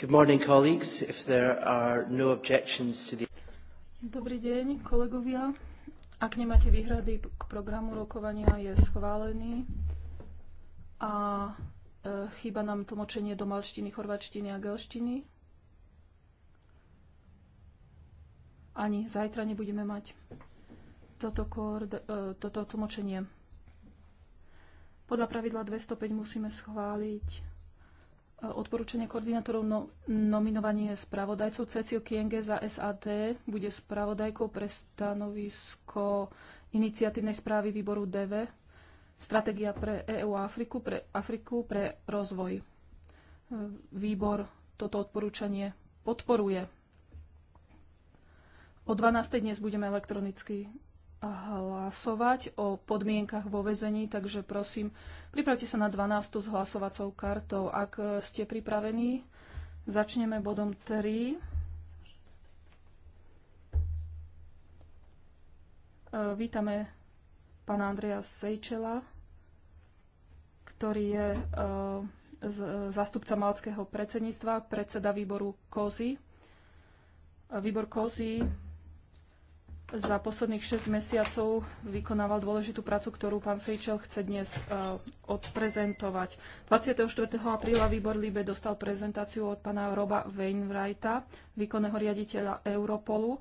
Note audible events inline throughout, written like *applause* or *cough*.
Good morning, colleagues. If there are no objections to the... Dobrý deň, kolegovia. Ak nemáte výhrady k programu rokovania, je schválený. A e, chýba nám tlmočenie do malštiny, chorvačtiny a gelštiny. Ani zajtra nebudeme mať toto, koord, e, toto tlmočenie. Podľa pravidla 205 musíme schváliť odporúčanie koordinátorov no, nominovanie spravodajcov. Cecil Kienge za SAT, bude spravodajkou pre stanovisko iniciatívnej správy výboru DV Stratégia pre EU a Afriku, pre Afriku, pre rozvoj. E, výbor toto odporúčanie podporuje. O 12. dnes budeme elektronicky hlasovať o podmienkach vo vezení, takže prosím, pripravte sa na 12 s hlasovacou kartou. Ak ste pripravení, začneme bodom 3. E, vítame pána Andreja Sejčela, ktorý je e, zástupca malckého predsedníctva, predseda výboru Kozy. E, výbor kozy za posledných 6 mesiacov vykonával dôležitú prácu, ktorú pán Sejčel chce dnes uh, odprezentovať. 24. apríla výbor Libe dostal prezentáciu od pána Roba Wainwrighta, výkonného riaditeľa Europolu.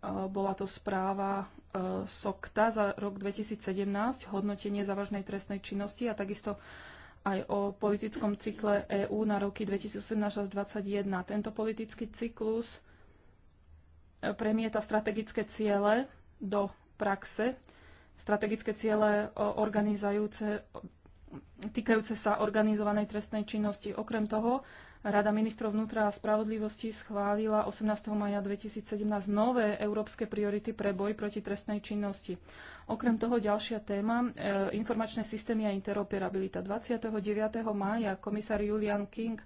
Uh, bola to správa uh, e, SOKTA za rok 2017, hodnotenie závažnej trestnej činnosti a takisto aj o politickom cykle EÚ na roky 2018 až 2021. Tento politický cyklus premieta strategické ciele do praxe, strategické ciele týkajúce sa organizovanej trestnej činnosti. Okrem toho, Rada ministrov vnútra a spravodlivosti schválila 18. maja 2017 nové európske priority pre boj proti trestnej činnosti. Okrem toho ďalšia téma, e, informačné systémy a interoperabilita. 29. maja komisár Julian King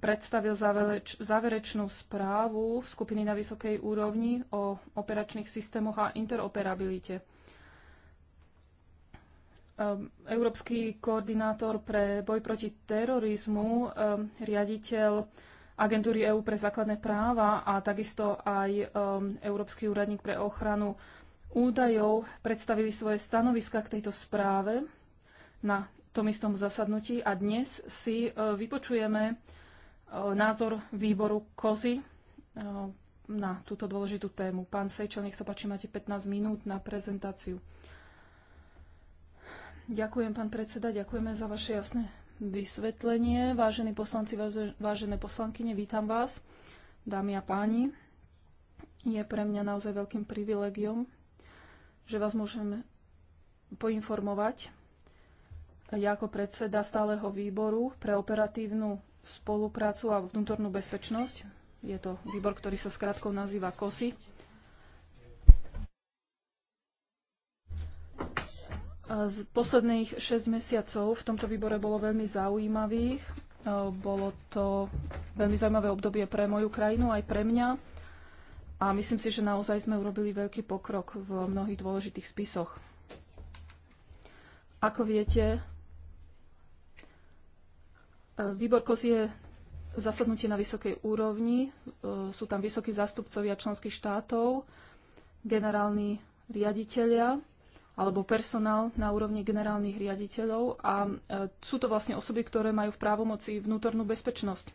predstavil záverč, záverečnú správu skupiny na vysokej úrovni o operačných systémoch a interoperabilite. Ehm, Európsky koordinátor pre boj proti terorizmu, ehm, riaditeľ agentúry EÚ pre základné práva a takisto aj ehm, Európsky úradník pre ochranu údajov predstavili svoje stanoviska k tejto správe na tom istom zasadnutí a dnes si vypočujeme Eh, názor výboru Kozy eh, na túto dôležitú tému. Pán Sejčel, nech sa páči, máte 15 minút na prezentáciu. Ďakujem, pán predseda, ďakujeme za vaše jasné vysvetlenie. Vážení poslanci, vážené poslankyne, vítam vás, dámy a páni. Je pre mňa naozaj veľkým privilegiom, že vás môžem poinformovať ja ako predseda stáleho výboru pre operatívnu spoluprácu a vnútornú bezpečnosť. Je to výbor, ktorý sa skrátkou nazýva KOSI. Z posledných 6 mesiacov v tomto výbore bolo veľmi zaujímavých. E, bolo to veľmi zaujímavé obdobie pre moju krajinu, aj pre mňa. A myslím si, že naozaj sme urobili veľký pokrok v mnohých dôležitých spisoch. Ako viete, Výbor KOS je zasadnutie na vysokej úrovni. E, sú tam vysokí zástupcovia členských štátov, generálni riaditeľia alebo personál na úrovni generálnych riaditeľov a e, sú to vlastne osoby, ktoré majú v právomoci vnútornú bezpečnosť.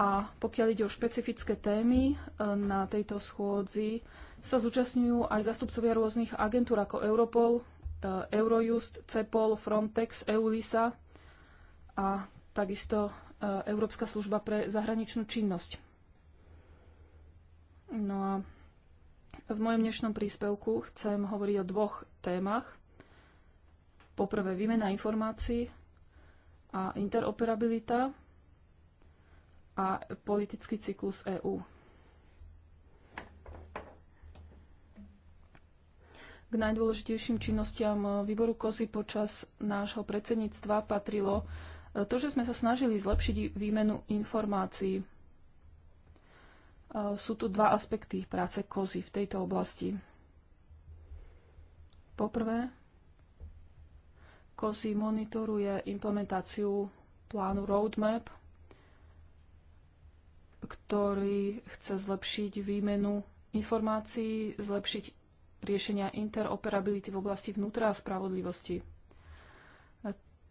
A pokiaľ ide o špecifické témy, e, na tejto schôdzi sa zúčastňujú aj zastupcovia rôznych agentúr ako Europol, Eurojust, CEPOL, Frontex, EULISA a takisto e, Európska služba pre zahraničnú činnosť. No a v mojom dnešnom príspevku chcem hovoriť o dvoch témach. Poprvé výmena informácií a interoperabilita a politický cyklus EÚ. K najdôležitejším činnostiam e, výboru kozy počas nášho predsedníctva patrilo to, že sme sa snažili zlepšiť výmenu informácií. Sú tu dva aspekty práce kozy v tejto oblasti. Poprvé, kozy monitoruje implementáciu plánu Roadmap, ktorý chce zlepšiť výmenu informácií, zlepšiť riešenia interoperability v oblasti vnútra a spravodlivosti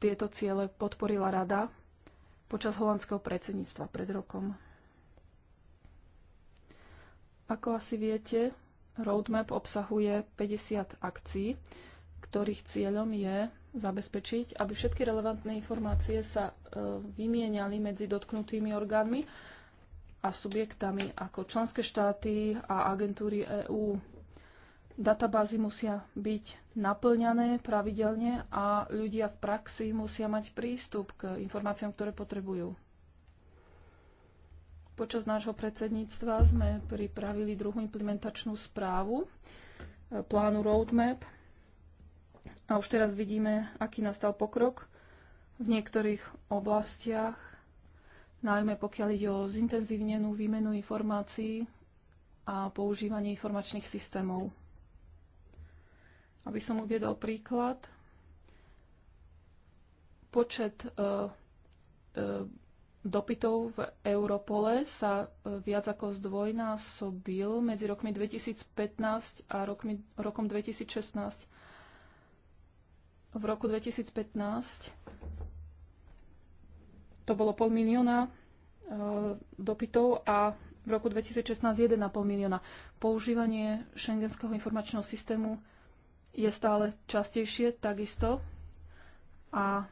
tieto ciele podporila Rada počas holandského predsedníctva pred rokom. Ako asi viete, roadmap obsahuje 50 akcií, ktorých cieľom je zabezpečiť, aby všetky relevantné informácie sa e, vymieniali medzi dotknutými orgánmi a subjektami ako členské štáty a agentúry EÚ Databázy musia byť naplňané pravidelne a ľudia v praxi musia mať prístup k informáciám, ktoré potrebujú. Počas nášho predsedníctva sme pripravili druhú implementačnú správu e, plánu Roadmap a už teraz vidíme, aký nastal pokrok v niektorých oblastiach, najmä pokiaľ ide o zintenzívnenú výmenu informácií a používanie informačných systémov. Aby som uviedol príklad, počet e, e, dopytov v Europole sa e, viac ako zdvojnásobil medzi rokmi 2015 a rokmi, rokom 2016. V roku 2015 to bolo pol milióna e, dopytov a v roku 2016 1,5 milióna. Používanie šengenského informačného systému je stále častejšie takisto. A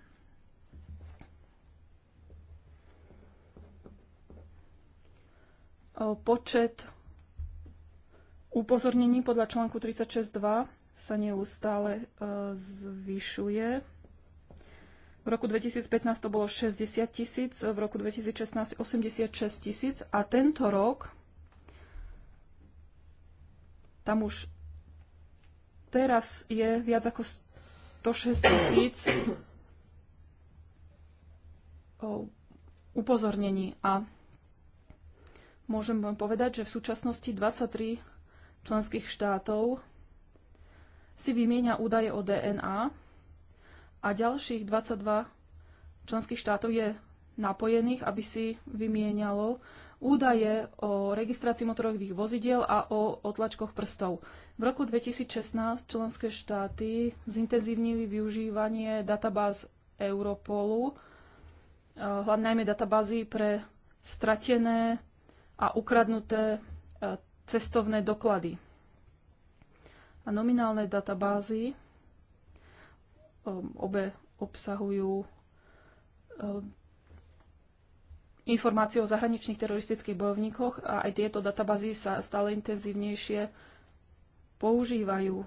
počet upozornení podľa článku 36.2 sa neustále e, zvyšuje. V roku 2015 to bolo 60 tisíc, v roku 2016 86 tisíc a tento rok tam už Teraz je viac ako 106 tisíc upozornení a môžem vám povedať, že v súčasnosti 23 členských štátov si vymieňa údaje o DNA a ďalších 22 členských štátov je napojených, aby si vymienialo údaje o registrácii motorových vozidiel a o otlačkoch prstov. V roku 2016 členské štáty zintenzívnili využívanie databáz Europolu, eh, najmä databázy pre stratené a ukradnuté eh, cestovné doklady. A nominálne databázy eh, obe obsahujú informácie o zahraničných teroristických bojovníkoch a aj tieto databázy sa stále intenzívnejšie používajú.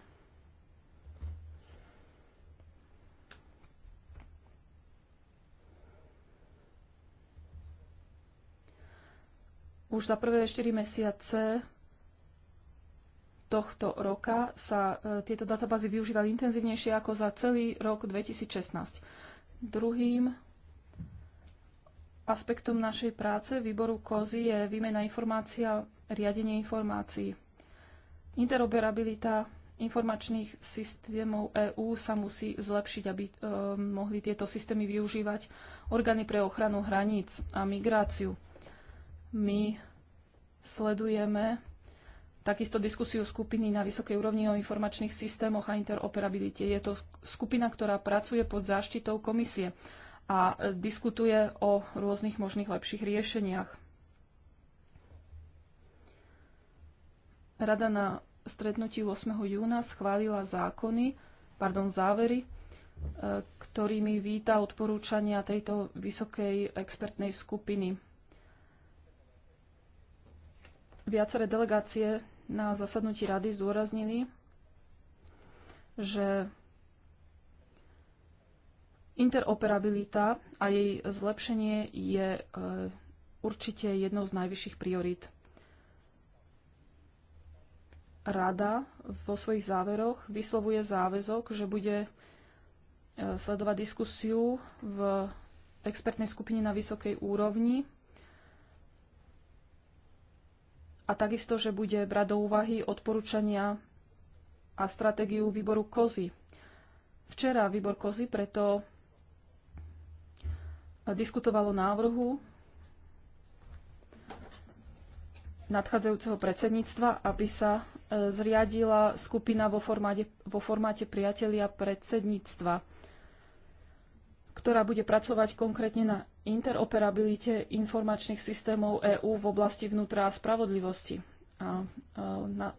Už za prvé 4 mesiace tohto roka sa e, tieto databázy využívali intenzívnejšie ako za celý rok 2016. Druhým aspektom našej práce výboru COZY je výmena informácia, riadenie informácií. Interoperabilita informačných systémov EÚ sa musí zlepšiť, aby e, mohli tieto systémy využívať orgány pre ochranu hraníc a migráciu. My sledujeme takisto diskusiu skupiny na vysokej úrovni o informačných systémoch a interoperabilite. Je to skupina, ktorá pracuje pod záštitou komisie a diskutuje o rôznych možných lepších riešeniach. Rada na stretnutí 8. júna schválila zákony, pardon, závery, e, ktorými víta odporúčania tejto vysokej expertnej skupiny. Viaceré delegácie na zasadnutí rady zdôraznili, že Interoperabilita a jej zlepšenie je e, určite jednou z najvyšších priorít. Rada vo svojich záveroch vyslovuje záväzok, že bude e, sledovať diskusiu v expertnej skupine na vysokej úrovni a takisto, že bude brať do úvahy odporúčania a stratégiu výboru COZY. Včera výbor COZY preto diskutovalo návrhu nadchádzajúceho predsedníctva, aby sa e, zriadila skupina vo formáte, vo formáte priatelia predsedníctva, ktorá bude pracovať konkrétne na interoperabilite informačných systémov EÚ v oblasti vnútra a spravodlivosti. A, e, na,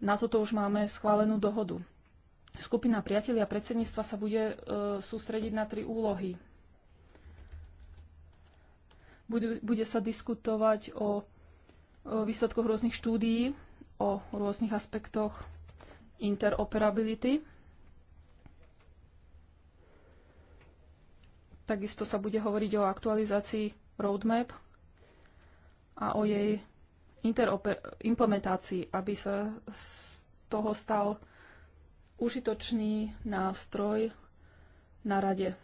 na toto už máme schválenú dohodu. Skupina priatelia predsedníctva sa bude e, sústrediť na tri úlohy. Bude, bude sa diskutovať o, o výsledkoch rôznych štúdií, o rôznych aspektoch interoperability. Takisto sa bude hovoriť o aktualizácii roadmap a o jej implementácii, aby sa z toho stal užitočný nástroj na rade.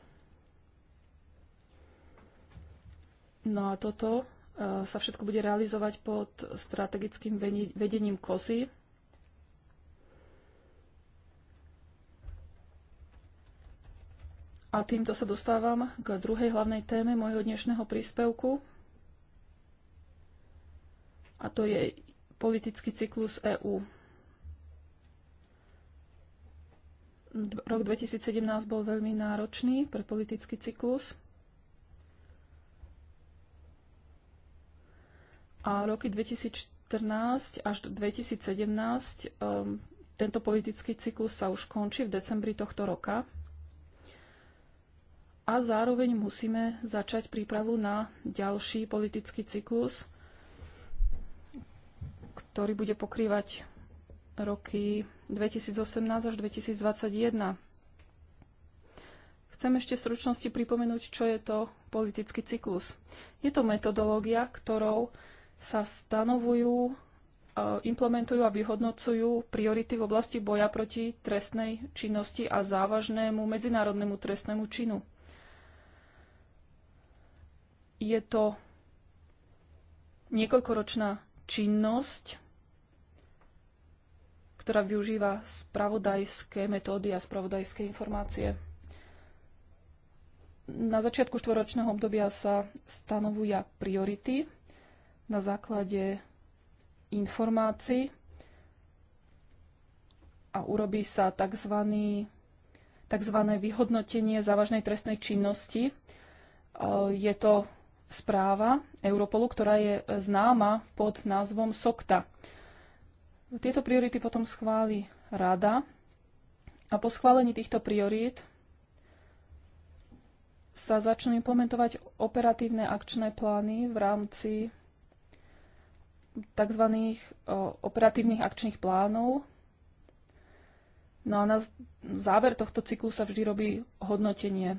No a toto e, sa všetko bude realizovať pod strategickým vedením kozy. A týmto sa dostávam k druhej hlavnej téme môjho dnešného príspevku. A to je politický cyklus EÚ. Rok 2017 bol veľmi náročný pre politický cyklus. A roky 2014 až 2017 um, tento politický cyklus sa už končí v decembri tohto roka a zároveň musíme začať prípravu na ďalší politický cyklus, ktorý bude pokrývať roky 2018 až 2021. Chcem ešte v stručnosti pripomenúť, čo je to politický cyklus. Je to metodológia, ktorou sa stanovujú, e, implementujú a vyhodnocujú priority v oblasti boja proti trestnej činnosti a závažnému medzinárodnému trestnému činu. Je to niekoľkoročná činnosť, ktorá využíva spravodajské metódy a spravodajské informácie. Na začiatku štvoročného obdobia sa stanovujú priority na základe informácií a urobí sa tzv. tzv. vyhodnotenie závažnej trestnej činnosti. E, je to správa Europolu, ktorá je známa pod názvom SOCTA. Tieto priority potom schváli Rada a po schválení týchto priorít sa začnú implementovať operatívne akčné plány v rámci tzv. operatívnych akčných plánov. No a na záver tohto cyklu sa vždy robí hodnotenie.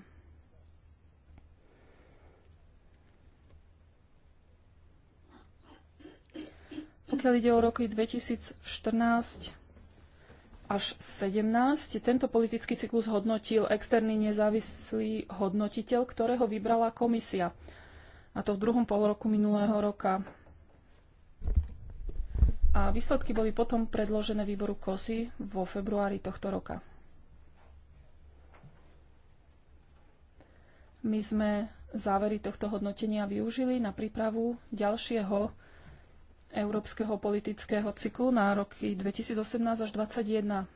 Pokiaľ ide o roky 2014 až 2017, tento politický cyklus hodnotil externý nezávislý hodnotiteľ, ktorého vybrala komisia. A to v druhom polroku minulého roka a výsledky boli potom predložené výboru KOSY vo februári tohto roka. My sme závery tohto hodnotenia využili na prípravu ďalšieho európskeho politického cyklu na roky 2018 až 2021.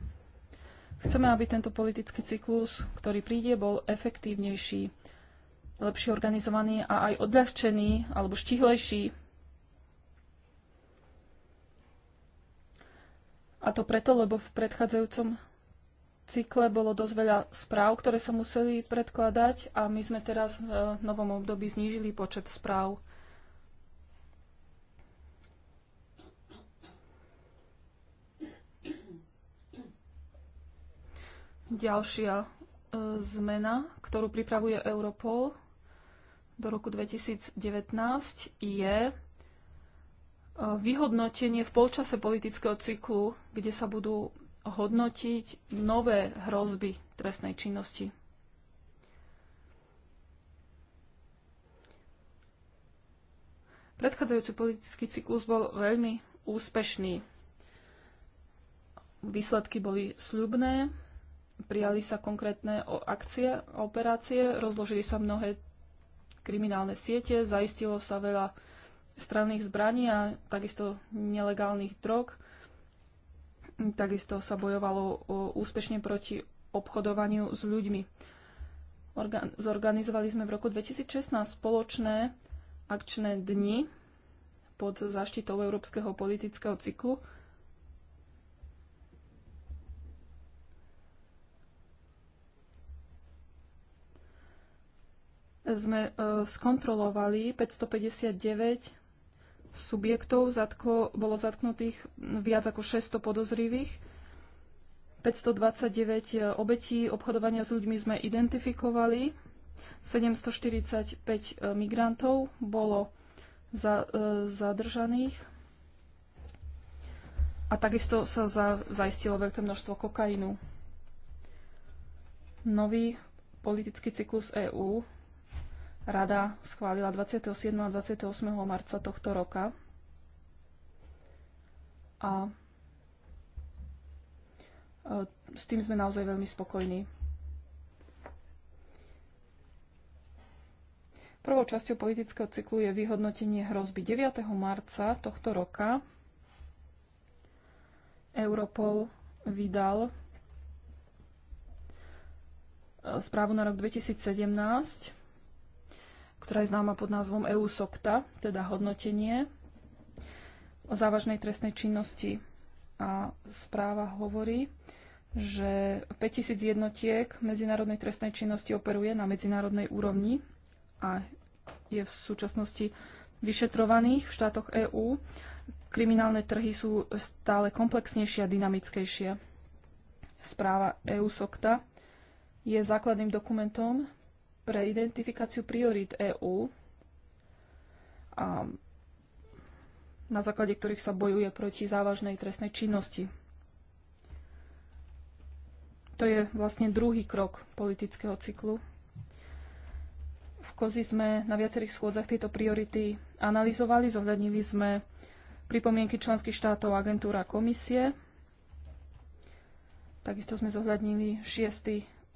Chceme, aby tento politický cyklus, ktorý príde, bol efektívnejší, lepšie organizovaný a aj odľahčený alebo štihlejší A to preto, lebo v predchádzajúcom cykle bolo dosť veľa správ, ktoré sa museli predkladať a my sme teraz v novom období znížili počet správ. Ďalšia e, zmena, ktorú pripravuje Europol do roku 2019, je E, vyhodnotenie v polčase politického cyklu, kde sa budú hodnotiť nové hrozby trestnej činnosti. Predchádzajúci politický cyklus bol veľmi úspešný. Výsledky boli sľubné, prijali sa konkrétne akcie, operácie, rozložili sa mnohé kriminálne siete, zaistilo sa veľa Stranných zbraní a takisto nelegálnych drog. Takisto sa bojovalo úspešne proti obchodovaniu s ľuďmi. zorganizovali sme v roku 2016 spoločné akčné dni pod zaštitou Európskeho politického cyklu. Sme e, skontrolovali 559 subjektov, zatko, bolo zatknutých viac ako 600 podozrivých. 529 e, obetí obchodovania s ľuďmi sme identifikovali, 745 e, migrantov bolo za, e, zadržaných a takisto sa za, zaistilo veľké množstvo kokainu. Nový politický cyklus EÚ rada schválila 27. a 28. marca tohto roka. A e, s tým sme naozaj veľmi spokojní. Prvou časťou politického cyklu je vyhodnotenie hrozby. 9. marca tohto roka Europol vydal e, správu na rok 2017 ktorá je známa pod názvom EU SOCTA, teda hodnotenie o závažnej trestnej činnosti. A správa hovorí, že 5000 jednotiek medzinárodnej trestnej činnosti operuje na medzinárodnej úrovni a je v súčasnosti vyšetrovaných v štátoch EÚ. Kriminálne trhy sú stále komplexnejšie a dynamickejšie. Správa EU SOCTA je základným dokumentom pre identifikáciu priorít EÚ a na základe ktorých sa bojuje proti závažnej trestnej činnosti. To je vlastne druhý krok politického cyklu. V Kozi sme na viacerých schôdzach tieto priority analyzovali, zohľadnili sme pripomienky členských štátov, agentúra komisie. Takisto sme zohľadnili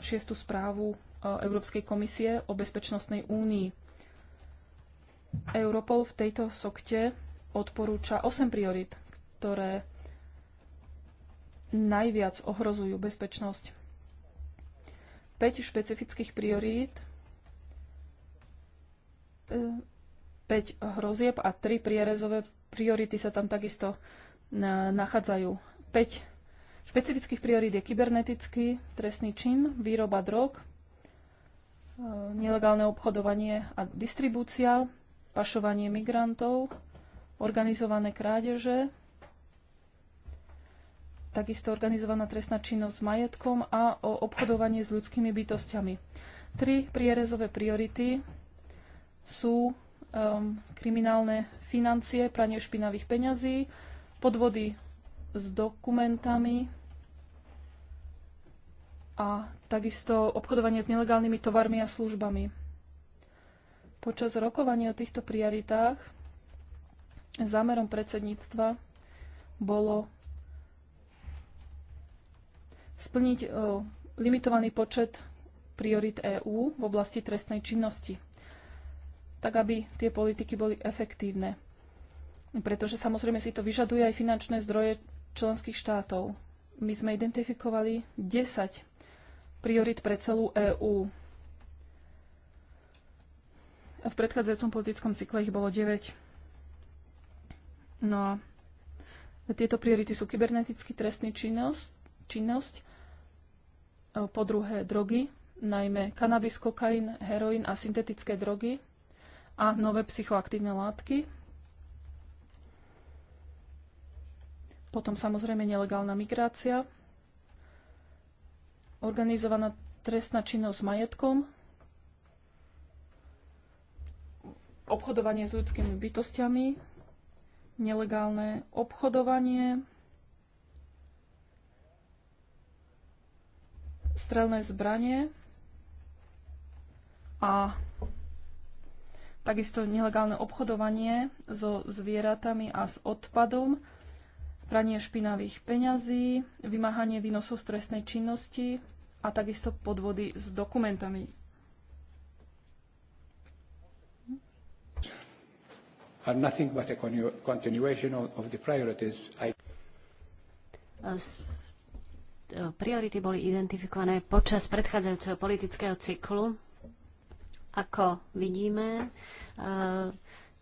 šiestu správu Eh, Európskej komisie o bezpečnostnej únii. Europol v tejto sokte odporúča 8 priorit, ktoré najviac ohrozujú bezpečnosť. 5 špecifických priorít, 5 eh, hrozieb a 3 prierezové priority sa tam takisto eh, nachádzajú. 5 špecifických priorít je kybernetický trestný čin, výroba drog, nelegálne obchodovanie a distribúcia, pašovanie migrantov, organizované krádeže, takisto organizovaná trestná činnosť s majetkom a o obchodovanie s ľudskými bytostiami. Tri prierezové priority sú um, kriminálne financie, pranie špinavých peňazí, podvody s dokumentami a takisto obchodovanie s nelegálnymi tovarmi a službami. Počas rokovania o týchto prioritách zámerom predsedníctva bolo splniť o, e, limitovaný počet priorit EÚ v oblasti trestnej činnosti, tak aby tie politiky boli efektívne. Pretože samozrejme si to vyžaduje aj finančné zdroje členských štátov. My sme identifikovali 10 priorit pre celú EÚ. V predchádzajúcom politickom cykle ich bolo 9. No a tieto priority sú kybernetický trestný činnosť, činnosť e, po druhé drogy, najmä kanabis, kokain, heroin a syntetické drogy a nové psychoaktívne látky. Potom samozrejme nelegálna migrácia, organizovaná trestná činnosť s majetkom, obchodovanie s ľudskými bytostiami, nelegálne obchodovanie, strelné zbranie a takisto nelegálne obchodovanie so zvieratami a s odpadom pranie špinavých peňazí, vymáhanie výnosov z trestnej činnosti a takisto podvody s dokumentami. E, priority boli identifikované počas predchádzajúceho politického cyklu. Ako vidíme, uh,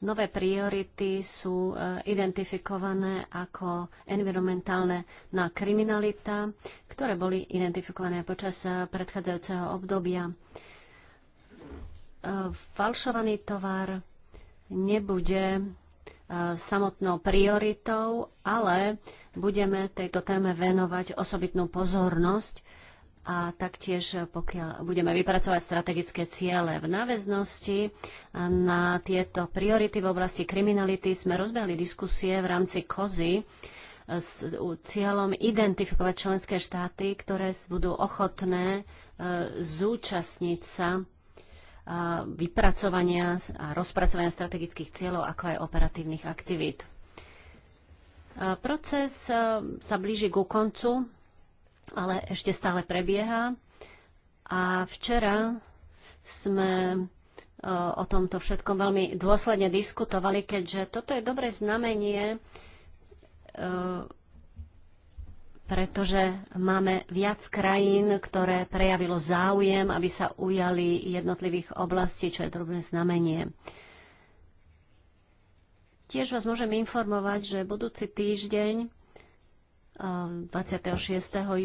Nové priority sú eh, identifikované ako environmentálne na kriminalita, ktoré boli identifikované počas eh, predchádzajúceho obdobia. Eh, falšovaný tovar nebude samotnou prioritou, ale budeme tejto téme venovať osobitnú pozornosť a taktiež pokiaľ budeme vypracovať strategické ciele v náväznosti na tieto priority v oblasti kriminality, sme rozbehli diskusie v rámci COZY s cieľom identifikovať členské štáty, ktoré budú ochotné e, zúčastniť sa e, vypracovania a rozpracovania strategických cieľov, ako aj operatívnych aktivít. E, proces sa blíži ku koncu ale ešte stále prebieha. A včera sme e, o tomto všetkom veľmi dôsledne diskutovali, keďže toto je dobré znamenie, e, pretože máme viac krajín, ktoré prejavilo záujem, aby sa ujali jednotlivých oblastí, čo je dobré znamenie. Tiež vás môžem informovať, že budúci týždeň 26.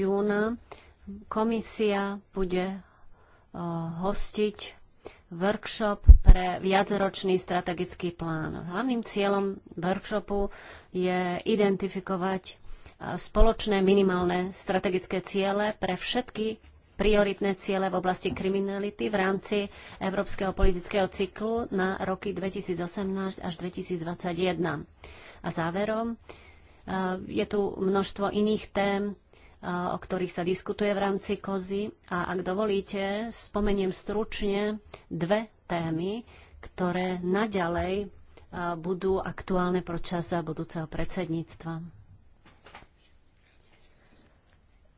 júna komisia bude eh, hostiť workshop pre viacročný strategický plán. Hlavným cieľom workshopu je identifikovať eh, spoločné minimálne strategické ciele pre všetky prioritné ciele v oblasti kriminality v rámci Európskeho politického cyklu na roky 2018 až 2021. A záverom, Eh, je tu množstvo iných tém, eh, o ktorých sa diskutuje v rámci kozy a ak dovolíte, spomeniem stručne dve témy, ktoré naďalej eh, budú aktuálne počas budúceho predsedníctva.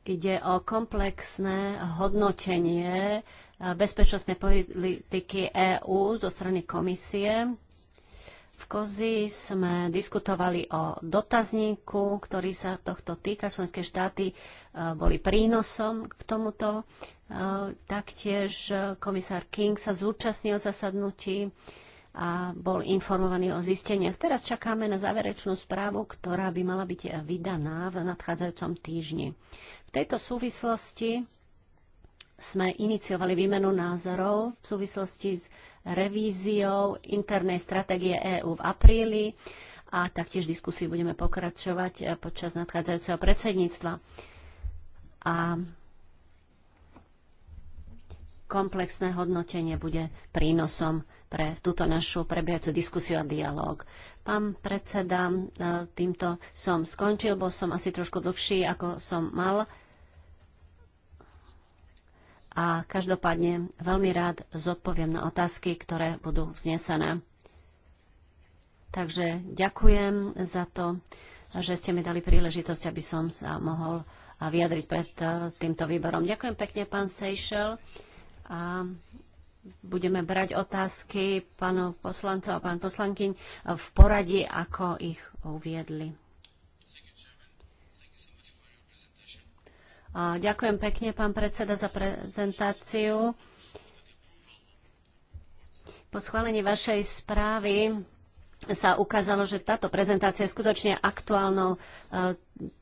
Ide o komplexné hodnotenie bezpečnostnej politiky EÚ zo strany komisie Sarkozy sme diskutovali o dotazníku, ktorý sa tohto týka. Členské štáty e, boli prínosom k tomuto. E, taktiež komisár King sa zúčastnil zasadnutí a bol informovaný o zisteniach. Teraz čakáme na záverečnú správu, ktorá by mala byť vydaná v nadchádzajúcom týždni. V tejto súvislosti sme iniciovali výmenu názorov v súvislosti s revíziou internej stratégie EÚ v apríli a taktiež diskusii budeme pokračovať eh, počas nadchádzajúceho predsedníctva. A komplexné hodnotenie bude prínosom pre túto našu prebiehajúcu diskusiu a dialog. Pán predseda, eh, týmto som skončil, bol som asi trošku dlhší, ako som mal a každopádne veľmi rád zodpoviem na otázky, ktoré budú vznesené. Takže ďakujem za to, že ste mi dali príležitosť, aby som sa mohol vyjadriť pred e, týmto výborom. Ďakujem pekne, pán Sejšel. A budeme brať otázky pánov poslancov a pán poslankyň v poradí, ako ich uviedli. ďakujem pekne, pán predseda, za prezentáciu. Po schválení vašej správy sa ukázalo, že táto prezentácia je skutočne aktuálnou e,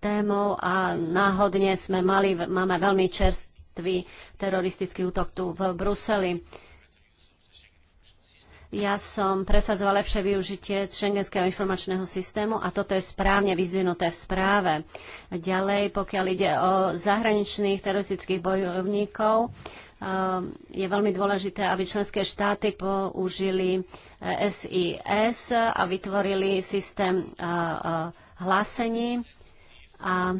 témou a náhodne sme mali, máme veľmi čerstvý teroristický útok tu v Bruseli. Ja som presadzovala lepšie využitie šengenského informačného systému a toto je správne vyzvinuté v správe. Ďalej, pokiaľ ide o zahraničných teroristických bojovníkov, um, je veľmi dôležité, aby členské štáty použili SIS eh, a vytvorili systém eh, eh, hlásení a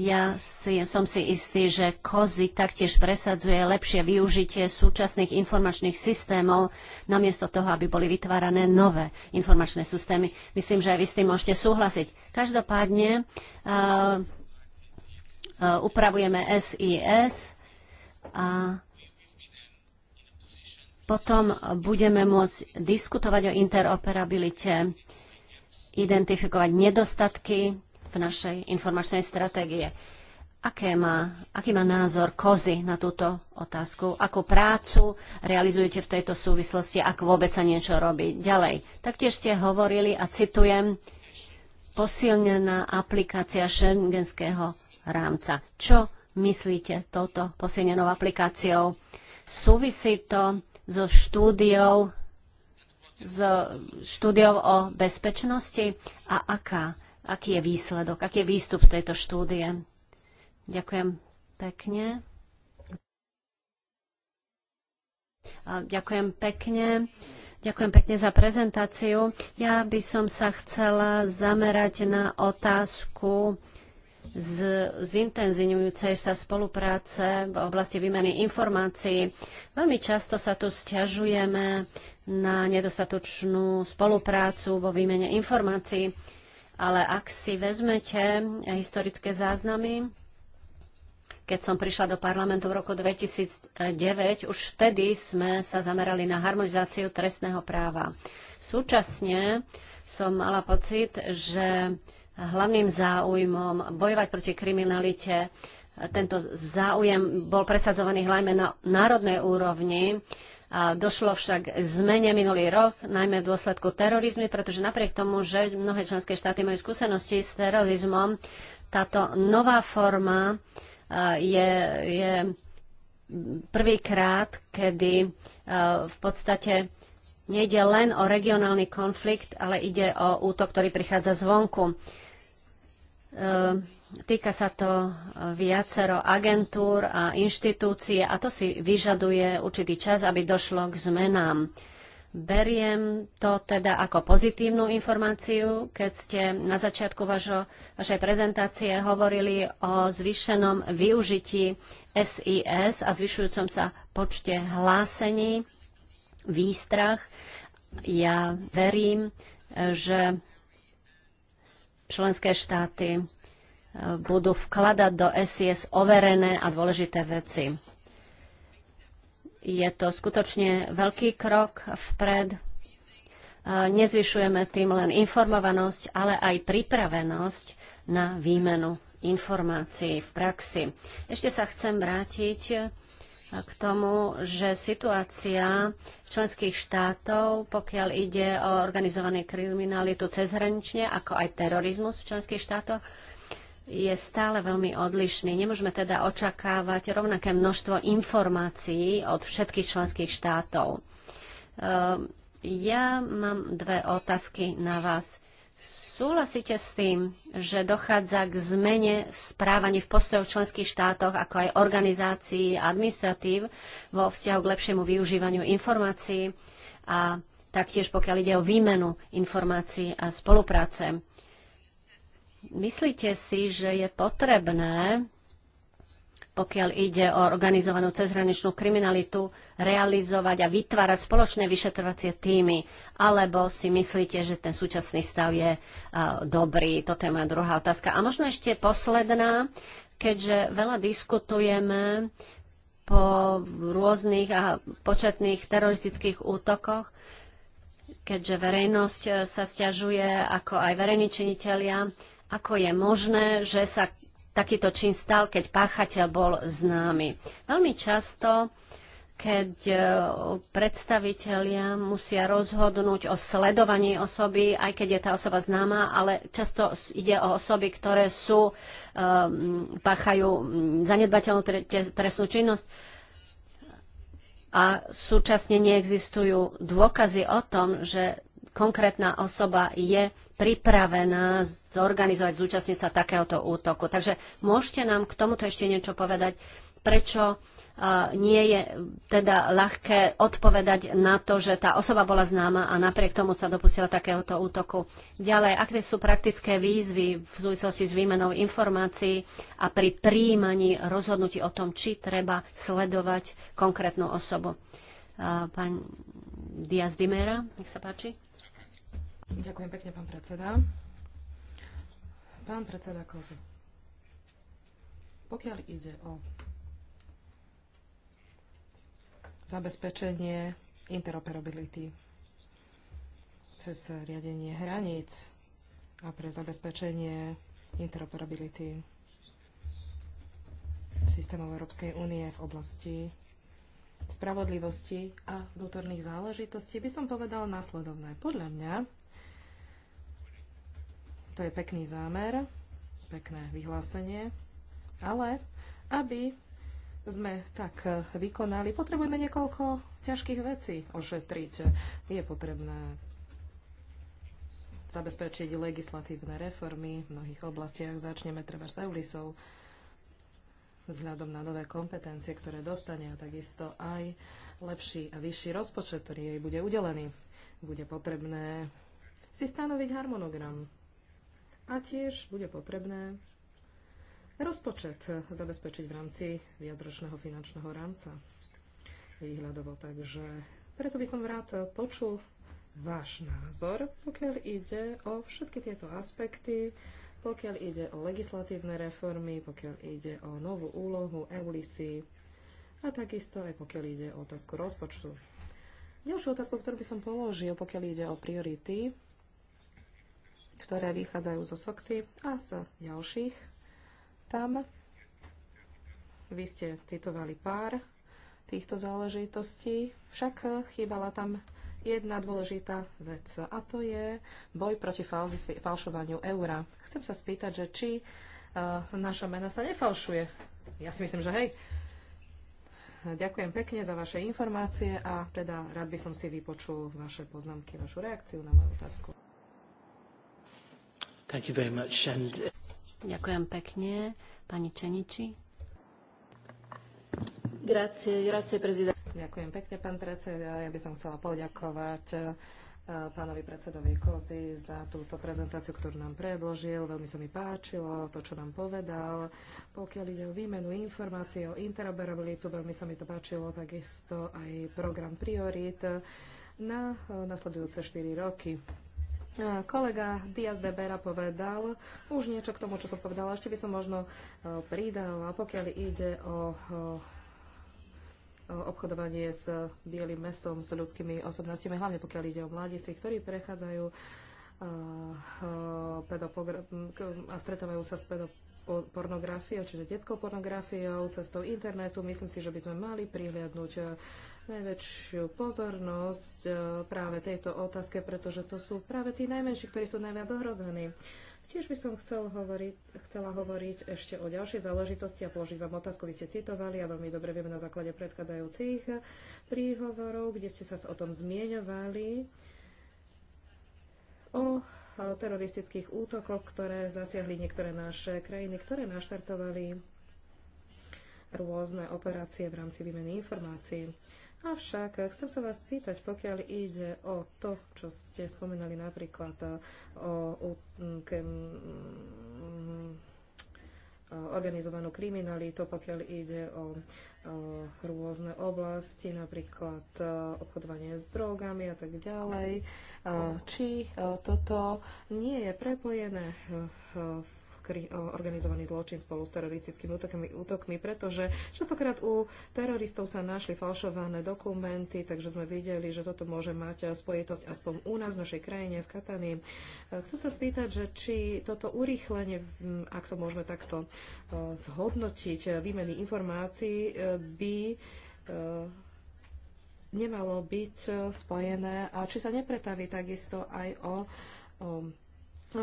ja si, som si istý, že kozy taktiež presadzuje lepšie využitie súčasných informačných systémov, namiesto toho, aby boli vytvárané nové informačné systémy. Myslím, že aj vy s tým môžete súhlasiť. Každopádne uh, uh, upravujeme SIS a potom budeme môcť diskutovať o interoperabilite, identifikovať nedostatky v našej informačnej stratégie. Aké má, aký má názor Kozy na túto otázku? Akú prácu realizujete v tejto súvislosti, ak vôbec sa niečo robí? Ďalej, taktiež ste hovorili a citujem, posilnená aplikácia šengenského rámca. Čo myslíte touto posilnenou aplikáciou? Súvisí to so štúdiou, so štúdiou o bezpečnosti a aká aký je výsledok, aký je výstup z tejto štúdie. Ďakujem pekne. A ďakujem pekne. Ďakujem pekne za prezentáciu. Ja by som sa chcela zamerať na otázku z, zintenzívňujúcej sa spolupráce v oblasti výmeny informácií. Veľmi často sa tu stiažujeme na nedostatočnú spoluprácu vo výmene informácií. Ale ak si vezmete historické záznamy, keď som prišla do parlamentu v roku 2009, už vtedy sme sa zamerali na harmonizáciu trestného práva. Súčasne som mala pocit, že hlavným záujmom bojovať proti kriminalite, tento záujem bol presadzovaný hlavne na národnej úrovni a došlo však k zmene minulý rok, najmä v dôsledku terorizmu, pretože napriek tomu, že mnohé členské štáty majú skúsenosti s terorizmom, táto nová forma je, je prvýkrát, kedy v podstate nejde len o regionálny konflikt, ale ide o útok, ktorý prichádza zvonku. Týka sa to eh, viacero agentúr a inštitúcií a to si vyžaduje určitý čas, aby došlo k zmenám. Beriem to teda ako pozitívnu informáciu, keď ste na začiatku vašo, vašej prezentácie hovorili o zvýšenom využití SIS a zvyšujúcom sa počte hlásení, výstrach. Ja verím, eh, že členské štáty budú vkladať do SIS overené a dôležité veci. Je to skutočne veľký krok vpred. Nezvyšujeme tým len informovanosť, ale aj pripravenosť na výmenu informácií v praxi. Ešte sa chcem vrátiť e, k tomu, že situácia členských štátov, pokiaľ ide o organizovanú kriminalitu cezhranične, ako aj terorizmus v členských štátoch, je stále veľmi odlišný. Nemôžeme teda očakávať rovnaké množstvo informácií od všetkých členských štátov. Ehm, ja mám dve otázky na vás. Súhlasíte s tým, že dochádza k zmene správaní v postojoch členských štátoch, ako aj organizácií a administratív vo vzťahu k lepšiemu využívaniu informácií a taktiež pokiaľ ide o výmenu informácií a spolupráce. Myslíte si, že je potrebné, pokiaľ ide o organizovanú cezhraničnú kriminalitu, realizovať a vytvárať spoločné vyšetrovacie týmy? Alebo si myslíte, že ten súčasný stav je uh, dobrý? Toto je moja druhá otázka. A možno ešte posledná, keďže veľa diskutujeme po rôznych a početných teroristických útokoch, keďže verejnosť e, sa stiažuje, ako aj verejní činitelia, ako je možné, že sa takýto čin stal, keď páchateľ bol známy? Veľmi často keď e, predstavitelia musia rozhodnúť o sledovaní osoby, aj keď je tá osoba známa, ale často ide o osoby, ktoré sú, ehm, páchajú zanedbateľnú trestnú činnosť a súčasne neexistujú dôkazy o tom, že konkrétna osoba je pripravená zorganizovať, zúčastniť sa takéhoto útoku. Takže môžete nám k tomuto ešte niečo povedať, prečo nie je teda ľahké odpovedať na to, že tá osoba bola známa a napriek tomu sa dopustila takéhoto útoku. Ďalej, aké sú praktické výzvy v súvislosti s výmenou informácií a pri príjmaní rozhodnutí o tom, či treba sledovať konkrétnu osobu. Pán Diaz Dimera, nech sa páči. Ďakujem pekne, pán predseda. Pán predseda Kozy, pokiaľ ide o zabezpečenie interoperability cez riadenie hraníc a pre zabezpečenie interoperability systémov Európskej únie v oblasti spravodlivosti a vnútorných záležitostí by som povedal následovné. Podľa mňa to je pekný zámer, pekné vyhlásenie, ale aby sme tak vykonali, potrebujeme niekoľko ťažkých vecí ošetriť. Je potrebné zabezpečiť legislatívne reformy v mnohých oblastiach. Začneme treba s Eulisou vzhľadom na nové kompetencie, ktoré dostane a takisto aj lepší a vyšší rozpočet, ktorý jej bude udelený. Bude potrebné si stanoviť harmonogram a tiež bude potrebné rozpočet zabezpečiť v rámci viacročného finančného rámca výhľadovo. Takže preto by som rád počul váš názor, pokiaľ ide o všetky tieto aspekty, pokiaľ ide o legislatívne reformy, pokiaľ ide o novú úlohu EULISy a takisto aj pokiaľ ide o otázku rozpočtu. Ďalšiu otázku, ktorú by som položil, pokiaľ ide o priority, ktoré vychádzajú zo Sokty a z ďalších. Tam vy ste citovali pár týchto záležitostí, však chýbala tam jedna dôležitá vec a to je boj proti falšovaniu eura. Chcem sa spýtať, že či uh, naša mena sa nefalšuje. Ja si myslím, že hej. Ďakujem pekne za vaše informácie a teda rád by som si vypočul vaše poznámky, vašu reakciu na moju otázku. Thank you very much. And... Uh, Ďakujem pekne. Pani Čeniči. Grazie, grazie, prezident. Ďakujem pekne, pán predseda. Ja by som chcela poďakovať uh, pánovi predsedovi Kozy za túto prezentáciu, ktorú nám predložil. Veľmi sa mi páčilo to, čo nám povedal. Pokiaľ ide o výmenu informácií o interoperabilitu, veľmi sa mi to páčilo takisto aj program Priorit na uh, nasledujúce 4 roky. Kolega Diaz de Bera povedal už niečo k tomu, čo som povedala. Ešte by som možno e, pridala, pokiaľ ide e, o obchodovanie s bielým mesom, s ľudskými osobnostiami, hlavne pokiaľ ide o mladistí, ktorí prechádzajú e, a stretávajú sa s pedo, pornografiou, čiže detskou pornografiou, cestou internetu. Myslím si, že by sme mali prihliadnúť e, najväčšiu pozornosť e, práve tejto otázke, pretože to sú práve tí najmenší, ktorí sú najviac ohrození. Tiež by som chcel hovoriť, chcela hovoriť ešte o ďalšej záležitosti a položiť vám otázku. Vy ste citovali a veľmi dobre vieme na základe predchádzajúcich príhovorov, kde ste sa o tom zmieňovali, o Eh, teroristických útokoch, ktoré zasiahli niektoré naše krajiny, ktoré naštartovali rôzne operácie v rámci výmeny informácií. Avšak eh, chcem sa vás spýtať, pokiaľ ide o to, čo ste spomínali napríklad eh, o, o, o mm, mm, organizovanú kriminalitu, pokiaľ ide o, rôzne oblasti, napríklad e, obchodovanie s drogami a tak ďalej. E, či e, toto nie je prepojené v organizovaný zločin spolu s teroristickými útokmi, útokmi pretože častokrát u teroristov sa našli falšované dokumenty, takže sme videli, že toto môže mať spojitosť aspoň u nás, v našej krajine, v Katani. E, chcem sa spýtať, že či toto urýchlenie, mm, ak to môžeme takto e, zhodnotiť, e, výmeny informácií by nemalo byť spojené a či sa nepretaví takisto aj o, o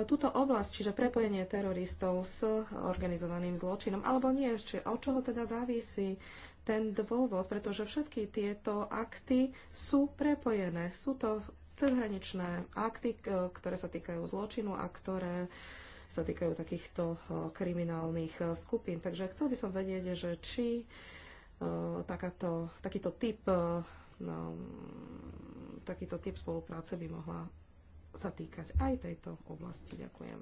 túto oblasť, čiže prepojenie teroristov s organizovaným zločinom, alebo nie, či od čoho teda závisí ten dôvod, pretože všetky tieto akty sú prepojené. Sú to cezhraničné akty, ktoré sa týkajú zločinu a ktoré sa týkajú takýchto eh, kriminálnych eh, skupín. Takže chcel by som vedieť, že či eh, takáto, takýto typ no, takýto typ spolupráce by mohla sa týkať aj tejto oblasti. Ďakujem.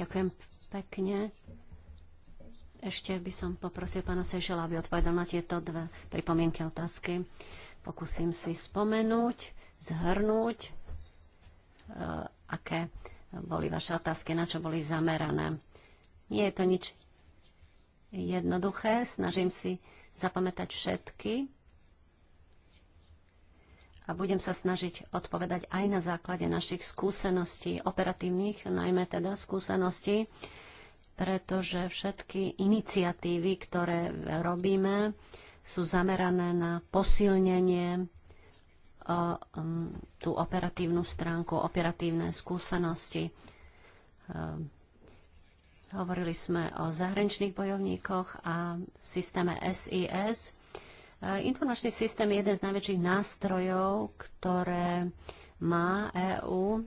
Ďakujem pekne. Ešte by som poprosil pána Sežela, aby odpovedal na tieto dve pripomienky a otázky. Pokúsim si spomenúť, zhrnúť, e, aké boli vaše otázky, na čo boli zamerané. Nie je to nič jednoduché, snažím si zapamätať všetky a budem sa snažiť odpovedať aj na základe našich skúseností, operatívnych, najmä teda skúseností, pretože všetky iniciatívy, ktoré robíme, sú zamerané na posilnenie o, um, tú operatívnu stránku, operatívne skúsenosti. Um, hovorili sme o zahraničných bojovníkoch a systéme SIS, Eh, informačný systém je jeden z najväčších nástrojov, ktoré má EÚ.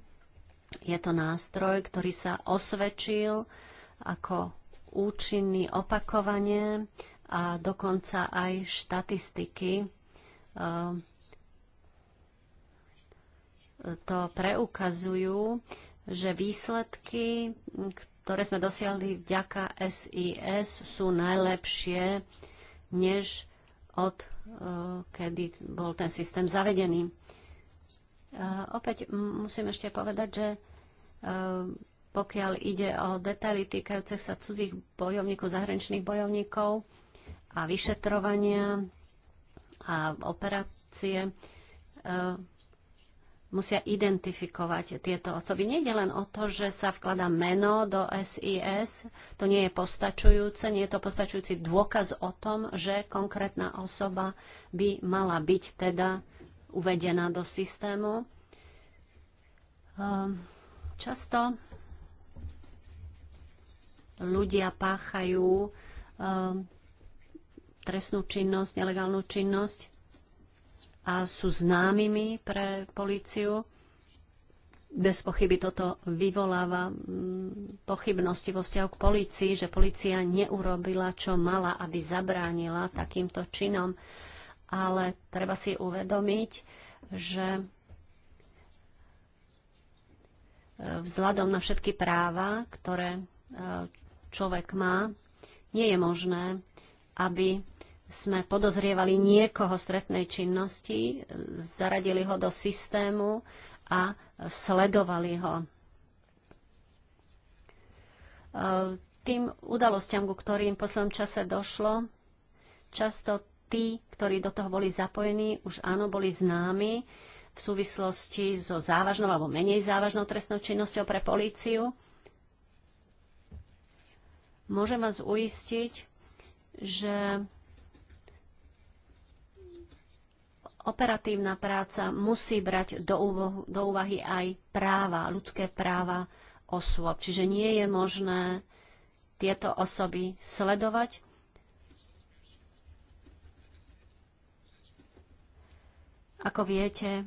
Je to nástroj, ktorý sa osvedčil ako účinný opakovanie a dokonca aj štatistiky eh, to preukazujú, že výsledky, ktoré sme dosiahli vďaka SIS, sú najlepšie, než od eh, kedy bol ten systém zavedený. Eh, opäť musím ešte povedať, že eh, pokiaľ ide o detaily týkajúce sa cudzích bojovníkov, zahraničných bojovníkov a vyšetrovania a operácie, musia identifikovať tieto osoby. Nie je len o to, že sa vkladá meno do SIS, to nie je postačujúce, nie je to postačujúci dôkaz o tom, že konkrétna osoba by mala byť teda uvedená do systému. Ehm, často ľudia páchajú ehm, trestnú činnosť, nelegálnu činnosť a sú známymi pre políciu. Bez pochyby toto vyvoláva mm, pochybnosti vo vzťahu k polícii, že polícia neurobila, čo mala, aby zabránila takýmto činom. Ale treba si uvedomiť, že e, vzhľadom na všetky práva, ktoré e, človek má, nie je možné, aby sme podozrievali niekoho stretnej činnosti, zaradili ho do systému a sledovali ho. E, tým udalostiam, ku ktorým v poslednom čase došlo, často tí, ktorí do toho boli zapojení, už áno, boli známi v súvislosti so závažnou alebo menej závažnou trestnou činnosťou pre políciu. Môžem vás uistiť, že operatívna práca musí brať do, úvoh, do úvahy aj práva, ľudské práva osôb. Čiže nie je možné tieto osoby sledovať. Ako viete, eh,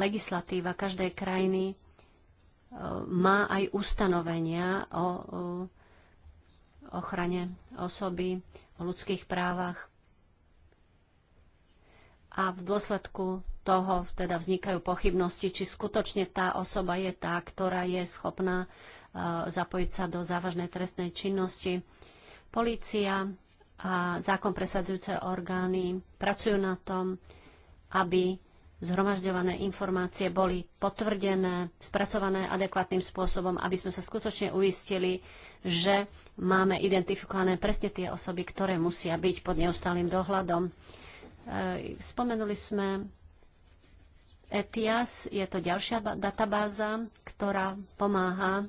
legislatíva každej krajiny eh, má aj ustanovenia o ochrane osoby, o ľudských právach a v dôsledku toho teda vznikajú pochybnosti, či skutočne tá osoba je tá, ktorá je schopná e, zapojiť sa do závažnej trestnej činnosti. Polícia a zákon presadzujúce orgány pracujú na tom, aby zhromažďované informácie boli potvrdené, spracované adekvátnym spôsobom, aby sme sa skutočne uistili, že máme identifikované presne tie osoby, ktoré musia byť pod neustálým dohľadom. E, spomenuli sme ETIAS, je to ďalšia databáza, ktorá pomáha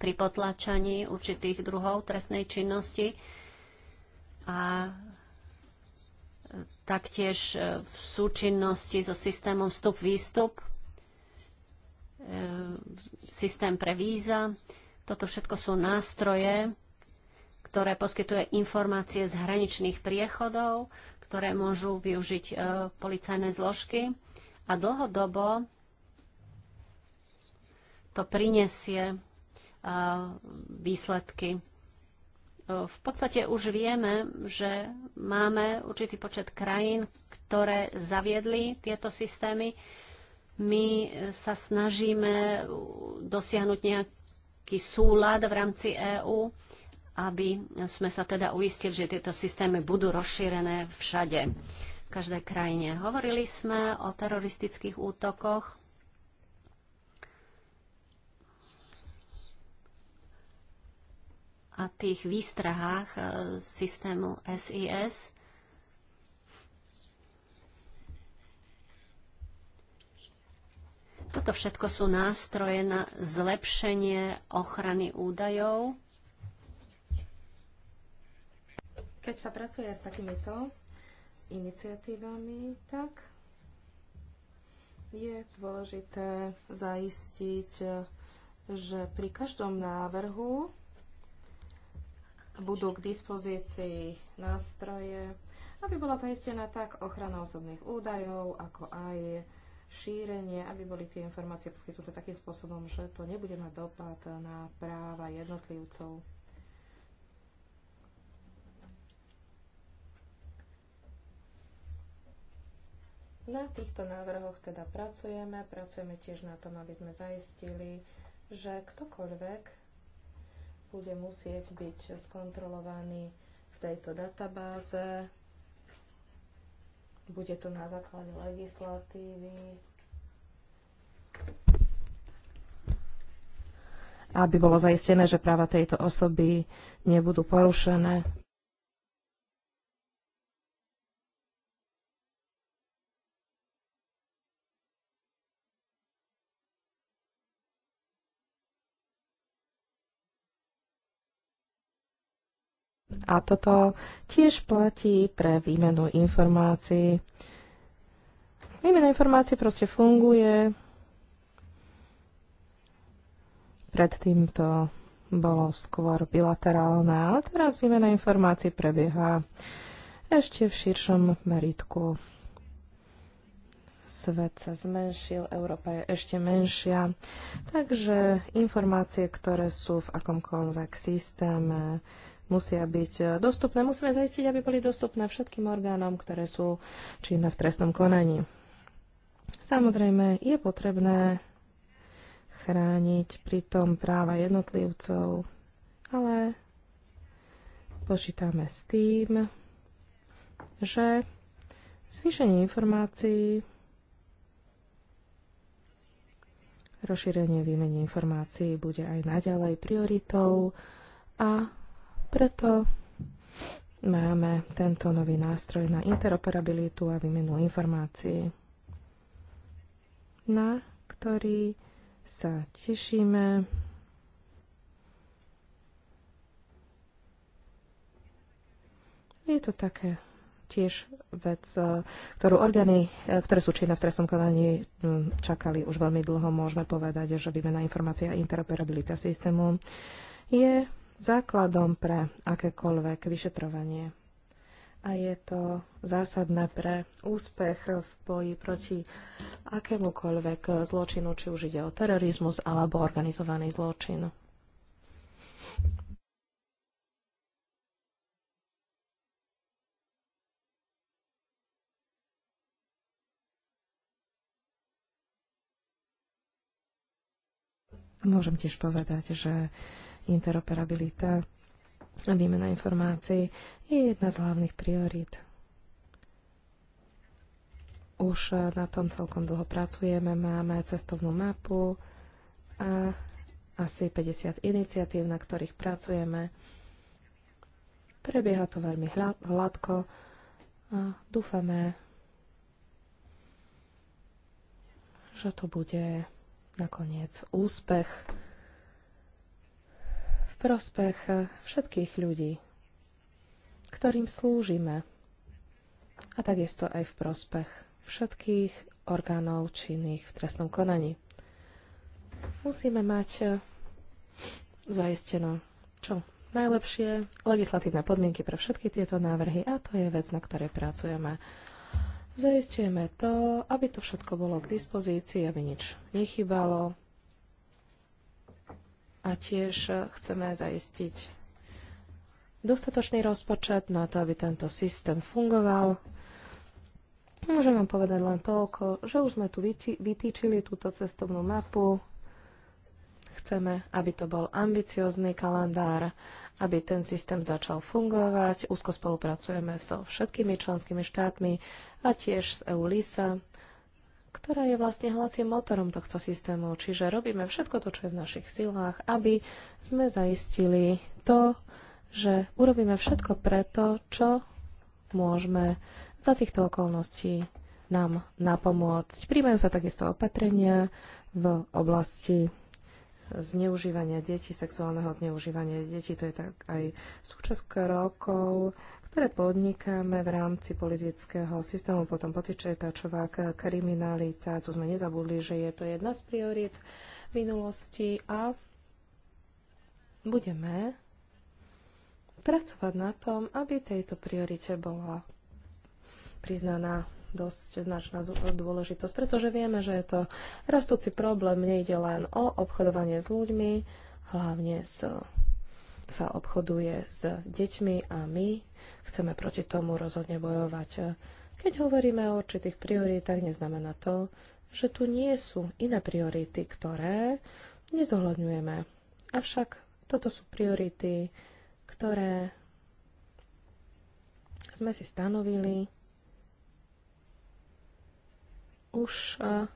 pri potlačaní určitých druhov trestnej činnosti a e, taktiež e, v súčinnosti so systémom vstup-výstup, systém pre víza. Toto všetko sú nástroje, ktoré poskytuje informácie z hraničných priechodov, ktoré môžu využiť e, policajné zložky a dlhodobo to prinesie e, výsledky. E, v podstate už vieme, že máme určitý počet krajín, ktoré zaviedli tieto systémy. My sa snažíme dosiahnuť nejaký súlad v rámci EÚ aby sme sa teda uistili, že tieto systémy budú rozšírené všade, v každej krajine. Hovorili sme o teroristických útokoch. a tých výstrahách e, systému SIS. Toto všetko sú nástroje na zlepšenie ochrany údajov Keď sa pracuje s takýmito iniciatívami, tak je dôležité zaistiť, že pri každom návrhu budú k dispozícii nástroje, aby bola zaistená tak ochrana osobných údajov, ako aj šírenie, aby boli tie informácie poskytnuté takým spôsobom, že to nebude mať dopad na práva jednotlivcov. Na týchto návrhoch teda pracujeme, pracujeme tiež na tom, aby sme zaistili, že ktokoľvek bude musieť byť skontrolovaný v tejto databáze. Bude to na základe legislatívy. Aby bolo zaistené, že práva tejto osoby nebudú porušené. A toto tiež platí pre výmenu informácií. Výmena informácií proste funguje. Predtým to bolo skôr bilaterálne, a teraz výmena informácií prebieha ešte v širšom meritku. Svet sa zmenšil, Európa je ešte menšia, takže informácie, ktoré sú v akomkoľvek systéme, musia byť eh, dostupné. Musíme zaistiť, aby boli dostupné všetkým orgánom, ktoré sú činné v trestnom konaní. Samozrejme, je potrebné chrániť pritom práva jednotlivcov, ale počítame s tým, že zvýšenie informácií rozšírenie výmeny informácií bude aj naďalej prioritou a preto máme tento nový nástroj na interoperabilitu a výmenu informácií, na ktorý sa tešíme. Je to také tiež vec, eh, ktorú orgány, eh, ktoré sú činné v trestnom konaní, hm, čakali už veľmi dlho. Môžeme povedať, že výmena informácií a interoperabilita systému je základom pre akékoľvek vyšetrovanie. A je to zásadné pre úspech v boji proti akémukoľvek zločinu, či už ide o terorizmus alebo organizovaný zločin. Môžem tiež povedať, že interoperabilita a výmena informácií je jedna z hlavných priorít. Už eh, na tom celkom dlho pracujeme, máme cestovnú mapu a asi 50 iniciatív, na ktorých pracujeme. Prebieha to veľmi hladko a dúfame, že to bude nakoniec úspech prospech všetkých ľudí, ktorým slúžime, a takisto aj v prospech všetkých orgánov činných v trestnom konaní. Musíme mať eh, zaistené čo najlepšie legislatívne podmienky pre všetky tieto návrhy a to je vec, na ktorej pracujeme. Zaistujeme to, aby to všetko bolo k dispozícii, aby nič nechybalo, a tiež e, chceme zaistiť dostatočný rozpočet na to, aby tento systém fungoval. Môžem vám povedať len toľko, že už sme tu vytýčili túto cestovnú mapu. Chceme, aby to bol ambiciózny kalendár, aby ten systém začal fungovať. Úzko spolupracujeme so všetkými členskými štátmi a tiež s EULISA ktorá je vlastne hlacím motorom tohto systému. Čiže robíme všetko to, čo je v našich silách, aby sme zaistili to, že urobíme všetko preto, čo môžeme za týchto okolností nám napomôcť. Príjmajú sa takisto opatrenia v oblasti zneužívania detí, sexuálneho zneužívania detí. To je tak aj súčasť krokov, ktoré podnikáme v rámci politického systému. Potom potičetačová kriminalita, tu sme nezabudli, že je to jedna z priorit minulosti a budeme pracovať na tom, aby tejto priorite bola priznaná dosť značná dôležitosť, pretože vieme, že je to rastúci problém. Nejde len o obchodovanie s ľuďmi, hlavne s, sa obchoduje s deťmi a my chceme proti tomu rozhodne bojovať. Keď hovoríme o určitých prioritách, neznamená to, že tu nie sú iné priority, ktoré nezohľadňujeme. Avšak toto sú priority, ktoré sme si stanovili už eh,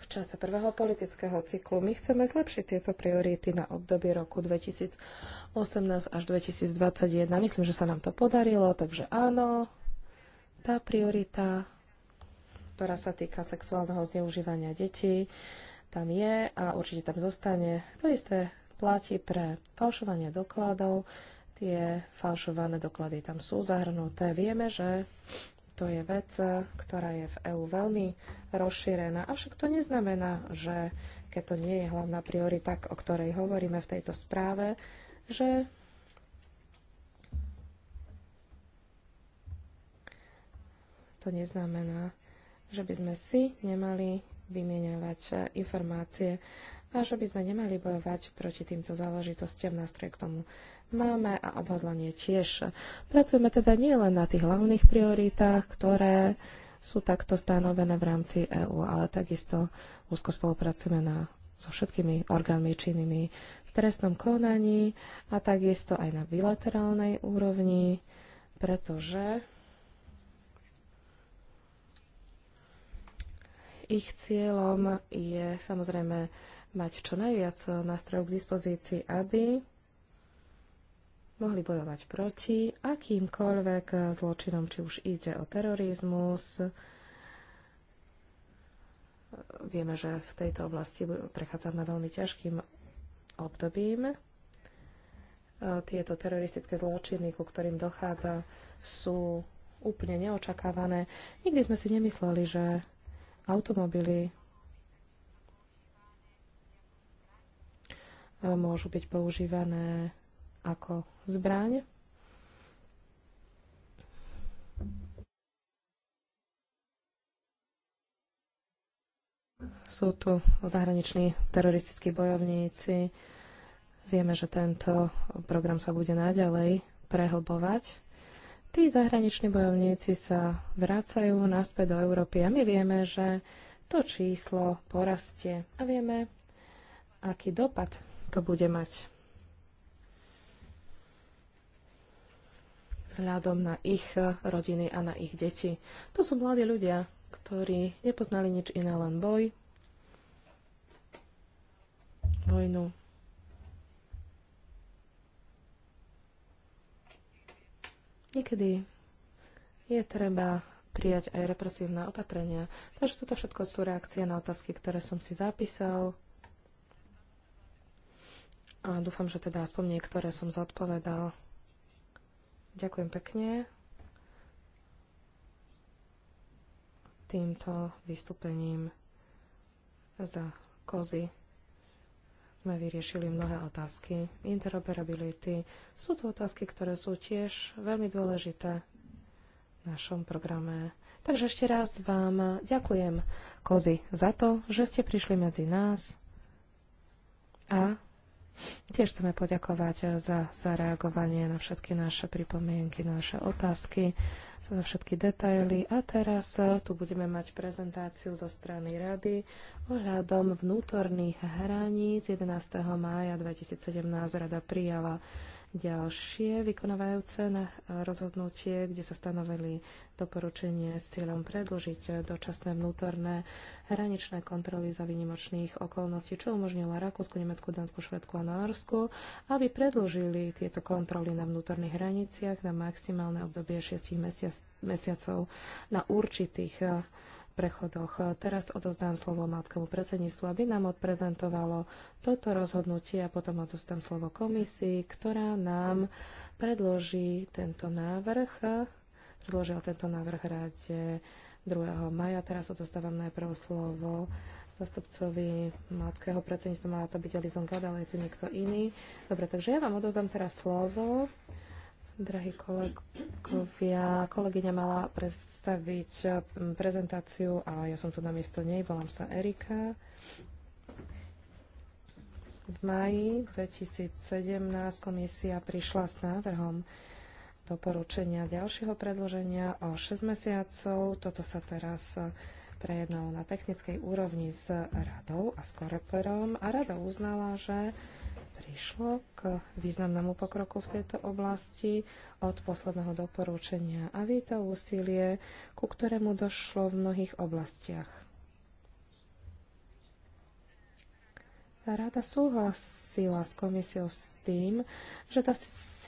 v čase prvého politického cyklu. My chceme zlepšiť tieto priority na obdobie roku 2018 až 2021. Myslím, že sa nám to podarilo, takže áno, tá priorita, ktorá sa týka sexuálneho zneužívania detí, tam je a určite tam zostane. To isté platí pre falšovanie dokladov. Tie falšované doklady tam sú zahrnuté. Vieme, že to je vec, eh, ktorá je v EÚ veľmi rozšírená. Avšak to neznamená, že keď to nie je hlavná priorita, o ktorej hovoríme v tejto správe, že to neznamená, že by sme si nemali vymieňovať eh, informácie a že by sme nemali bojovať proti týmto záležitostiam. Nástroj k tomu máme a odhodlanie tiež. Pracujeme teda nielen na tých hlavných prioritách, ktoré sú takto stanovené v rámci EÚ, ale takisto úzko spolupracujeme na, so všetkými orgánmi činnými v trestnom konaní a takisto aj na bilaterálnej úrovni, pretože ich cieľom je samozrejme mať čo najviac nástrojov k dispozícii, aby mohli bojovať proti akýmkoľvek eh, zločinom, či už ide o terorizmus. Vieme, že v tejto oblasti prechádzame veľmi ťažkým obdobím. Eh, tieto teroristické zločiny, ku ktorým dochádza, sú úplne neočakávané. Nikdy sme si nemysleli, že automobily eh, môžu byť používané ako zbraň. Sú tu zahraniční teroristickí bojovníci. Vieme, že tento program sa bude naďalej prehlbovať. Tí zahraniční bojovníci sa vracajú naspäť do Európy a my vieme, že to číslo porastie a vieme, aký dopad to bude mať. vzhľadom na ich rodiny a na ich deti. To sú mladí ľudia, ktorí nepoznali nič iné, len boj, vojnu. Niekedy je treba prijať aj represívne opatrenia. Takže toto všetko sú reakcie na otázky, ktoré som si zapísal. A dúfam, že teda aspoň niektoré som zodpovedal. Ďakujem pekne. Týmto vystúpením za kozy sme vyriešili mnohé otázky. Interoperability sú to otázky, ktoré sú tiež veľmi dôležité v našom programe. Takže ešte raz vám ďakujem, kozy, za to, že ste prišli medzi nás a Tiež chceme poďakovať za zareagovanie na všetky naše pripomienky, na naše otázky, za všetky detaily. A teraz eh, tu budeme mať prezentáciu zo strany rady ohľadom vnútorných hraníc. 11. mája 2017 rada prijala ďalšie vykonávajúce na rozhodnutie, kde sa stanovili doporučenie s cieľom predlžiť dočasné vnútorné hraničné kontroly za výnimočných okolností, čo umožnilo Rakúsku, Nemecku, Dánsku, Švedsku a Norsku, aby predlžili tieto kontroly na vnútorných hraniciach na maximálne obdobie 6 mesiacov na určitých prechodoch. Teraz odozdám slovo Mátkomu predsedníctvu, aby nám odprezentovalo toto rozhodnutie a potom odozdám slovo komisii, ktorá nám predloží tento návrh. Predložila tento návrh rade 2. maja. Teraz odozdávam najprv slovo zastupcovi Mátkého predsedníctva. Mala to byť Elizon Gada, ale je tu niekto iný. Dobre, takže ja vám odozdám teraz slovo Drahí kolegovia, kolegyňa mala predstaviť prezentáciu a ja som tu na miesto nej, volám sa Erika. V maji 2017 komisia prišla s návrhom doporučenia ďalšieho predloženia o 6 mesiacov. Toto sa teraz prejednalo na technickej úrovni s radou a s koreperom a rada uznala, že prišlo k významnému pokroku v tejto oblasti od posledného doporučenia a víta úsilie, ku ktorému došlo v mnohých oblastiach. Rada súhlasila s komisiou s tým, že tá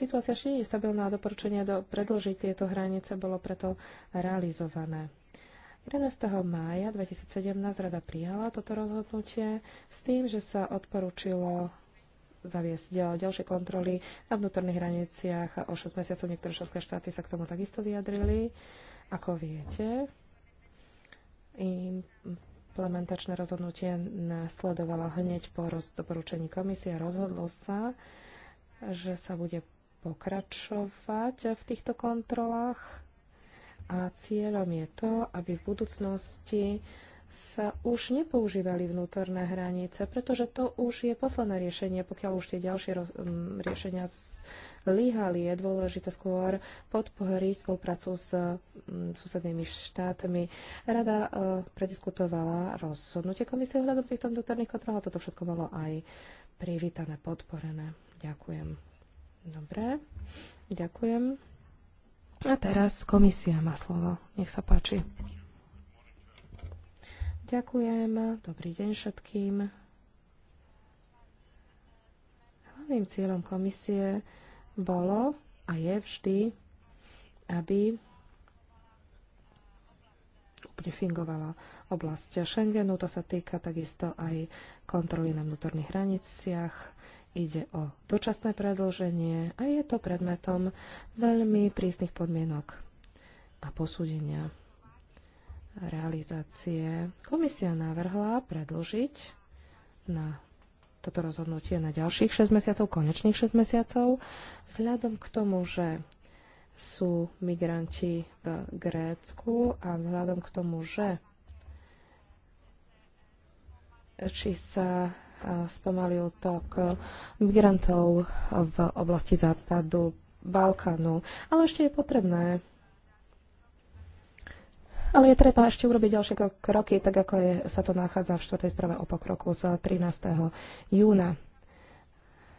situácia ešte nie je stabilná a doporučenie do predlžiť tieto hranice bolo preto realizované. 11. mája 2017 rada prijala toto rozhodnutie s tým, že sa odporúčilo zaviesť ďalšie kontroly na vnútorných hraniciach. O 6 mesiacov niektoré členské štáty sa k tomu takisto vyjadrili. Ako viete, implementačné rozhodnutie nasledovalo hneď po doporučení komisie a rozhodlo sa, že sa bude pokračovať v týchto kontrolách a cieľom je to, aby v budúcnosti sa už nepoužívali vnútorné hranice, pretože to už je posledné riešenie, pokiaľ už tie ďalšie riešenia zlyhali. Je dôležité skôr podporiť spoluprácu s susednými štátmi. Rada e, prediskutovala rozhodnutie komisie ohľadom týchto vnútorných kontrol a toto všetko bolo aj privítané, podporené. Ďakujem. Dobre, ďakujem. A teraz komisia má slovo. Nech sa páči. Ďakujem, dobrý deň všetkým. Hlavným cieľom komisie bolo a je vždy, aby úplne oblasť Schengenu. To sa týka takisto aj kontroly na vnútorných hraniciach. Ide o dočasné predlženie a je to predmetom veľmi prísnych podmienok a posúdenia realizácie. Komisia navrhla predlžiť na toto rozhodnutie na ďalších 6 mesiacov, konečných 6 mesiacov, vzhľadom k tomu, že sú migranti v Grécku a vzhľadom k tomu, že či sa spomalil tok migrantov v oblasti západu Balkánu. Ale ešte je potrebné ale je treba ešte urobiť ďalšie kroky, tak ako je, sa to nachádza v 4. správe o pokroku z 13. júna.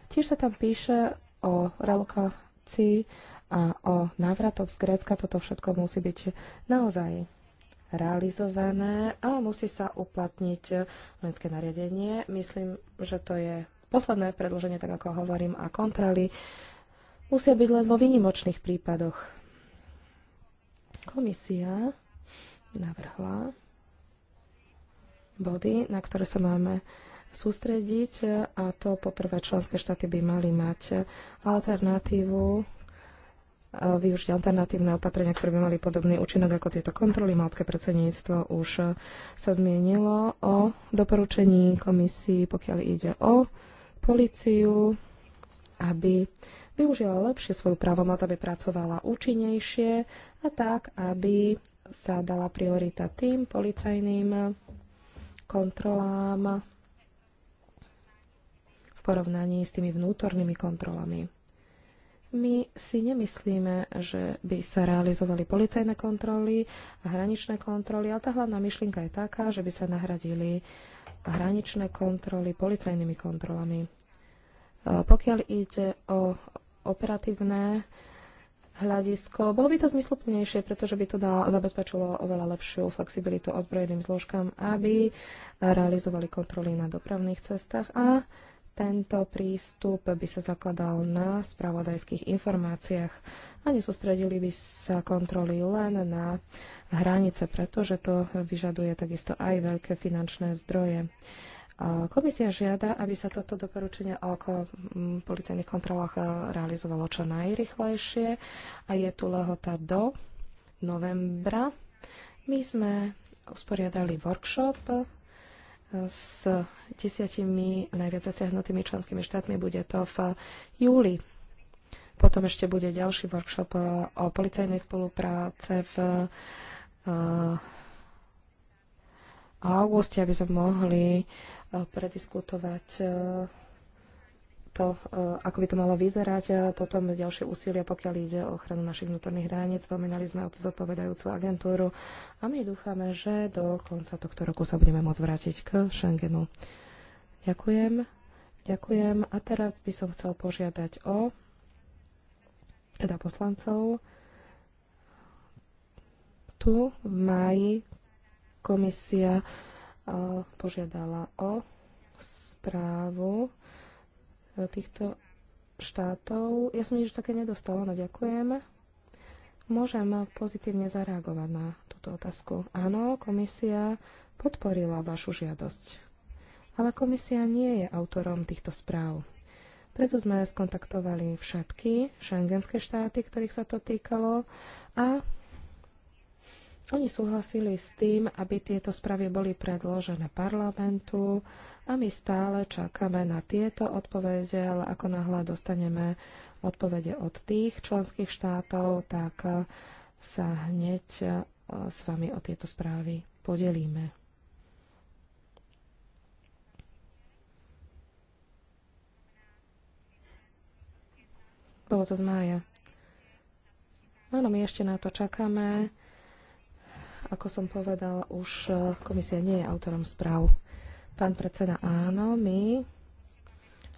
Tiež sa tam píše o relokácii a o návratoch z Grécka. Toto všetko musí byť naozaj realizované a musí sa uplatniť vojenské nariadenie. Myslím, že to je posledné predloženie, tak ako hovorím, a kontroly musia byť len vo výnimočných prípadoch. Komisia navrhla body, na ktoré sa máme sústrediť a to poprvé členské štáty by mali mať alternatívu využiť alternatívne opatrenia, ktoré by mali podobný účinok ako tieto kontroly. Malcké predsedníctvo už sa zmienilo o doporučení komisii, pokiaľ ide o policiu, aby využila lepšie svoju právomoc, aby pracovala účinnejšie a tak, aby sa dala priorita tým policajným kontrolám v porovnaní s tými vnútornými kontrolami. My si nemyslíme, že by sa realizovali policajné kontroly a hraničné kontroly, ale tá hlavná myšlienka je taká, že by sa nahradili hraničné kontroly policajnými kontrolami. E, pokiaľ ide o operatívne hľadisko. Bolo by to zmysluplnejšie, pretože by to dá, zabezpečilo oveľa lepšiu flexibilitu ozbrojeným zložkám, aby realizovali kontroly na dopravných cestách a tento prístup by sa zakladal na spravodajských informáciách a nesústredili by sa kontroly len na hranice, pretože to vyžaduje takisto aj veľké finančné zdroje. Komisia žiada, aby sa toto doporučenie o policajných kontrolách e, realizovalo čo najrychlejšie a je tu lehota do novembra. My sme usporiadali workshop e, s desiatimi najviac zasiahnutými členskými štátmi. Bude to v júli. Potom ešte bude ďalší workshop e, o policajnej spolupráce v auguste, aby sme mohli E, prediskutovať e, to, e, ako by to malo vyzerať. Potom ďalšie úsilia, pokiaľ ide o ochranu našich vnútorných hraníc. Spomínali sme o tú zodpovedajúcu agentúru a my dúfame, že do konca tohto roku sa budeme môcť vrátiť k Schengenu. Ďakujem. Ďakujem. A teraz by som chcel požiadať o teda poslancov tu v máji komisia požiadala o správu e, týchto štátov. Ja som nič také nedostala, no ďakujem. Môžem pozitívne zareagovať na túto otázku. Áno, komisia podporila vašu žiadosť. Ale komisia nie je autorom týchto správ. Preto sme skontaktovali všetky šengenské štáty, ktorých sa to týkalo a oni súhlasili s tým, aby tieto správy boli predložené parlamentu a my stále čakáme na tieto odpovede, ale ako náhle dostaneme odpovede od tých členských štátov, tak sa hneď e, s vami o tieto správy podelíme. Bolo to z mája. Áno, my ešte na to čakáme. Ako som povedal, už e, komisia nie je autorom správ. Pán predseda, áno, my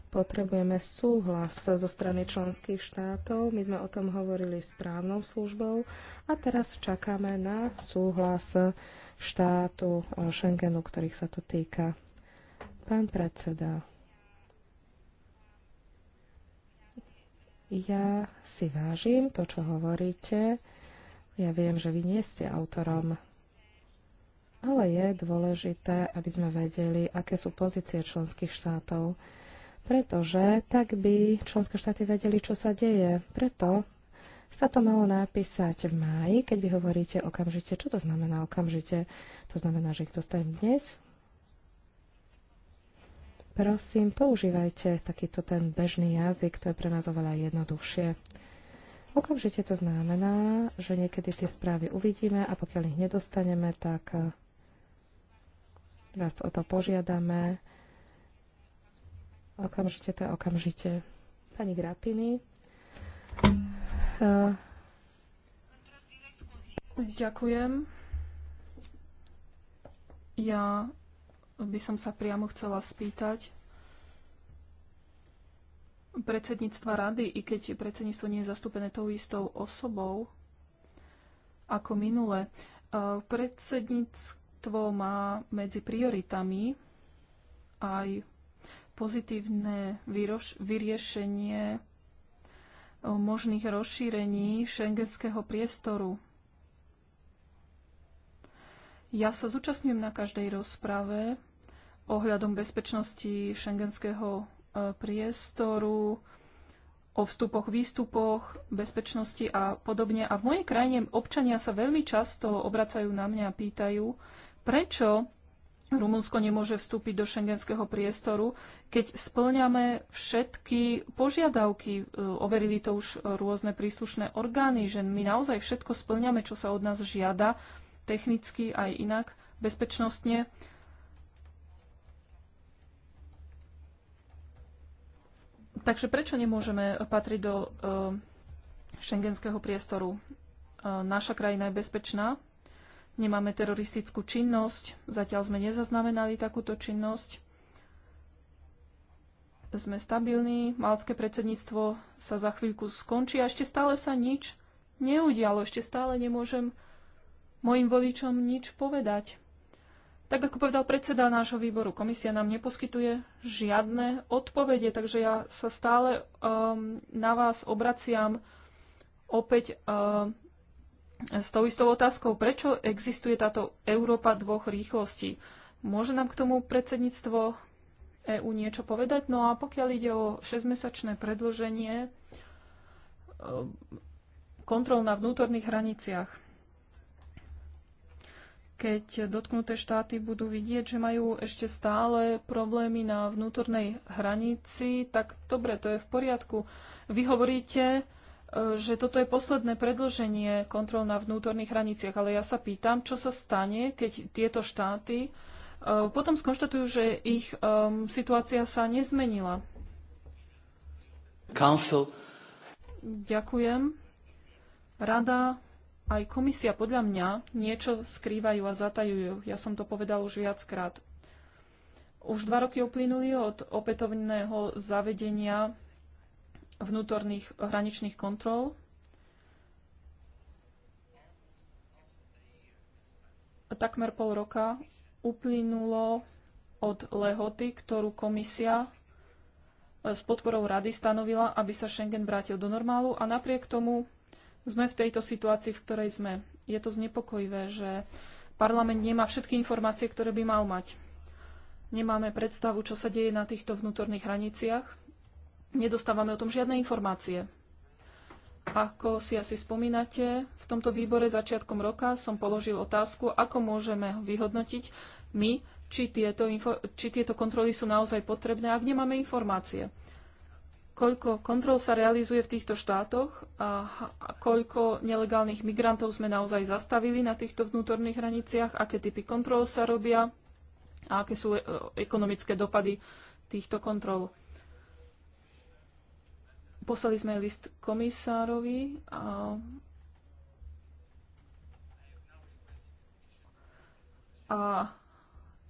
potrebujeme súhlas zo strany členských štátov. My sme o tom hovorili s právnou službou a teraz čakáme na súhlas štátu e, Schengenu, ktorých sa to týka. Pán predseda, ja si vážim to, čo hovoríte. Ja viem, že vy nie ste autorom, ale je dôležité, aby sme vedeli, aké sú pozície členských štátov, pretože tak by členské štáty vedeli, čo sa deje. Preto sa to malo napísať v máji, keď vy hovoríte okamžite. Čo to znamená okamžite? To znamená, že ich dostanem dnes? Prosím, používajte takýto ten bežný jazyk, to je pre nás oveľa jednoduchšie. Okamžite to znamená, že niekedy tie správy uvidíme a pokiaľ ich nedostaneme, tak eh, vás o to požiadame. Okamžite to je okamžite. Pani Grapiny. Eh, ďakujem. Ja by som sa priamo chcela spýtať, predsedníctva rady, i keď predsedníctvo nie je zastúpené tou istou osobou ako minule. E, predsedníctvo má medzi prioritami aj pozitívne vyriešenie e, možných rozšírení šengenského priestoru. Ja sa zúčastňujem na každej rozprave ohľadom bezpečnosti šengenského E, priestoru, o vstupoch, výstupoch, bezpečnosti a podobne. A v mojej krajine občania sa veľmi často obracajú na mňa a pýtajú, prečo Rumunsko nemôže vstúpiť do šengenského priestoru, keď splňame všetky požiadavky. E, overili to už rôzne príslušné orgány, že my naozaj všetko splňame, čo sa od nás žiada, technicky aj inak, bezpečnostne. Takže prečo nemôžeme patriť do e, šengenského priestoru? E, naša krajina je bezpečná, nemáme teroristickú činnosť, zatiaľ sme nezaznamenali takúto činnosť. Sme stabilní, malcké predsedníctvo sa za chvíľku skončí a ešte stále sa nič neudialo, ešte stále nemôžem mojim voličom nič povedať. Tak ako povedal predseda nášho výboru, komisia nám neposkytuje žiadne odpovede, takže ja sa stále um, na vás obraciam opäť um, s tou istou otázkou, prečo existuje táto Európa dvoch rýchlostí. Môže nám k tomu predsedníctvo EÚ niečo povedať? No a pokiaľ ide o 6-mesačné predlženie um, kontrol na vnútorných hraniciach, keď dotknuté štáty budú vidieť, že majú ešte stále problémy na vnútornej hranici, tak dobre, to je v poriadku. Vy hovoríte, e, že toto je posledné predlženie kontrol na vnútorných hraniciach, ale ja sa pýtam, čo sa stane, keď tieto štáty e, potom skonštatujú, že ich um, situácia sa nezmenila. Council. Ďakujem. Rada aj komisia podľa mňa niečo skrývajú a zatajujú. Ja som to povedal už viackrát. Už dva roky uplynuli od opätovného zavedenia vnútorných hraničných kontrol. Takmer pol roka uplynulo od lehoty, ktorú komisia e, s podporou rady stanovila, aby sa Schengen vrátil do normálu a napriek tomu sme v tejto situácii, v ktorej sme. Je to znepokojivé, že parlament nemá všetky informácie, ktoré by mal mať. Nemáme predstavu, čo sa deje na týchto vnútorných hraniciach. Nedostávame o tom žiadne informácie. Ako si asi spomínate, v tomto výbore začiatkom roka som položil otázku, ako môžeme vyhodnotiť my, či tieto, či tieto kontroly sú naozaj potrebné, ak nemáme informácie koľko kontrol sa realizuje v týchto štátoch a, a koľko nelegálnych migrantov sme naozaj zastavili na týchto vnútorných hraniciach, aké typy kontrol sa robia a aké sú e, ekonomické dopady týchto kontrol. Poslali sme list komisárovi a a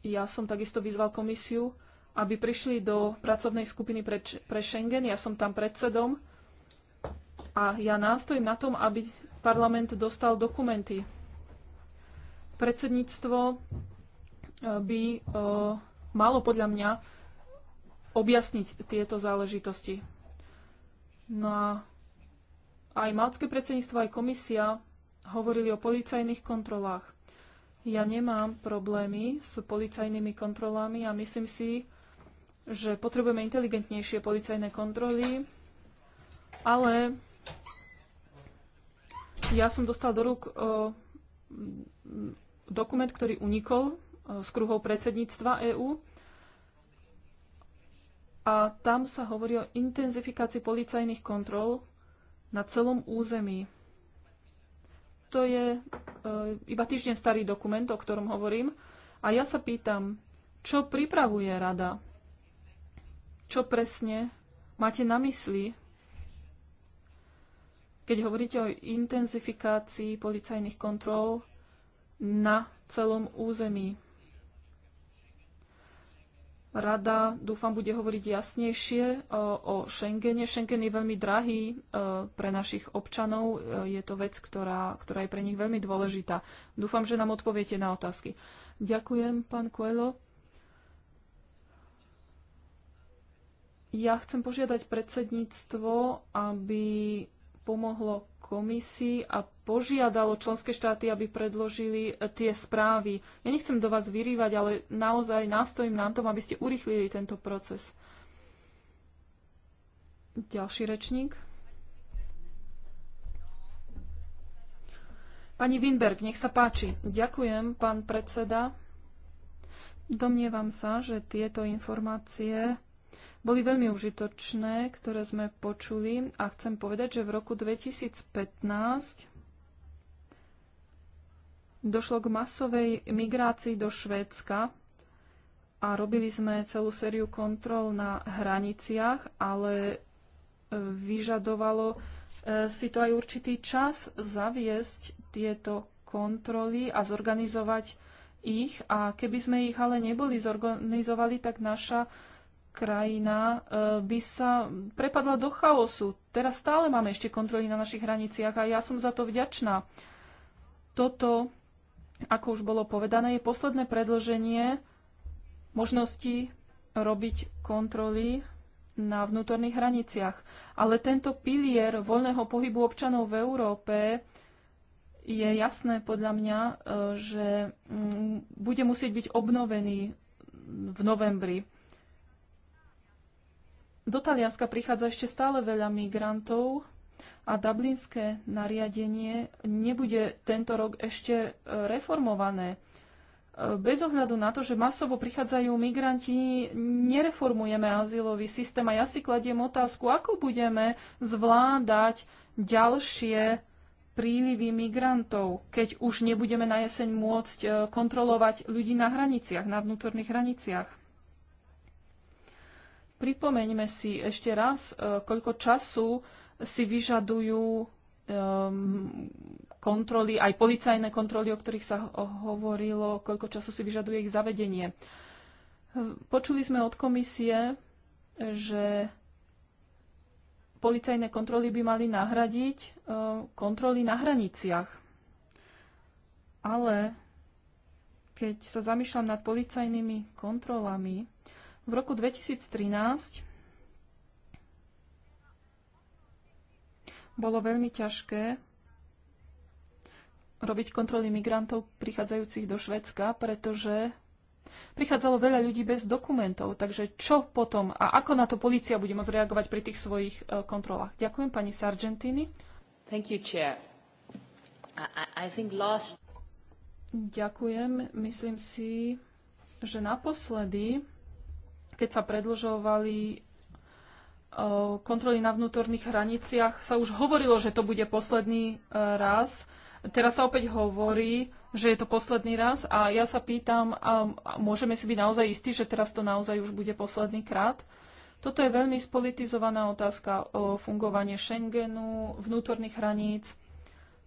ja som takisto vyzval komisiu, aby prišli do pracovnej skupiny pre, pre Schengen. Ja som tam predsedom a ja nástojím na tom, aby parlament dostal dokumenty. Predsedníctvo e, by o, e, malo podľa mňa objasniť tieto záležitosti. No a aj malcké predsedníctvo, aj komisia hovorili o policajných kontrolách. Ja nemám problémy s policajnými kontrolami a myslím si, že potrebujeme inteligentnejšie policajné kontroly, ale ja som dostal do rúk e, dokument, ktorý unikol e, z kruhov predsedníctva EÚ. A tam sa hovorí o intenzifikácii policajných kontrol na celom území. To je e, iba týždeň starý dokument, o ktorom hovorím. A ja sa pýtam, čo pripravuje rada? Čo presne máte na mysli, keď hovoríte o intenzifikácii policajných kontrol na celom území? Rada, dúfam, bude hovoriť jasnejšie o, Schengene. Schengen je veľmi drahý e, pre našich občanov. E, je to vec, ktorá, ktorá je pre nich veľmi dôležitá. Dúfam, že nám odpoviete na otázky. Ďakujem, pán Coelho. Ja chcem požiadať predsedníctvo, aby pomohlo komisii a požiadalo členské štáty, aby predložili eh, tie správy. Ja nechcem do vás vyrývať, ale naozaj nástojím na tom, aby ste urychlili tento proces. Ďalší rečník. Pani Winberg, nech sa páči. Ďakujem, pán predseda. Domnievam sa, že tieto informácie boli veľmi užitočné, ktoré sme počuli a chcem povedať, že v roku 2015 došlo k masovej migrácii do Švédska a robili sme celú sériu kontrol na hraniciach, ale e, vyžadovalo e, si to aj určitý čas zaviesť tieto kontroly a zorganizovať ich. A keby sme ich ale neboli zorganizovali, tak naša krajina e, by sa prepadla do chaosu. Teraz stále máme ešte kontroly na našich hraniciach a ja som za to vďačná. Toto, ako už bolo povedané, je posledné predloženie možnosti robiť kontroly na vnútorných hraniciach. Ale tento pilier voľného pohybu občanov v Európe je jasné podľa mňa, e, že mm, bude musieť byť obnovený v novembri do Talianska prichádza ešte stále veľa migrantov a dublinské nariadenie nebude tento rok ešte e, reformované. E, bez ohľadu na to, že masovo prichádzajú migranti, nereformujeme azylový systém a ja si kladiem otázku, ako budeme zvládať ďalšie prílivy migrantov, keď už nebudeme na jeseň môcť e, kontrolovať ľudí na hraniciach, na vnútorných hraniciach. Pripomeňme si ešte raz, e, koľko času si vyžadujú kontroly, aj policajné kontroly, o ktorých sa hovorilo, koľko času si vyžaduje ich zavedenie. Počuli sme od komisie, že policajné kontroly by mali nahradiť e, kontroly na hraniciach. Ale keď sa zamýšľam nad policajnými kontrolami, v roku 2013 bolo veľmi ťažké robiť kontroly migrantov prichádzajúcich do Švedska, pretože prichádzalo veľa ľudí bez dokumentov. Takže čo potom a ako na to policia bude môcť reagovať pri tých svojich e, kontrolách? Ďakujem pani Sargentini. Thank you, chair. I, I think last... Ďakujem. Myslím si, že naposledy keď sa predlžovali e, kontroly na vnútorných hraniciach, sa už hovorilo, že to bude posledný e, raz. Teraz sa opäť hovorí, že je to posledný raz a ja sa pýtam, a môžeme si byť naozaj istí, že teraz to naozaj už bude posledný krát? Toto je veľmi spolitizovaná otázka o fungovanie Schengenu, vnútorných hraníc.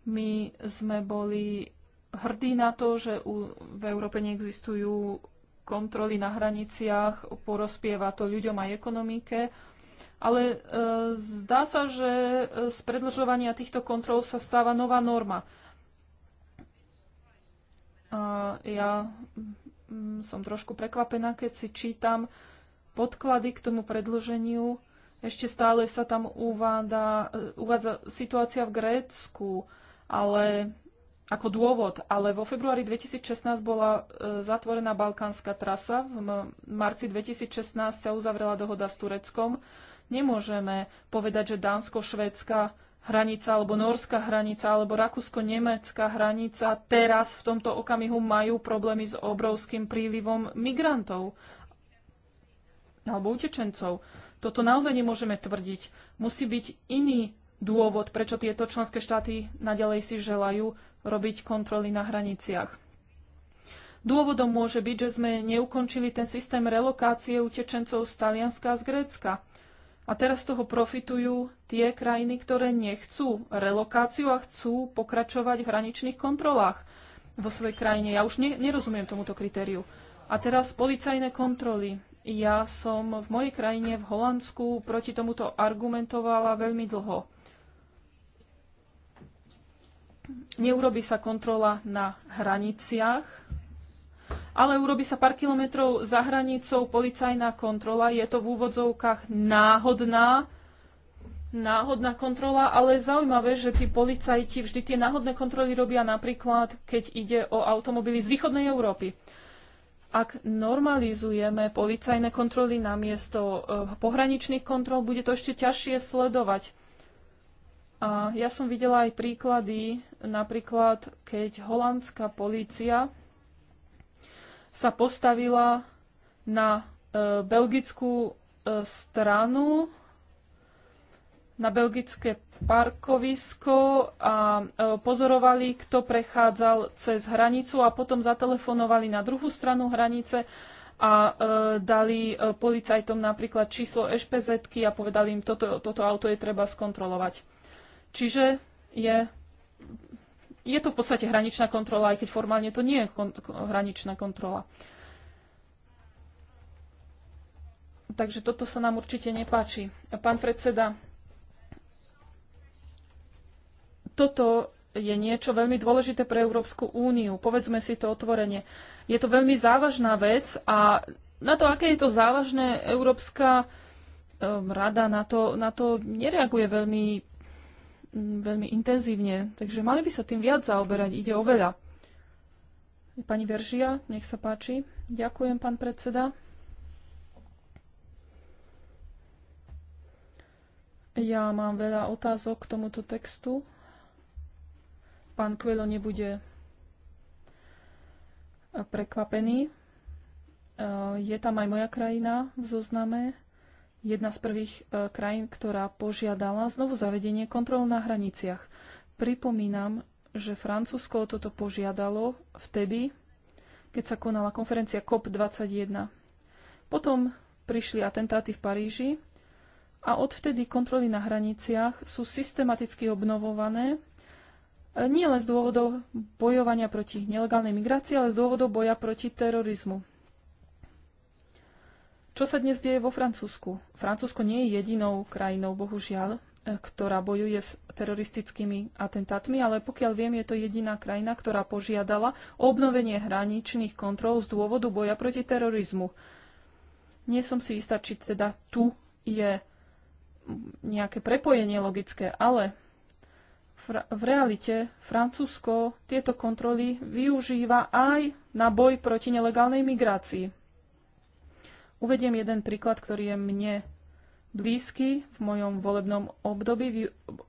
My sme boli hrdí na to, že u, v Európe neexistujú kontroly na hraniciach, porozpieva to ľuďom aj ekonomike. Ale e, zdá sa, že z predlžovania týchto kontrol sa stáva nová norma. A ja mm, som trošku prekvapená, keď si čítam podklady k tomu predlženiu. Ešte stále sa tam uvádza, e, uvádza situácia v Grécku, ale ako dôvod, ale vo februári 2016 bola e, zatvorená balkánska trasa, v marci 2016 sa uzavrela dohoda s Tureckom. Nemôžeme povedať, že Dánsko-Švédska hranica alebo norská hranica alebo rakúsko-nemecká hranica teraz v tomto okamihu majú problémy s obrovským prílivom migrantov alebo utečencov. Toto naozaj nemôžeme tvrdiť. Musí byť iný dôvod, prečo tieto členské štáty nadalej si želajú robiť kontroly na hraniciach. Dôvodom môže byť, že sme neukončili ten systém relokácie utečencov z Talianska a z Grécka. A teraz z toho profitujú tie krajiny, ktoré nechcú relokáciu a chcú pokračovať v hraničných kontrolách vo svojej krajine. Ja už ne, nerozumiem tomuto kritériu. A teraz policajné kontroly. Ja som v mojej krajine, v Holandsku, proti tomuto argumentovala veľmi dlho neurobi sa kontrola na hraniciach, ale urobi sa pár kilometrov za hranicou policajná kontrola. Je to v úvodzovkách náhodná, náhodná kontrola, ale zaujímavé, že tí policajti vždy tie náhodné kontroly robia napríklad, keď ide o automobily z východnej Európy. Ak normalizujeme policajné kontroly na miesto eh, pohraničných kontrol, bude to ešte ťažšie sledovať. A ja som videla aj príklady, napríklad keď holandská polícia sa postavila na e, belgickú e, stranu, na belgické parkovisko a e, pozorovali, kto prechádzal cez hranicu a potom zatelefonovali na druhú stranu hranice a e, dali e, policajtom napríklad číslo ešpezetky a povedali im, toto, toto auto je treba skontrolovať. Čiže je, je to v podstate hraničná kontrola, aj keď formálne to nie je kon, hraničná kontrola. Takže toto sa nám určite nepáči. Pán predseda, toto je niečo veľmi dôležité pre Európsku úniu. Povedzme si to otvorene. Je to veľmi závažná vec a na to, aké je to závažné, Európska ehm, rada na to, na to nereaguje veľmi veľmi intenzívne, takže mali by sa tým viac zaoberať, ide o veľa. Pani Veržia, nech sa páči. Ďakujem, pán predseda. Ja mám veľa otázok k tomuto textu. Pán Kvelo nebude prekvapený. E, je tam aj moja krajina v zozname jedna z prvých e, krajín, ktorá požiadala znovu zavedenie kontrol na hraniciach. Pripomínam, že Francúzsko toto požiadalo vtedy, keď sa konala konferencia COP21. Potom prišli atentáty v Paríži a odvtedy kontroly na hraniciach sú systematicky obnovované e, nie len z dôvodov bojovania proti nelegálnej migrácii, ale z dôvodov boja proti terorizmu. Čo sa dnes deje vo Francúzsku? Francúzsko nie je jedinou krajinou, bohužiaľ, eh, ktorá bojuje s teroristickými atentátmi, ale pokiaľ viem, je to jediná krajina, ktorá požiadala o obnovenie hraničných kontrol z dôvodu boja proti terorizmu. Nie som si istá, či teda tu je nejaké prepojenie logické, ale v realite Francúzsko tieto kontroly využíva aj na boj proti nelegálnej migrácii. Uvediem jeden príklad, ktorý je mne blízky v mojom volebnom období v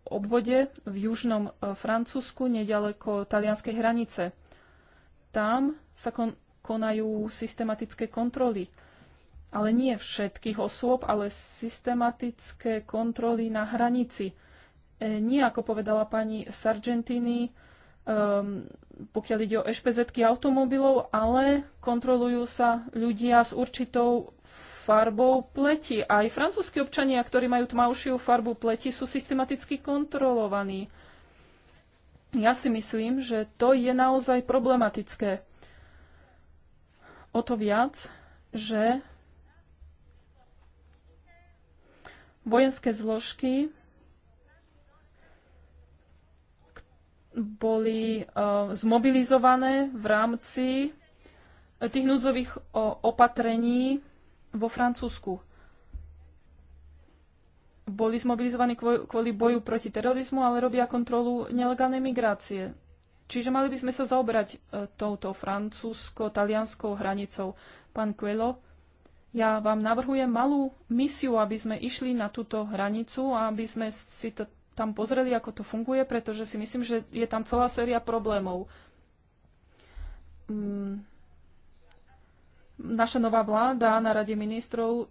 obvode v južnom e, Francúzsku, nedaleko talianskej hranice. Tam sa kon, konajú systematické kontroly. Ale nie všetkých osôb, ale systematické kontroly na hranici. E, nie, ako povedala pani Sargentini, um, pokiaľ ide o ešpezetky automobilov, ale kontrolujú sa ľudia s určitou farbou pleti. Aj francúzskí občania, ktorí majú tmavšiu farbu pleti, sú systematicky kontrolovaní. Ja si myslím, že to je naozaj problematické. O to viac, že vojenské zložky boli uh, zmobilizované v rámci tých núdzových uh, opatrení vo Francúzsku. Boli zmobilizovaní kvôli boju proti terorizmu, ale robia kontrolu nelegálnej migrácie. Čiže mali by sme sa zaoberať e, touto francúzsko-talianskou hranicou. Pán Quello, ja vám navrhujem malú misiu, aby sme išli na túto hranicu a aby sme si to tam pozreli, ako to funguje, pretože si myslím, že je tam celá séria problémov. Mm Naša nová vláda na Rade ministrov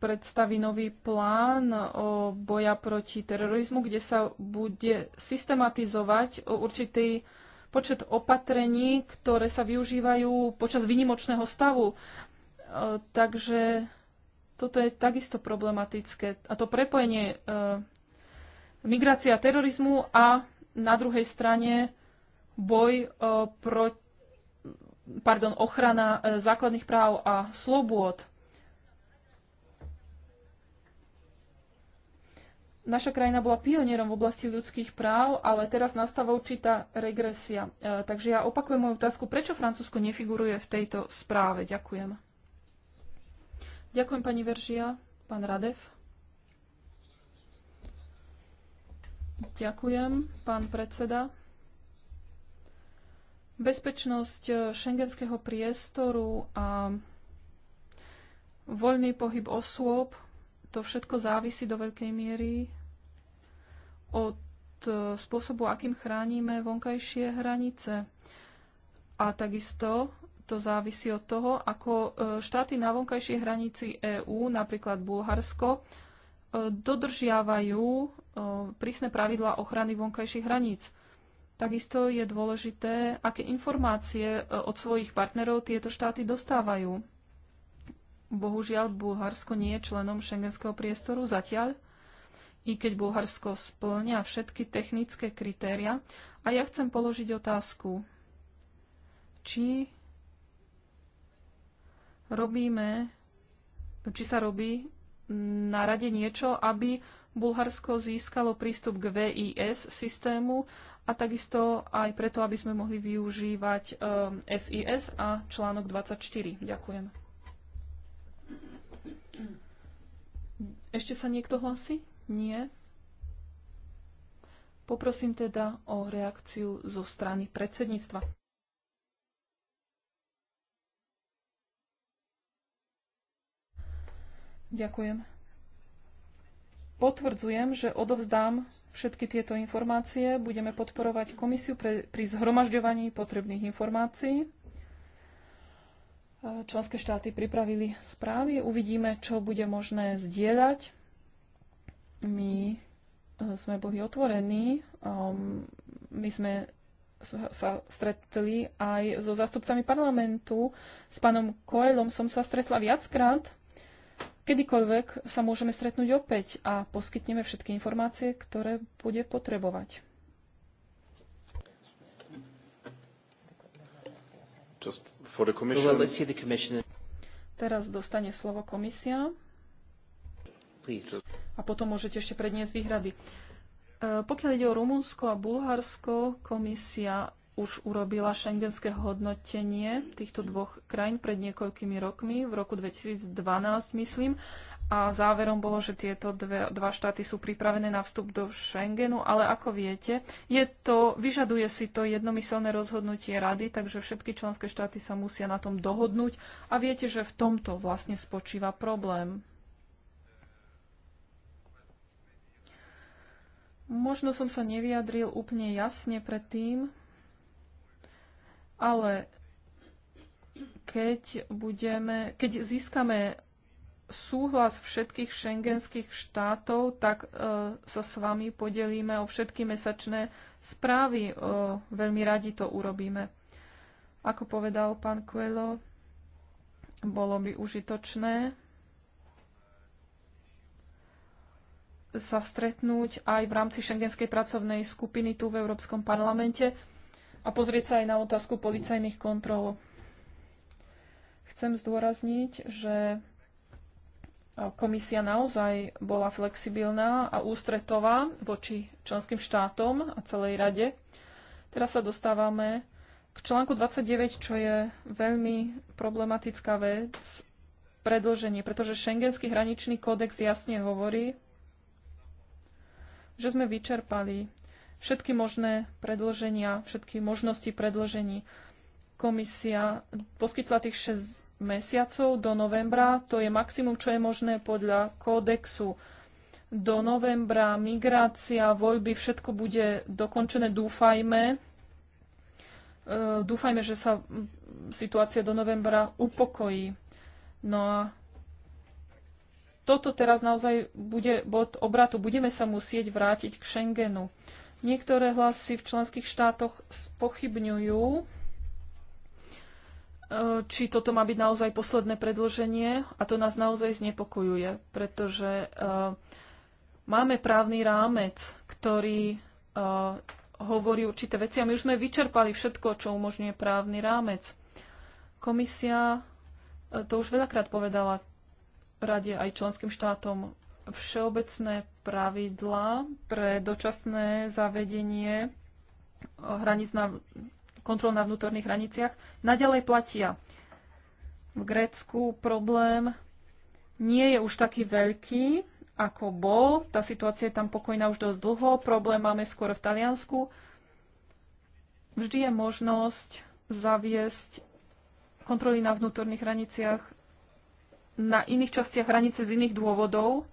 predstaví nový plán o boja proti terorizmu, kde sa bude systematizovať určitý počet opatrení, ktoré sa využívajú počas vynimočného stavu. E, takže toto je takisto problematické. A to prepojenie e, migrácia terorizmu a na druhej strane boj e, proti pardon, ochrana e, základných práv a slobôd. Naša krajina bola pionierom v oblasti ľudských práv, ale teraz nastáva určitá regresia. E, takže ja opakujem moju otázku, prečo Francúzsko nefiguruje v tejto správe? Ďakujem. Ďakujem pani Veržia, pán Radev. Ďakujem, pán predseda. Bezpečnosť eh, šengenského priestoru a voľný pohyb osôb, to všetko závisí do veľkej miery od eh, spôsobu, akým chránime vonkajšie hranice. A takisto to závisí od toho, ako eh, štáty na vonkajšej hranici EÚ, napríklad Bulharsko, dodržiavajú prísne pravidlá ochrany vonkajších hraníc. Takisto je dôležité, aké informácie e, od svojich partnerov tieto štáty dostávajú. Bohužiaľ, Bulharsko nie je členom šengenského priestoru zatiaľ, i keď Bulharsko splňa všetky technické kritéria. A ja chcem položiť otázku, či robíme, či sa robí na rade niečo, aby Bulharsko získalo prístup k VIS systému a takisto aj preto, aby sme mohli využívať SIS um, a článok 24. Ďakujem. Ešte sa niekto hlasí? Nie. Poprosím teda o reakciu zo strany predsedníctva. Ďakujem. Potvrdzujem, že odovzdám všetky tieto informácie. Budeme podporovať komisiu pre, pri zhromažďovaní potrebných informácií. Členské štáty pripravili správy. Uvidíme, čo bude možné zdieľať. My e, sme boli otvorení. Um, my sme sa stretli aj so zástupcami parlamentu. S pánom Koelom som sa stretla viackrát Kedykoľvek sa môžeme stretnúť opäť a poskytneme všetky informácie, ktoré bude potrebovať. Teraz dostane slovo komisia. A potom môžete ešte predniesť výhrady. E, pokiaľ ide o Rumunsko a Bulharsko, komisia už urobila šengenské hodnotenie týchto dvoch krajín pred niekoľkými rokmi, v roku 2012 myslím, a záverom bolo, že tieto dve, dva štáty sú pripravené na vstup do Schengenu, ale ako viete, je to, vyžaduje si to jednomyselné rozhodnutie rady, takže všetky členské štáty sa musia na tom dohodnúť a viete, že v tomto vlastne spočíva problém. Možno som sa nevyjadril úplne jasne predtým, ale keď, budeme, keď získame súhlas všetkých šengenských štátov, tak e, sa s vami podelíme o všetky mesačné správy. E, veľmi radi to urobíme. Ako povedal pán Coelho, bolo by užitočné sa stretnúť aj v rámci šengenskej pracovnej skupiny tu v Európskom parlamente a pozrieť sa aj na otázku policajných kontrol. Chcem zdôrazniť, že komisia naozaj bola flexibilná a ústretová voči členským štátom a celej rade. Teraz sa dostávame k článku 29, čo je veľmi problematická vec, predlženie, pretože Schengenský hraničný kódex jasne hovorí, že sme vyčerpali všetky možné predlženia, všetky možnosti predlžení. Komisia poskytla tých 6 mesiacov do novembra, to je maximum, čo je možné podľa kódexu. Do novembra migrácia, voľby, všetko bude dokončené, dúfajme. E, dúfajme, že sa situácia do novembra upokojí. No a toto teraz naozaj bude bod obratu. Budeme sa musieť vrátiť k Schengenu. Niektoré hlasy v členských štátoch pochybňujú, e, či toto má byť naozaj posledné predloženie a to nás naozaj znepokojuje, pretože e, máme právny rámec, ktorý e, hovorí určité veci a my už sme vyčerpali všetko, čo umožňuje právny rámec. Komisia to už veľakrát povedala rade aj členským štátom všeobecné pravidlá pre dočasné zavedenie eh, hraníc na, kontrol na vnútorných hraniciach naďalej platia. V Grécku problém nie je už taký veľký, ako bol. Tá situácia je tam pokojná už dosť dlho. Problém máme skôr v Taliansku. Vždy je možnosť zaviesť kontroly na vnútorných hraniciach na iných častiach hranice z iných dôvodov,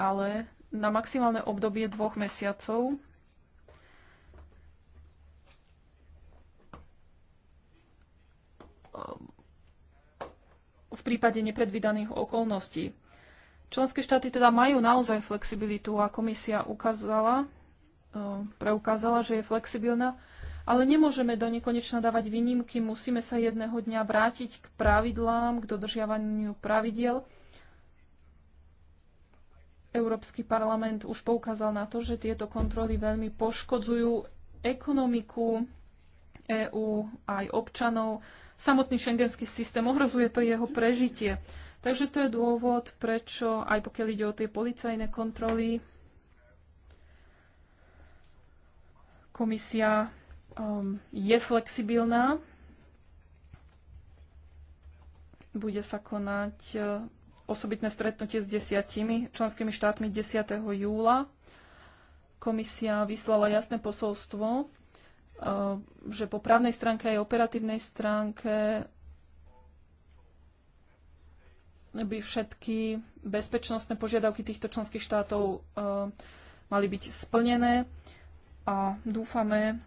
ale na maximálne obdobie dvoch mesiacov. v prípade nepredvídaných okolností. Členské štáty teda majú naozaj flexibilitu a komisia ukázala, e, preukázala, že je flexibilná, ale nemôžeme do nekonečna dávať výnimky, musíme sa jedného dňa vrátiť k pravidlám, k dodržiavaniu pravidiel Európsky parlament už poukázal na to, že tieto kontroly veľmi poškodzujú ekonomiku EÚ aj občanov. Samotný šengenský systém ohrozuje to jeho prežitie. Takže to je dôvod, prečo aj pokiaľ ide o tie policajné kontroly, komisia um, je flexibilná bude sa konať osobitné stretnutie s desiatimi členskými štátmi 10. júla. Komisia vyslala jasné posolstvo, eh, že po právnej stránke aj operatívnej stránke by všetky bezpečnostné požiadavky týchto členských štátov eh, mali byť splnené a dúfame,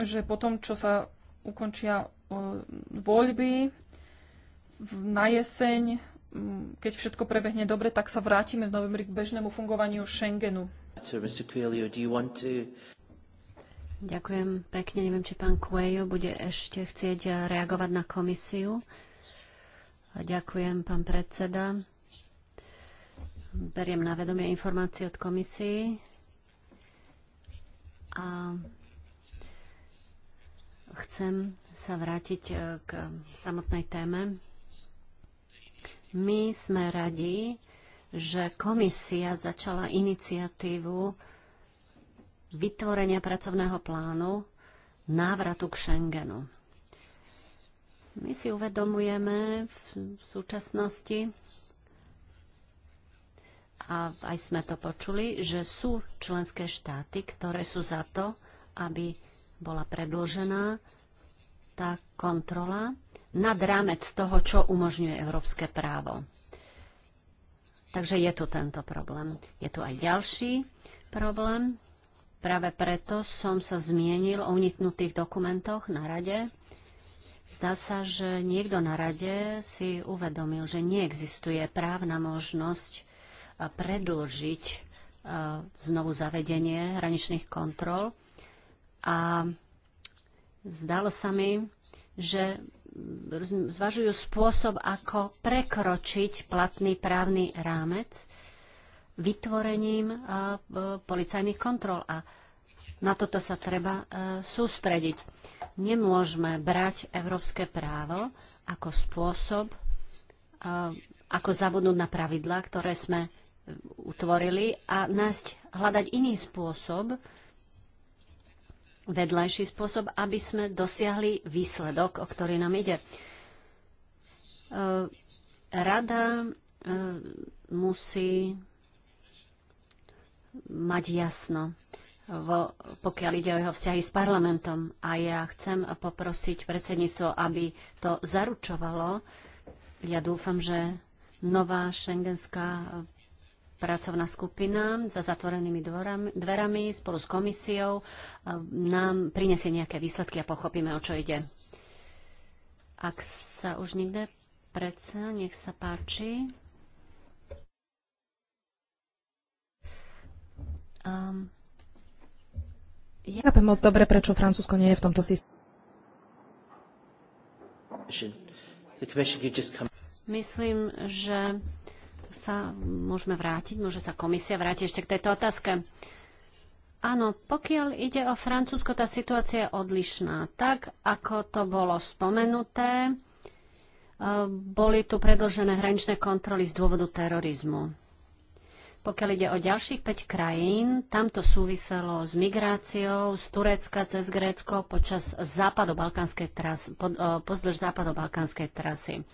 že po tom, čo sa ukončia eh, voľby na jeseň, mm, keď všetko prebehne dobre, tak sa vrátime v novembri k bežnému fungovaniu Schengenu. Ďakujem pekne. Neviem, či pán Coelho bude ešte chcieť eh, reagovať na komisiu. Ďakujem, pán predseda. Beriem na vedomie informácie od komisii. A chcem sa vrátiť eh, k samotnej téme my sme radi, že komisia začala iniciatívu vytvorenia pracovného plánu návratu k Schengenu. My si uvedomujeme v súčasnosti, a aj sme to počuli, že sú členské štáty, ktoré sú za to, aby bola predlžená tá kontrola nad rámec toho, čo umožňuje európske právo. Takže je tu tento problém. Je tu aj ďalší problém. Práve preto som sa zmienil o uniknutých dokumentoch na rade. Zdá sa, že niekto na rade si uvedomil, že neexistuje právna možnosť predlžiť znovu zavedenie hraničných kontrol. A zdalo sa mi, že zvažujú spôsob, ako prekročiť platný právny rámec vytvorením e, e, policajných kontrol. A na toto sa treba e, sústrediť. Nemôžeme brať európske právo ako spôsob, ako zabudnúť na pravidlá, ktoré sme utvorili a nájsť, hľadať iný spôsob, vedľajší spôsob, aby sme dosiahli výsledok, o ktorý nám ide. E, rada e, musí mať jasno, vo, pokiaľ ide o jeho vzťahy s parlamentom. A ja chcem poprosiť predsedníctvo, aby to zaručovalo. Ja dúfam, že nová šengenská pracovná skupina za zatvorenými dvorami, dverami spolu s komisiou nám prinesie nejaké výsledky a pochopíme, o čo ide. Ak sa už nikde predsa, nech sa páči. Um, ja... Chápem moc dobre, prečo Francúzsko nie je v tomto systéme. Myslím, že sa môžeme vrátiť? Môže sa komisia vrátiť ešte k tejto otázke? Áno, pokiaľ ide o Francúzsko, tá situácia je odlišná. Tak, ako to bolo spomenuté, e, boli tu predlžené hraničné kontroly z dôvodu terorizmu. Pokiaľ ide o ďalších 5 krajín, tam to súviselo s migráciou z Turecka cez Grécko počas západobalkánskej trasy, pod, e, pozdĺž západobalkánskej trasy.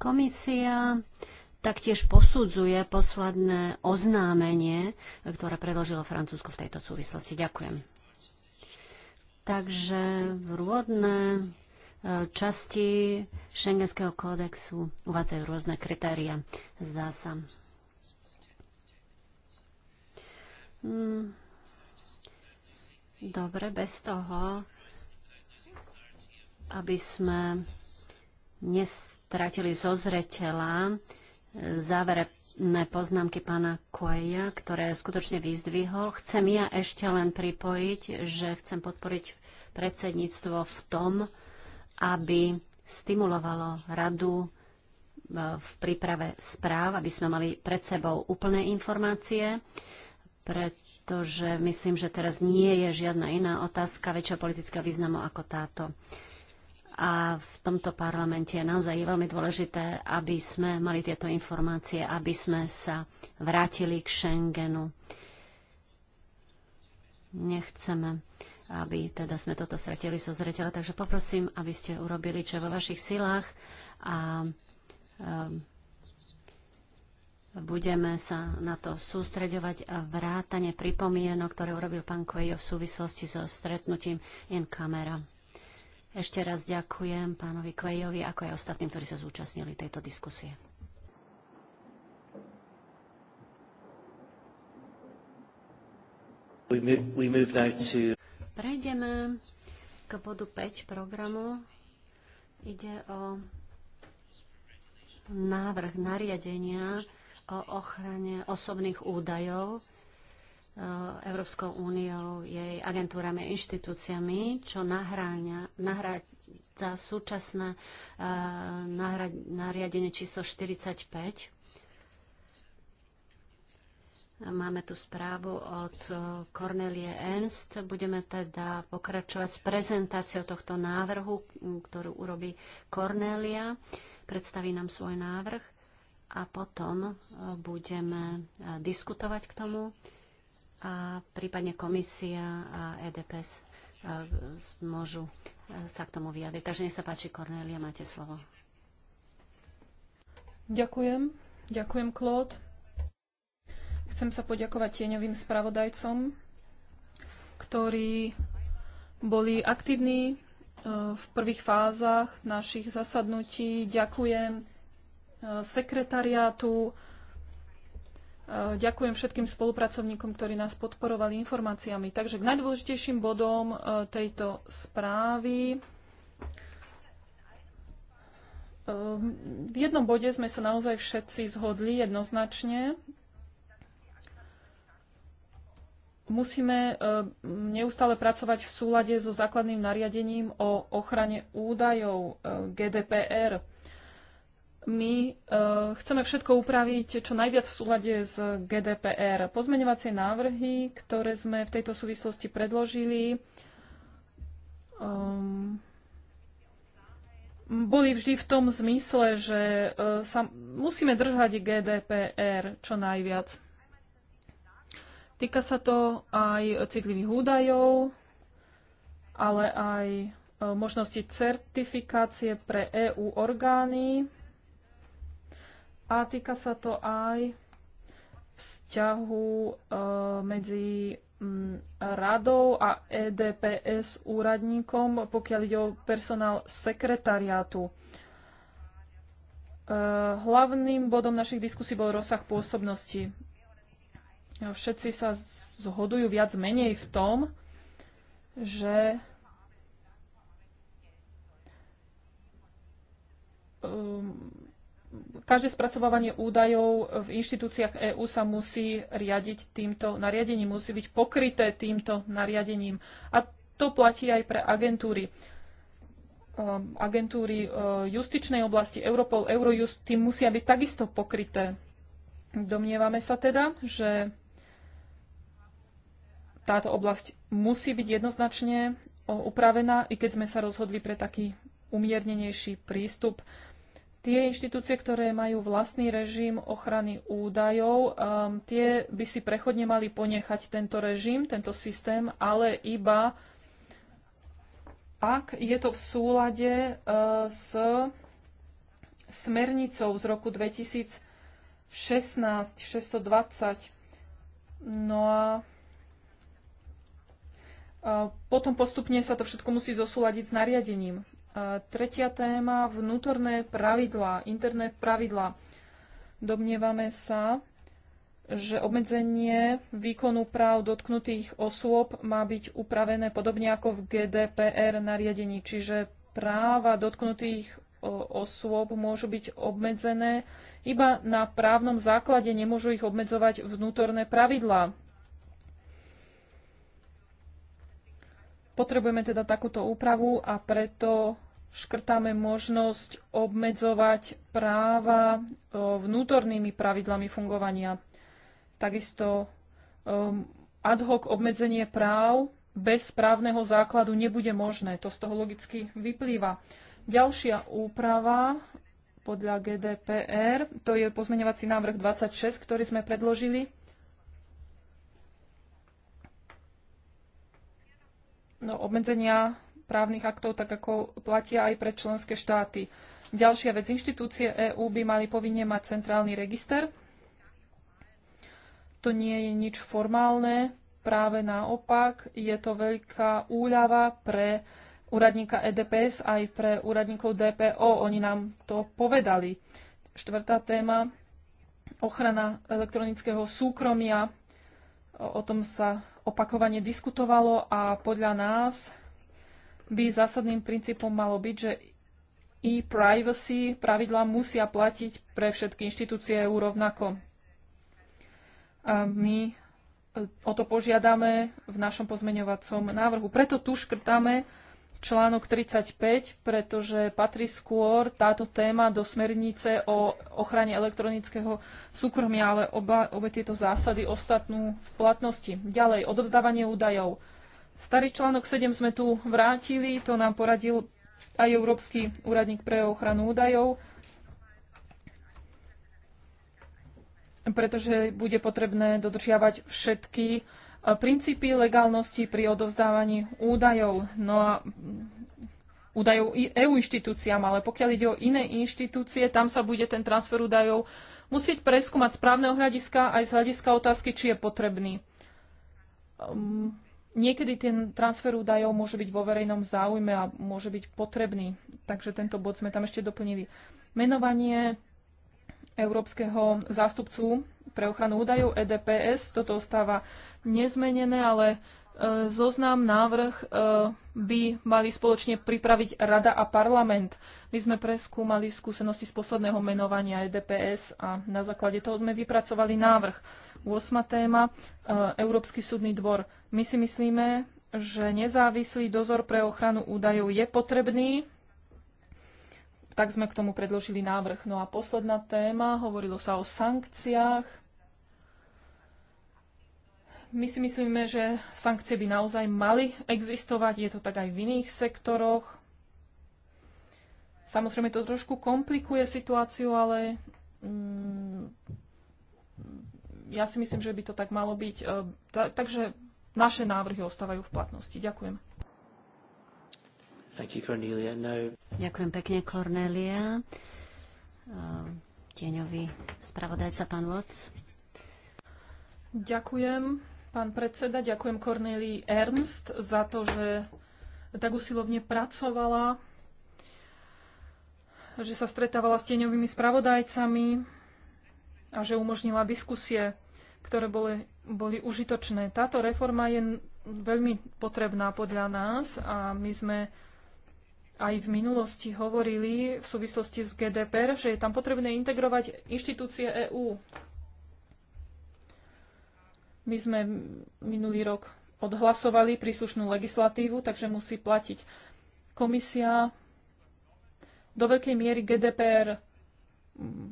Komisia taktiež posudzuje posledné oznámenie, ktoré predložilo Francúzsko v tejto súvislosti. Ďakujem. Takže v rôdne e, časti Schengenského kódexu uvádzajú rôzne kritéria, zdá sa. Hmm. Dobre, bez toho, aby sme nestratili zo zreteľa záverečné poznámky pána Koeja, ktoré skutočne vyzdvihol. Chcem ja ešte len pripojiť, že chcem podporiť predsedníctvo v tom, aby stimulovalo radu e, v príprave správ, aby sme mali pred sebou úplné informácie, pretože myslím, že teraz nie je žiadna iná otázka väčšia politického významu ako táto. A v tomto parlamente naozaj je veľmi dôležité, aby sme mali tieto informácie, aby sme sa vrátili k Schengenu. Nechceme, aby teda sme toto stratili so zreteľa, Takže poprosím, aby ste urobili, čo vo vašich silách a um, budeme sa na to sústreďovať a vrátane pripomienok, ktoré urobil pán Kvejo v súvislosti so stretnutím in kamera. Ešte raz ďakujem pánovi Kvejovi, ako aj ostatným, ktorí sa zúčastnili tejto diskusie. Prejdeme k bodu 5 programu. Ide o návrh nariadenia o ochrane osobných údajov Eh, Európskou úniou, jej agentúrami a inštitúciami, čo nahráňa, nahrádza súčasné eh, nariadenie číslo 45. Máme tu správu od eh, Cornelie Ernst. Budeme teda pokračovať s prezentáciou tohto návrhu, mm, ktorú urobí Cornelia. Predstaví nám svoj návrh a potom budeme diskutovať k tomu a prípadne komisia a EDPS e, môžu e, sa k tomu vyjadriť. Takže nech sa páči, Kornélia, máte slovo. Ďakujem. Ďakujem, Klód. Chcem sa poďakovať tieňovým spravodajcom, ktorí boli aktívni e, v prvých fázach našich zasadnutí. Ďakujem sekretariátu, E, ďakujem všetkým spolupracovníkom, ktorí nás podporovali informáciami. Takže k najdôležitejším bodom e, tejto správy. E, v jednom bode sme sa naozaj všetci zhodli jednoznačne. Musíme neustále pracovať v súlade so základným nariadením o ochrane údajov GDPR my uh, chceme všetko upraviť čo najviac v súlade s GDPR. Pozmeňovacie návrhy, ktoré sme v tejto súvislosti predložili, um, boli vždy v tom zmysle, že uh, sa musíme držať GDPR čo najviac. Týka sa to aj citlivých údajov, ale aj e, možnosti certifikácie pre EU orgány a týka sa to aj vzťahu e, medzi m, mm, radou a EDPS úradníkom, pokiaľ ide o personál sekretariátu. E, hlavným bodom našich diskusí bol rozsah pôsobnosti. Všetci sa zhodujú viac menej v tom, že um, každé spracovávanie údajov v inštitúciách EÚ sa musí riadiť týmto nariadením, musí byť pokryté týmto nariadením. A to platí aj pre agentúry. Ehm, agentúry ehm, justičnej oblasti Europol, Eurojust, tým musia byť takisto pokryté. Domnievame sa teda, že táto oblasť musí byť jednoznačne upravená, i keď sme sa rozhodli pre taký umiernenejší prístup tie inštitúcie, ktoré majú vlastný režim ochrany údajov, um, tie by si prechodne mali ponechať tento režim, tento systém, ale iba ak je to v súlade uh, s smernicou z roku 2016 620. No a uh, potom postupne sa to všetko musí zosúľadiť s nariadením. Tretia téma, vnútorné pravidlá, interné pravidlá. Domnievame sa, že obmedzenie výkonu práv dotknutých osôb má byť upravené podobne ako v GDPR nariadení, čiže práva dotknutých osôb môžu byť obmedzené iba na právnom základe, nemôžu ich obmedzovať vnútorné pravidlá. Potrebujeme teda takúto úpravu a preto škrtáme možnosť obmedzovať práva vnútornými pravidlami fungovania. Takisto um, ad hoc obmedzenie práv bez právneho základu nebude možné. To z toho logicky vyplýva. Ďalšia úprava podľa GDPR, to je pozmeňovací návrh 26, ktorý sme predložili. No, obmedzenia právnych aktov, tak ako platia aj pre členské štáty. Ďalšia vec, inštitúcie EÚ by mali povinne mať centrálny register. To nie je nič formálne, práve naopak je to veľká úľava pre úradníka EDPS aj pre úradníkov DPO. Oni nám to povedali. Štvrtá téma, ochrana elektronického súkromia. O tom sa opakovane diskutovalo a podľa nás by zásadným princípom malo byť, že e-privacy pravidlá musia platiť pre všetky inštitúcie EU rovnako. A my e, o to požiadame v našom pozmeňovacom návrhu. Preto tu škrtáme článok 35, pretože patrí skôr táto téma do smernice o ochrane elektronického súkromia, ale oba, obe tieto zásady ostatnú v platnosti. Ďalej, odovzdávanie údajov. Starý článok 7 sme tu vrátili, to nám poradil aj Európsky úradník pre ochranu údajov, pretože bude potrebné dodržiavať všetky eh, princípy legálnosti pri odovzdávaní údajov. No a mm, údajov EU inštitúciám, ale pokiaľ ide o iné inštitúcie, tam sa bude ten transfer údajov musieť preskúmať z právneho hľadiska aj z hľadiska otázky, či je potrebný. Um, Niekedy ten transfer údajov môže byť vo verejnom záujme a môže byť potrebný, takže tento bod sme tam ešte doplnili. Menovanie európskeho zástupcu pre ochranu údajov EDPS, toto ostáva nezmenené, ale E, zoznam, návrh e, by mali spoločne pripraviť Rada a parlament. My sme preskúmali skúsenosti z posledného menovania EDPS a na základe toho sme vypracovali návrh. 8. téma e, Európsky súdny dvor. My si myslíme, že nezávislý dozor pre ochranu údajov je potrebný. Tak sme k tomu predložili návrh. No a posledná téma, hovorilo sa o sankciách. My si myslíme, že sankcie by naozaj mali existovať, je to tak aj v iných sektoroch. Samozrejme to trošku komplikuje situáciu, ale mm, ja si myslím, že by to tak malo byť. E, takže naše návrhy ostávajú v platnosti. Ďakujem. You, no. Ďakujem pekne, Cornelia. E, tieňový spravodajca, pán Voc. Ďakujem. Pán predseda, ďakujem Cornelii Ernst za to, že tak usilovne pracovala, že sa stretávala s tieňovými spravodajcami a že umožnila diskusie, ktoré boli, boli užitočné. Táto reforma je veľmi potrebná podľa nás a my sme aj v minulosti hovorili v súvislosti s GDPR, že je tam potrebné integrovať inštitúcie EÚ. My sme minulý rok odhlasovali príslušnú legislatívu, takže musí platiť komisia. Do veľkej miery GDPR mm,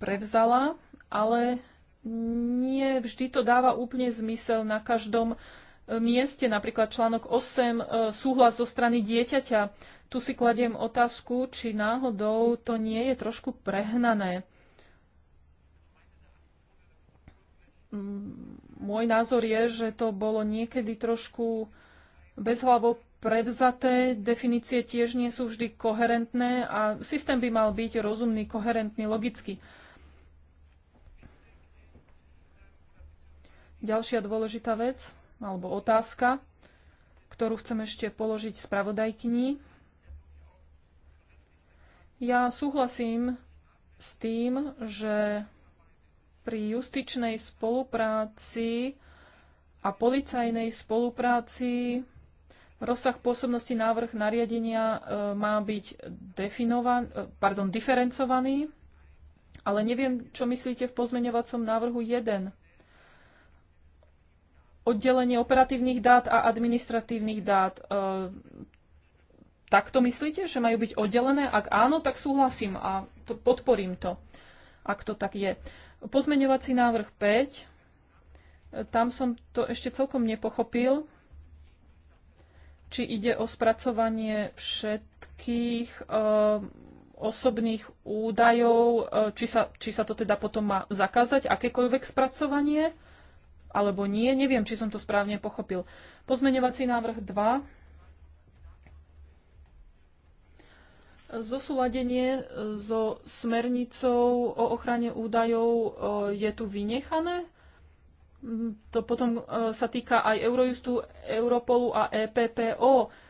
prevzala, ale nie vždy to dáva úplne zmysel na každom e, mieste. Napríklad článok 8, e, súhlas zo strany dieťaťa. Tu si kladiem otázku, či náhodou to nie je trošku prehnané mm, môj názor je, že to bolo niekedy trošku bezhlavo prevzaté, definície tiež nie sú vždy koherentné a systém by mal byť rozumný, koherentný, logický. Ďalšia dôležitá vec, alebo otázka, ktorú chcem ešte položiť spravodajkyni. Ja súhlasím s tým, že pri justičnej spolupráci a policajnej spolupráci rozsah pôsobnosti návrh nariadenia e, má byť definovaný, e, pardon, diferencovaný, ale neviem, čo myslíte v pozmeňovacom návrhu 1. Oddelenie operatívnych dát a administratívnych dát. E, takto myslíte, že majú byť oddelené? Ak áno, tak súhlasím a to, podporím to, ak to tak je. Pozmeňovací návrh 5, tam som to ešte celkom nepochopil, či ide o spracovanie všetkých eh, osobných údajov, eh, či sa, či sa to teda potom má zakázať, akékoľvek spracovanie, alebo nie. Neviem, či som to správne pochopil. Pozmeňovací návrh 2 Zosúladenie e, so smernicou o ochrane údajov e, je tu vynechané. Mm, to potom e, sa týka aj Eurojustu, Europolu a EPPO.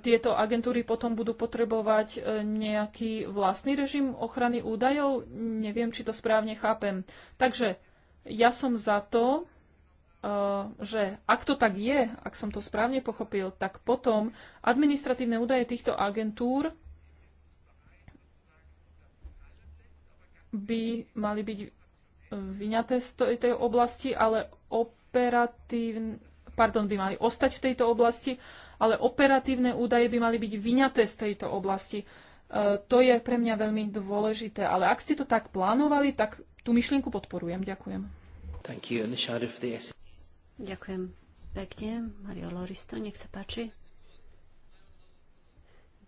Tieto agentúry potom budú potrebovať nejaký vlastný režim ochrany údajov. Neviem, či to správne chápem. Takže ja som za to, že ak to tak je, ak som to správne pochopil, tak potom administratívne údaje týchto agentúr by mali byť e, vyňaté z tej oblasti, ale operatívne, pardon, by mali ostať v tejto oblasti, ale operatívne údaje by mali byť vyňaté z tejto oblasti. E, to je pre mňa veľmi dôležité, ale ak ste to tak plánovali, tak tú myšlienku podporujem. Ďakujem. Thank you. And for the Ďakujem pekne. Mario Loristo, nech sa páči.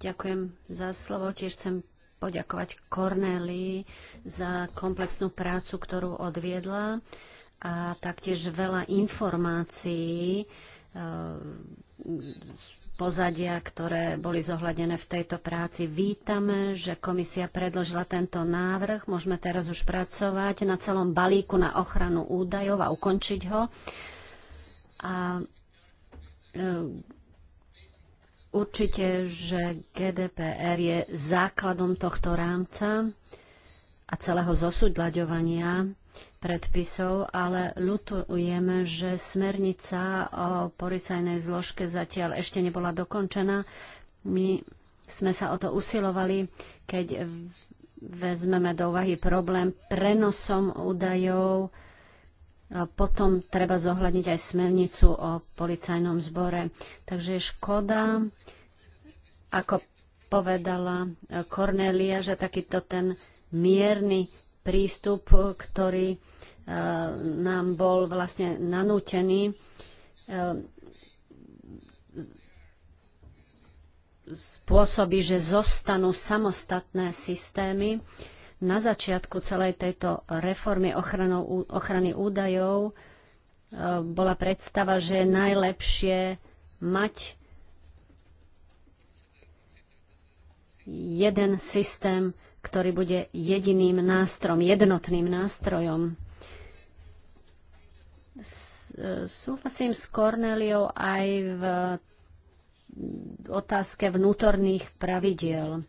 Ďakujem za slovo. Tiež chcem poďakovať Cornelii za komplexnú prácu, ktorú odviedla a taktiež veľa informácií eh, z pozadia, ktoré boli zohľadené v tejto práci. Vítame, že komisia predložila tento návrh. Môžeme teraz už pracovať na celom balíku na ochranu údajov a ukončiť ho. A eh, Určite, že GDPR je základom tohto rámca a celého zosudľaďovania predpisov, ale ľutujeme, že smernica o policajnej zložke zatiaľ ešte nebola dokončená. My sme sa o to usilovali, keď vezmeme do úvahy problém prenosom údajov potom treba zohľadniť aj smernicu o policajnom zbore. Takže je škoda, ako povedala e, Cornelia, že takýto ten mierny prístup, ktorý e, nám bol vlastne nanútený, e, spôsobí, že zostanú samostatné systémy, na začiatku celej tejto reformy ochranou, ochrany údajov e, bola predstava, že je najlepšie mať jeden systém, ktorý bude jediným nástrom, jednotným nástrojom. E, súhlasím s Corneliou aj v otázke vnútorných pravidiel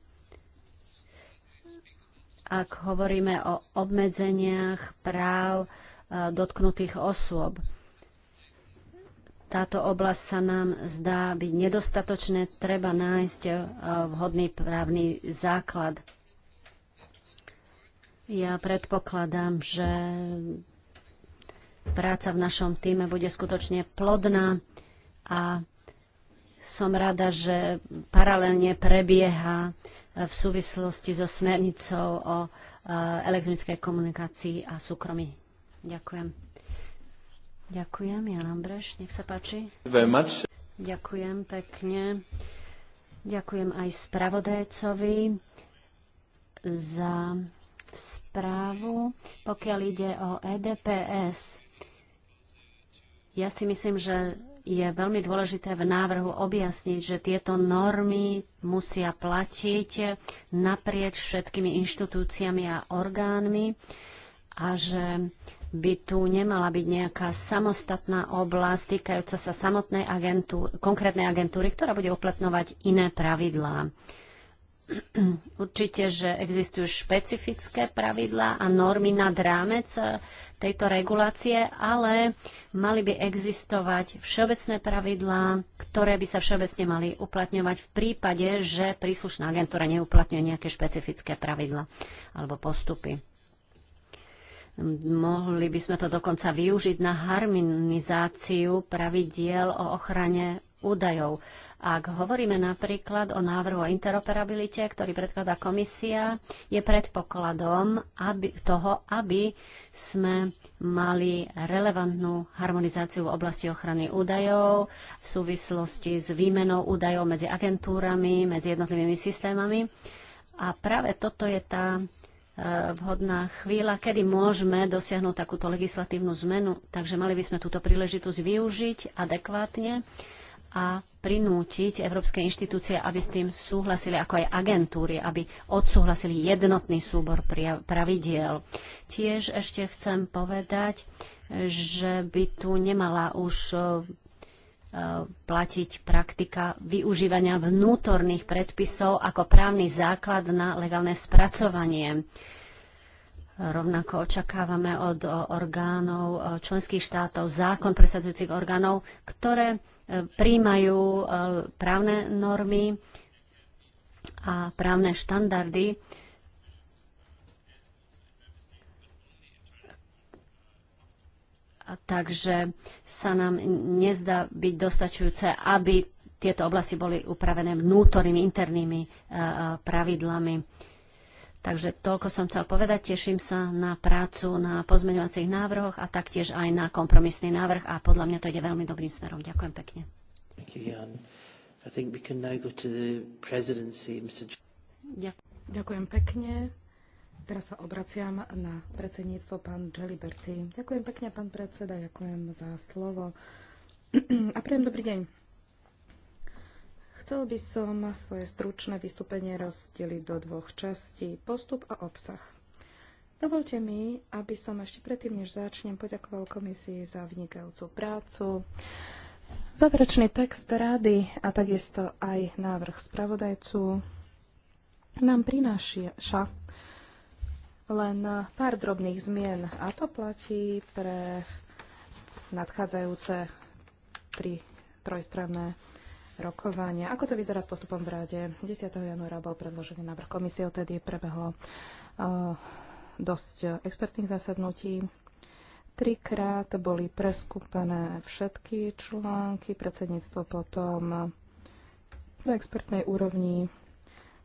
ak hovoríme o obmedzeniach práv e, dotknutých osôb. Táto oblasť sa nám zdá byť nedostatočné, treba nájsť e, vhodný právny základ. Ja predpokladám, že práca v našom týme bude skutočne plodná a som rada, že paralelne prebieha v súvislosti so smernicou o e, elektronickej komunikácii a súkromí. Ďakujem. Ďakujem, Jan Ambreš, nech sa páči. Ďakujem pekne. Ďakujem aj spravodajcovi za správu. Pokiaľ ide o EDPS, ja si myslím, že je veľmi dôležité v návrhu objasniť, že tieto normy musia platiť naprieč všetkými inštitúciami a orgánmi a že by tu nemala byť nejaká samostatná oblasť týkajúca sa samotnej agentúry, konkrétnej agentúry, ktorá bude uplatňovať iné pravidlá. *clears throat* Určite, že existujú špecifické pravidlá a normy nad rámec eh, tejto regulácie, ale mali by existovať všeobecné pravidlá, ktoré by sa všeobecne mali uplatňovať v prípade, že príslušná agentúra neuplatňuje nejaké špecifické pravidlá alebo postupy. Mohli by sme to dokonca využiť na harmonizáciu pravidiel o ochrane údajov. Ak hovoríme napríklad o návrhu o interoperabilite, ktorý predkladá komisia, je predpokladom aby, toho, aby sme mali relevantnú harmonizáciu v oblasti ochrany údajov v súvislosti s výmenou údajov medzi agentúrami, medzi jednotlivými systémami. A práve toto je tá e, vhodná chvíľa, kedy môžeme dosiahnuť takúto legislatívnu zmenu. Takže mali by sme túto príležitosť využiť adekvátne a prinútiť európske inštitúcie, aby s tým súhlasili, ako aj agentúry, aby odsúhlasili jednotný súbor pravidiel. Tiež ešte chcem povedať, že by tu nemala už e, e, platiť praktika využívania vnútorných predpisov ako právny základ na legálne spracovanie. Rovnako očakávame od orgánov e, členských štátov zákon presadzujúcich orgánov, ktoré príjmajú e, právne normy a právne štandardy, takže sa nám nezdá byť dostačujúce, aby tieto oblasti boli upravené vnútornými, internými e, e, pravidlami. Takže toľko som chcel povedať. Teším sa na prácu na pozmeňovacích návrhoch a taktiež aj na kompromisný návrh a podľa mňa to ide veľmi dobrým smerom. Ďakujem pekne. Ďakujem pekne. Teraz sa obraciam na predsedníctvo pán Jeliberty. Ďakujem pekne, pán predseda, ďakujem za slovo. *clears throat* A prejem dobrý deň. Chcel by som svoje stručné vystúpenie rozdeliť do dvoch častí. Postup a obsah. Dovolte mi, aby som ešte predtým, než začnem, poďakoval komisii za vynikajúcu prácu. Záverečný text rady a takisto aj návrh spravodajcu nám prináša len pár drobných zmien a to platí pre nadchádzajúce tri trojstranné rokovania. Ako to vyzerá s postupom v rade? 10. januára bol predložený návrh komisie, odtedy prebehlo uh, dosť expertných zasadnutí. Trikrát boli preskúpené všetky články, predsedníctvo potom na expertnej úrovni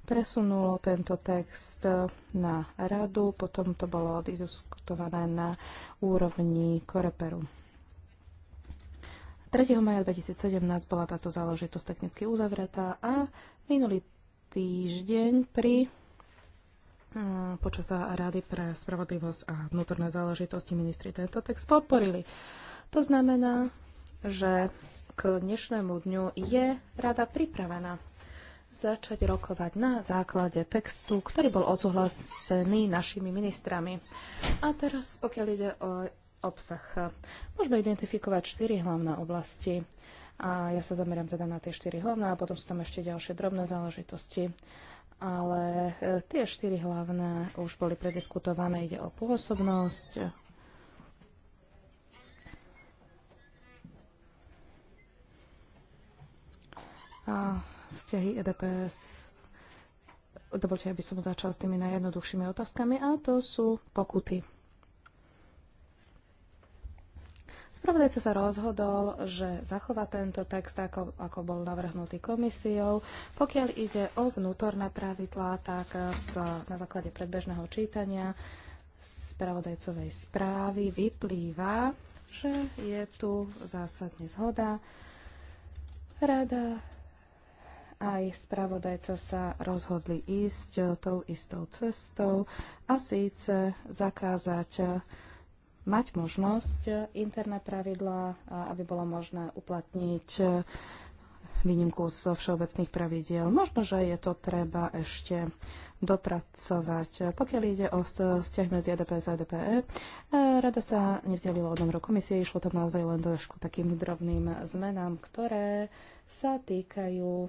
presunulo tento text na radu, potom to bolo diskutované na úrovni Koreperu. 3. maja 2017 bola táto záležitosť technicky uzavretá a minulý týždeň pri mm, počas Rady pre spravodlivosť a vnútorné záležitosti ministri tento text podporili. To znamená, že k dnešnému dňu je rada pripravená začať rokovať na základe textu, ktorý bol odsúhlasený našimi ministrami. A teraz, pokiaľ ide o obsah. Môžeme identifikovať štyri hlavné oblasti a ja sa zameriam teda na tie štyri hlavné a potom sú tam ešte ďalšie drobné záležitosti. Ale e, tie štyri hlavné už boli prediskutované. Ide o pôsobnosť, a vzťahy EDPS. Dovolte, aby som začal s tými najjednoduchšími otázkami a to sú pokuty. Spravodajca sa rozhodol, že zachová tento text, ako, ako bol navrhnutý komisiou. Pokiaľ ide o vnútorné pravidlá, tak sa na základe predbežného čítania spravodajcovej správy vyplýva, že je tu zásadne zhoda. Rada aj spravodajca sa rozhodli ísť tou istou cestou a síce zakázať mať možnosť e, interné pravidlá, aby bolo možné uplatniť e, výnimku zo všeobecných pravidiel. Možno, že je to treba ešte dopracovať. Pokiaľ ide o vzťah medzi ADP e a ADPE, rada sa nezdelila od návrhu komisie, išlo tam naozaj len trošku takým drobným zmenám, ktoré sa týkajú,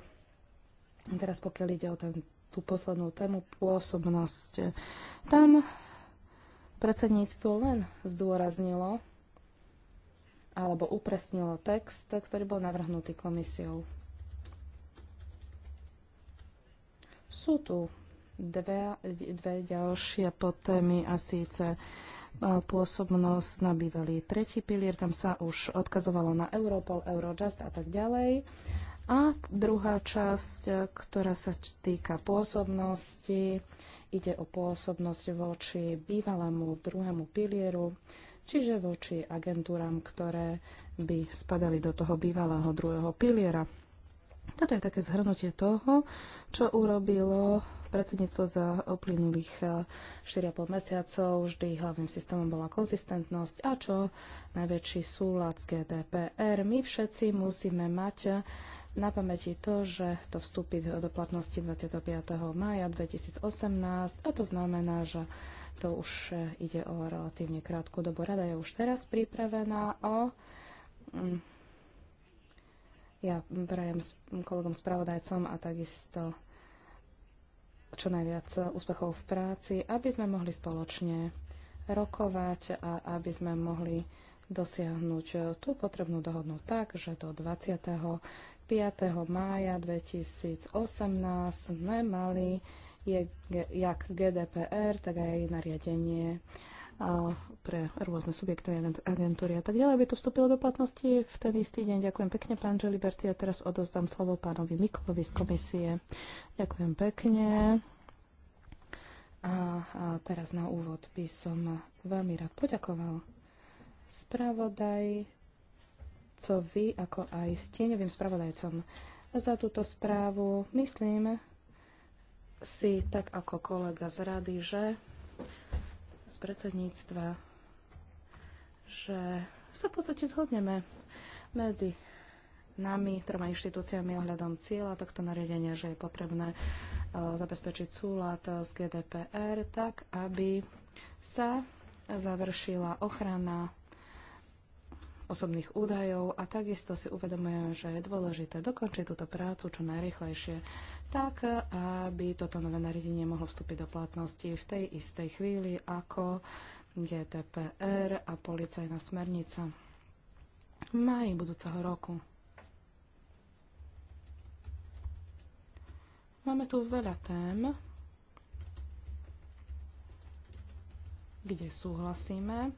teraz pokiaľ ide o ten, tú poslednú tému, pôsobnosť. Tam Predsedníctvo len zdôraznilo alebo upresnilo text, ktorý bol navrhnutý komisiou. Sú tu dve, dve ďalšie podtémy a síce e, pôsobnosť na bývalý tretí pilier, tam sa už odkazovalo na Europol, Eurojust a tak ďalej. A druhá časť, e, ktorá sa týka pôsobnosti, ide o pôsobnosť voči bývalému druhému pilieru, čiže voči agentúram, ktoré by spadali do toho bývalého druhého piliera. Toto je také zhrnutie toho, čo urobilo predsedníctvo za uplynulých 4,5 eh, mesiacov. Vždy hlavným systémom bola konzistentnosť a čo najväčší súlad s GDPR. My všetci musíme mať eh, na pamäti to, že to vstúpi do platnosti 25. maja 2018 a to znamená, že to už ide o relatívne krátku dobu. Rada je už teraz pripravená o... Mm, ja prajem s kolegom spravodajcom a takisto čo najviac úspechov v práci, aby sme mohli spoločne rokovať a aby sme mohli dosiahnuť tú potrebnú dohodnú tak, že do 20. 5. mája 2018 sme mali je, jak GDPR, tak aj nariadenie a pre rôzne subjekty, agentúry a tak ďalej, aby to vstúpilo do platnosti v ten istý deň. Ďakujem pekne, pán Želiberti, a teraz odozdám slovo pánovi Miklovi z komisie. Ďakujem pekne. A, a teraz na úvod by som veľmi rád poďakoval spravodaj vy, ako aj tieňovým spravodajcom za túto správu. Myslím si, tak ako kolega z rady, že z predsedníctva, že sa v podstate zhodneme medzi nami, troma inštitúciami ohľadom cieľa tohto nariadenia, že je potrebné e, zabezpečiť súlad s GDPR tak, aby sa završila ochrana osobných údajov a takisto si uvedomujem, že je dôležité dokončiť túto prácu čo najrychlejšie, tak aby toto nové nariadenie mohlo vstúpiť do platnosti v tej istej chvíli ako GDPR a policajná smernica v maji budúceho roku. Máme tu veľa tém, kde súhlasíme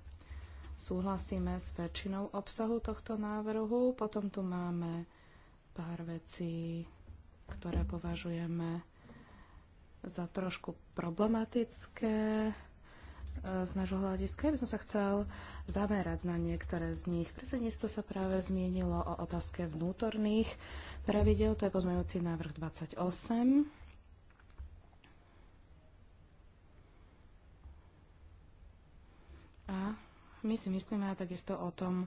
súhlasíme s väčšinou obsahu tohto návrhu. Potom tu máme pár vecí, ktoré považujeme za trošku problematické z nášho hľadiska. Ja by som sa chcel zamerať na niektoré z nich. Predsedníctvo sa práve zmienilo o otázke vnútorných pravidel, to je pozmejúci návrh 28. A my si myslíme, a takisto o tom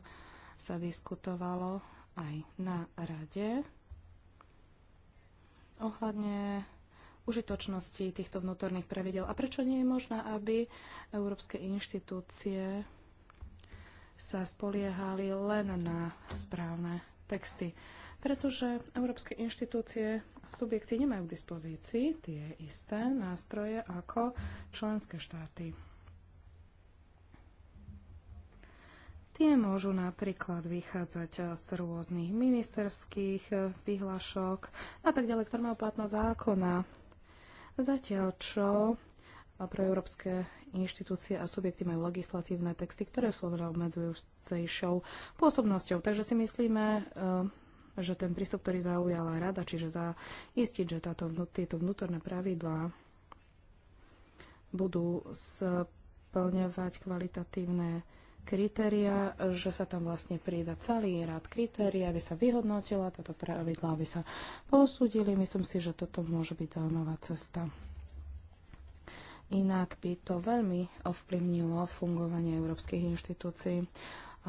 sa diskutovalo aj na rade, ohľadne užitočnosti týchto vnútorných pravidel. A prečo nie je možné, aby európske inštitúcie sa spoliehali len na správne texty? Pretože európske inštitúcie a subjekty nemajú k dispozícii tie isté nástroje ako členské štáty. Tie môžu napríklad vychádzať eh, z rôznych ministerských eh, vyhlášok a tak ďalej, ktoré majú platnosť zákona. Zatiaľ čo eh, pre európske inštitúcie a subjekty majú legislatívne texty, ktoré sú veľa obmedzujúcejšou pôsobnosťou. Takže si myslíme, že ten prístup, ktorý zaujala rada, čiže zaistiť, že táto, tieto vnútorné pravidlá budú splňovať kvalitatívne kritéria, že sa tam vlastne prída celý rád kritérií, aby sa vyhodnotila toto pravidla, aby sa posúdili. Myslím si, že toto môže byť zaujímavá cesta. Inak by to veľmi ovplyvnilo fungovanie európskych inštitúcií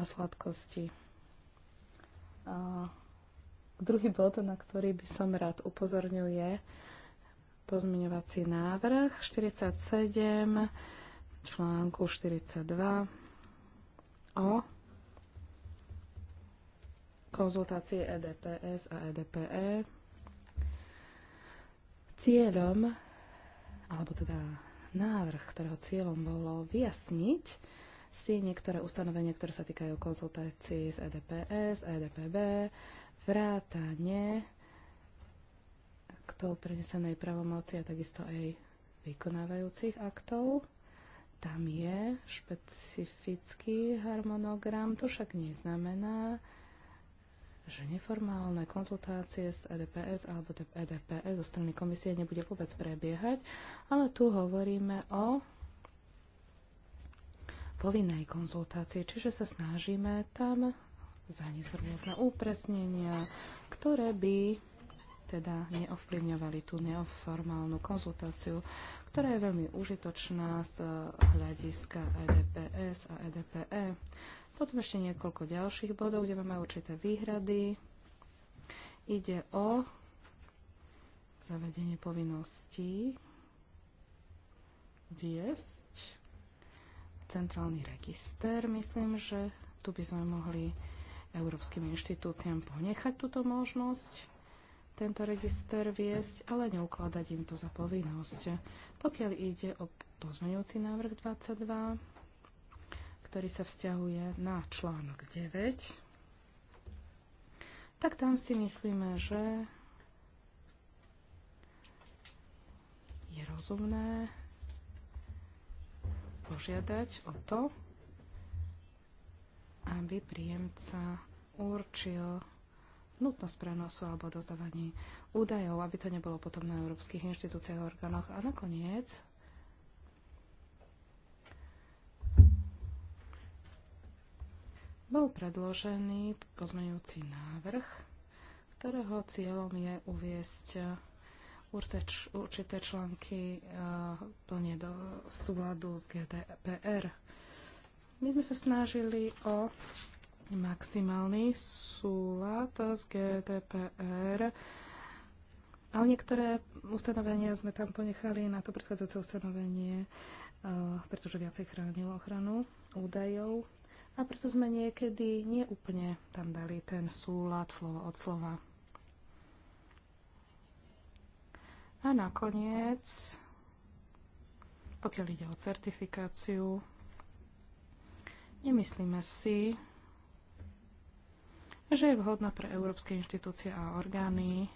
a sladkosti. A druhý bod, na ktorý by som rád upozornil, je pozmeňovací návrh 47 článku 42 o konzultácie EDPS a EDPE. E. Cieľom, alebo teda návrh, ktorého cieľom bolo vyjasniť si niektoré ustanovenia, ktoré sa týkajú konzultácií s EDPS, EDPB, vrátane aktov prenesenej pravomoci a takisto aj vykonávajúcich aktov tam je špecifický harmonogram. To však neznamená, že neformálne konzultácie s EDPS alebo EDPS zo strany komisie nebude vôbec prebiehať, ale tu hovoríme o povinnej konzultácii, čiže sa snažíme tam zaniesť rôzne úpresnenia, ktoré by teda neovplyvňovali tú neoformálnu konzultáciu, ktorá je veľmi užitočná z hľadiska EDPS a EDPE. E. Potom ešte niekoľko ďalších bodov, kde máme určité výhrady. Ide o zavedenie povinností viesť centrálny register. Myslím, že tu by sme mohli európskym inštitúciám ponechať túto možnosť tento register viesť, ale neukladať im to za povinnosť. Pokiaľ ide o pozmeňujúci návrh 22, ktorý sa vzťahuje na článok 9, tak tam si myslíme, že je rozumné požiadať o to, aby príjemca určil nutnosť prenosu alebo dozdávaní údajov, aby to nebolo potom na európskych inštitúciách a orgánoch. A nakoniec bol predložený pozmeňujúci návrh, ktorého cieľom je uviesť určité články e, plne do súladu s GDPR. My sme sa snažili o maximálny súlad s GDPR, ale niektoré ustanovenia sme tam ponechali na to predchádzajúce ustanovenie, eh, pretože viacej chránilo ochranu údajov a preto sme niekedy neúplne tam dali ten súlad slovo od slova. A nakoniec, pokiaľ ide o certifikáciu, nemyslíme si, že je vhodná pre európske inštitúcie a orgány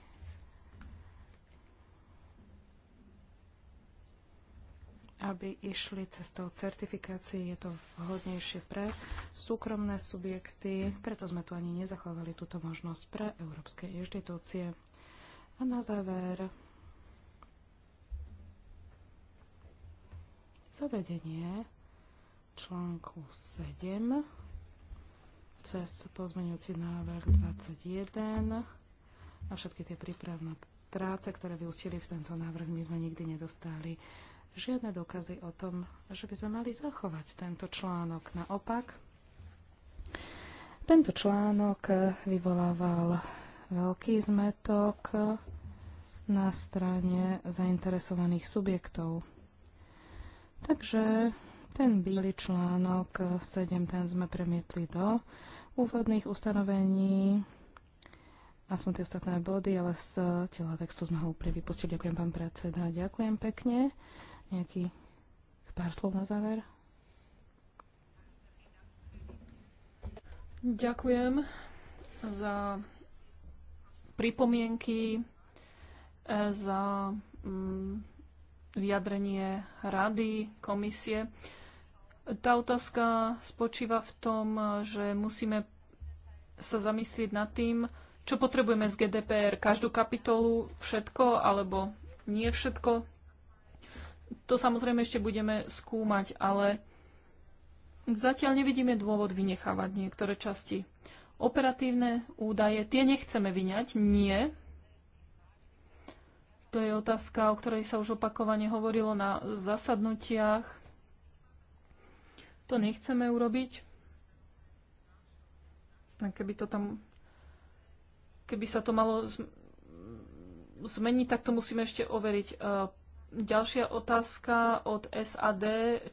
aby išli cestou certifikácií. Je to vhodnejšie pre súkromné subjekty, preto sme tu ani nezachovali túto možnosť pre európske inštitúcie. A na záver zavedenie článku 7 cez pozmeňujúci návrh 21 a všetky tie prípravné práce, ktoré vyústili v tento návrh, my sme nikdy nedostali žiadne dokazy o tom, že by sme mali zachovať tento článok. Naopak, tento článok vyvolával veľký zmetok na strane zainteresovaných subjektov. Takže ten bílý článok 7, ten sme premietli do úvodných ustanovení, aspoň tie ostatné body, ale z tela textu sme ho úplne vypustili. Ďakujem, pán predseda. Ďakujem pekne. Nejaký pár slov na záver? Ďakujem za pripomienky, eh, za mm, vyjadrenie rady, komisie. Tá otázka spočíva v tom, že musíme sa zamyslieť nad tým, čo potrebujeme z GDPR. Každú kapitolu, všetko alebo nie všetko. To samozrejme ešte budeme skúmať, ale zatiaľ nevidíme dôvod vynechávať niektoré časti. Operatívne údaje, tie nechceme vyňať, nie. To je otázka, o ktorej sa už opakovane hovorilo na zasadnutiach to nechceme urobiť. Keby to tam keby sa to malo zmeniť, tak to musíme ešte overiť. E, ďalšia otázka od SAD,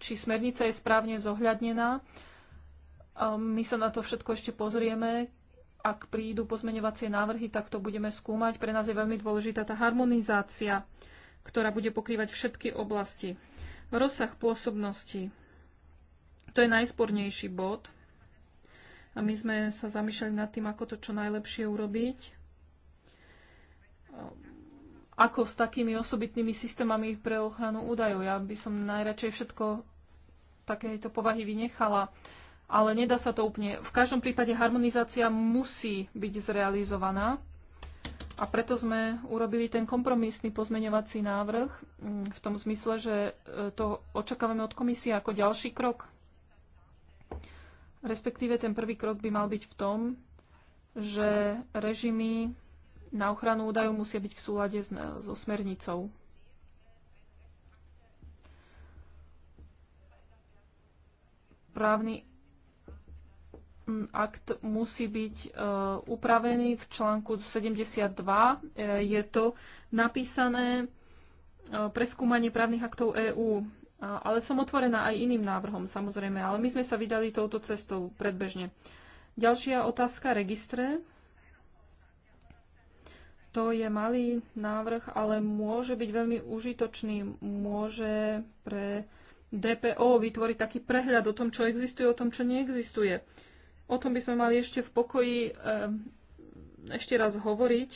či smernica je správne zohľadnená. My sa na to všetko ešte pozrieme. Ak prídu pozmeňovacie návrhy, tak to budeme skúmať. Pre nás je veľmi dôležitá tá harmonizácia, ktorá bude pokrývať všetky oblasti. Rozsah pôsobnosti. To je najspornejší bod. A my sme sa zamýšľali nad tým, ako to čo najlepšie urobiť. Ako s takými osobitnými systémami pre ochranu údajov. Ja by som najradšej všetko takéto povahy vynechala. Ale nedá sa to úplne. V každom prípade harmonizácia musí byť zrealizovaná. A preto sme urobili ten kompromisný pozmeňovací návrh mm, v tom zmysle, že e, to očakávame od komisie ako ďalší krok Respektíve ten prvý krok by mal byť v tom, že režimy na ochranu údajov musia byť v súlade so smernicou. Právny mm, akt musí byť e, upravený v článku 72. E, je to napísané e, preskúmanie právnych aktov EÚ ale som otvorená aj iným návrhom, samozrejme, ale my sme sa vydali touto cestou predbežne. Ďalšia otázka, registre. To je malý návrh, ale môže byť veľmi užitočný. Môže pre DPO vytvoriť taký prehľad o tom, čo existuje, o tom, čo neexistuje. O tom by sme mali ešte v pokoji ehm, ešte raz hovoriť.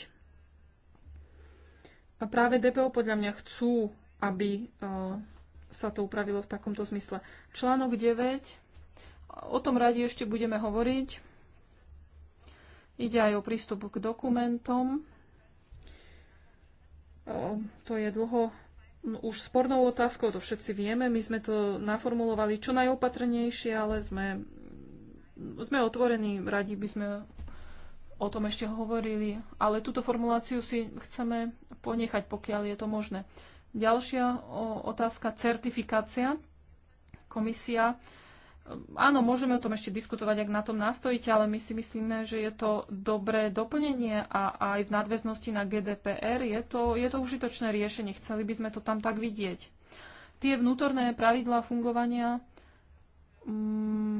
A práve DPO podľa mňa chcú, aby ehm, sa to upravilo v takomto zmysle. Článok 9. O tom radi ešte budeme hovoriť. Ide aj o prístup k dokumentom. to je dlho no, už spornou otázkou, to všetci vieme. My sme to naformulovali čo najopatrnejšie, ale sme, sme otvorení, radi by sme o tom ešte hovorili, ale túto formuláciu si chceme ponechať, pokiaľ je to možné. Ďalšia otázka, certifikácia. Komisia. E, áno, môžeme o tom ešte diskutovať, ak na tom nastojíte, ale my si myslíme, že je to dobré doplnenie a aj v nadväznosti na GDPR je to, je to užitočné riešenie. Chceli by sme to tam tak vidieť. Tie vnútorné pravidlá fungovania mm,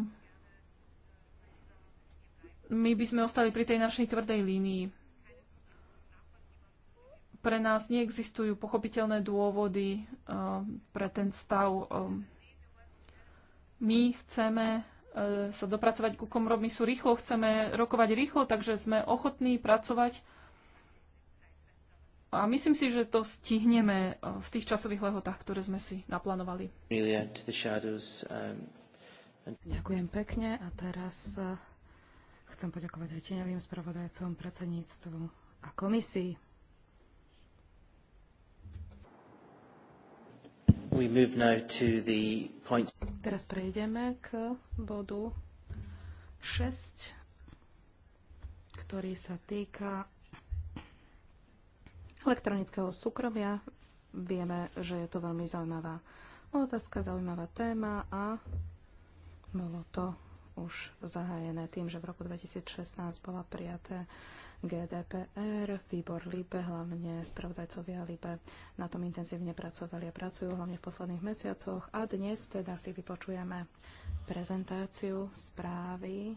my by sme ostali pri tej našej tvrdej línii pre nás neexistujú pochopiteľné dôvody eh, pre ten stav. Eh. My chceme eh, sa dopracovať ku kompromisu rýchlo, chceme rokovať rýchlo, takže sme ochotní pracovať a myslím si, že to stihneme v tých časových lehotách, ktoré sme si naplánovali. Um, Ďakujem pekne a teraz chcem poďakovať aj tieňovým spravodajcom, predsedníctvu a komisii. Teraz prejdeme k bodu 6, ktorý sa týka elektronického súkromia. Vieme, že je to veľmi zaujímavá otázka, zaujímavá téma a bolo to už zahájené tým, že v roku 2016 bola prijaté GDPR, výbor LIBE, hlavne spravodajcovia LIBE na tom intenzívne pracovali a pracujú, hlavne v posledných mesiacoch. A dnes teda si vypočujeme prezentáciu správy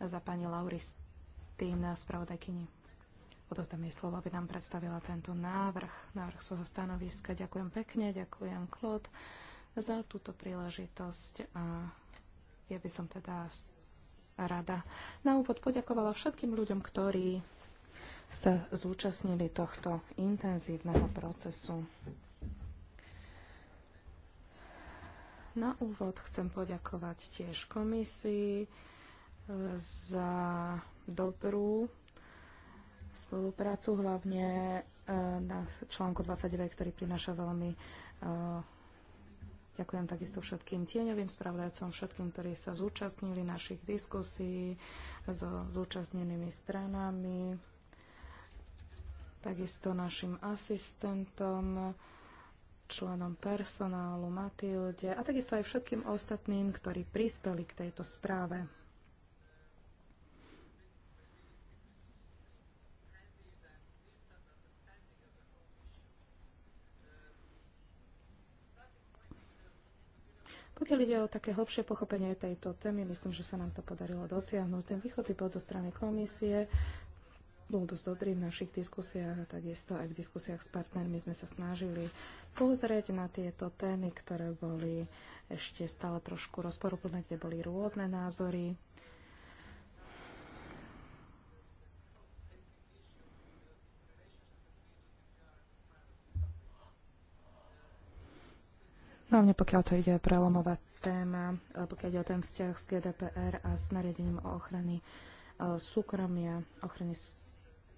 za pani Lauristín, spravodajkyni. Odozdám jej slovo, aby nám predstavila tento návrh, návrh svojho stanoviska. Ďakujem pekne, ďakujem Klod za túto príležitosť a ja by som teda rada. Na úvod poďakovala všetkým ľuďom, ktorí sa zúčastnili tohto intenzívneho procesu. Na úvod chcem poďakovať tiež komisii e, za dobrú spoluprácu, hlavne e, na článku 29, ktorý prináša veľmi e, Ďakujem takisto všetkým tieňovým spravodajcom, všetkým, ktorí sa zúčastnili našich diskusí so zúčastnenými stranami, takisto našim asistentom, členom personálu Matilde a takisto aj všetkým ostatným, ktorí prispeli k tejto správe. Pokiaľ ide o také hlbšie pochopenie tejto témy, myslím, že sa nám to podarilo dosiahnuť. Ten východci pod zo strany komisie bol dosť dobrý v našich diskusiách a takisto aj v diskusiách s partnermi sme sa snažili pozrieť na tieto témy, ktoré boli ešte stále trošku rozporúplné, kde boli rôzne názory. hlavne no, pokiaľ to ide prelomová téma, eh, pokiaľ ide o ten vzťah s GDPR a s nariadením o ochrany eh, súkromia, ochrany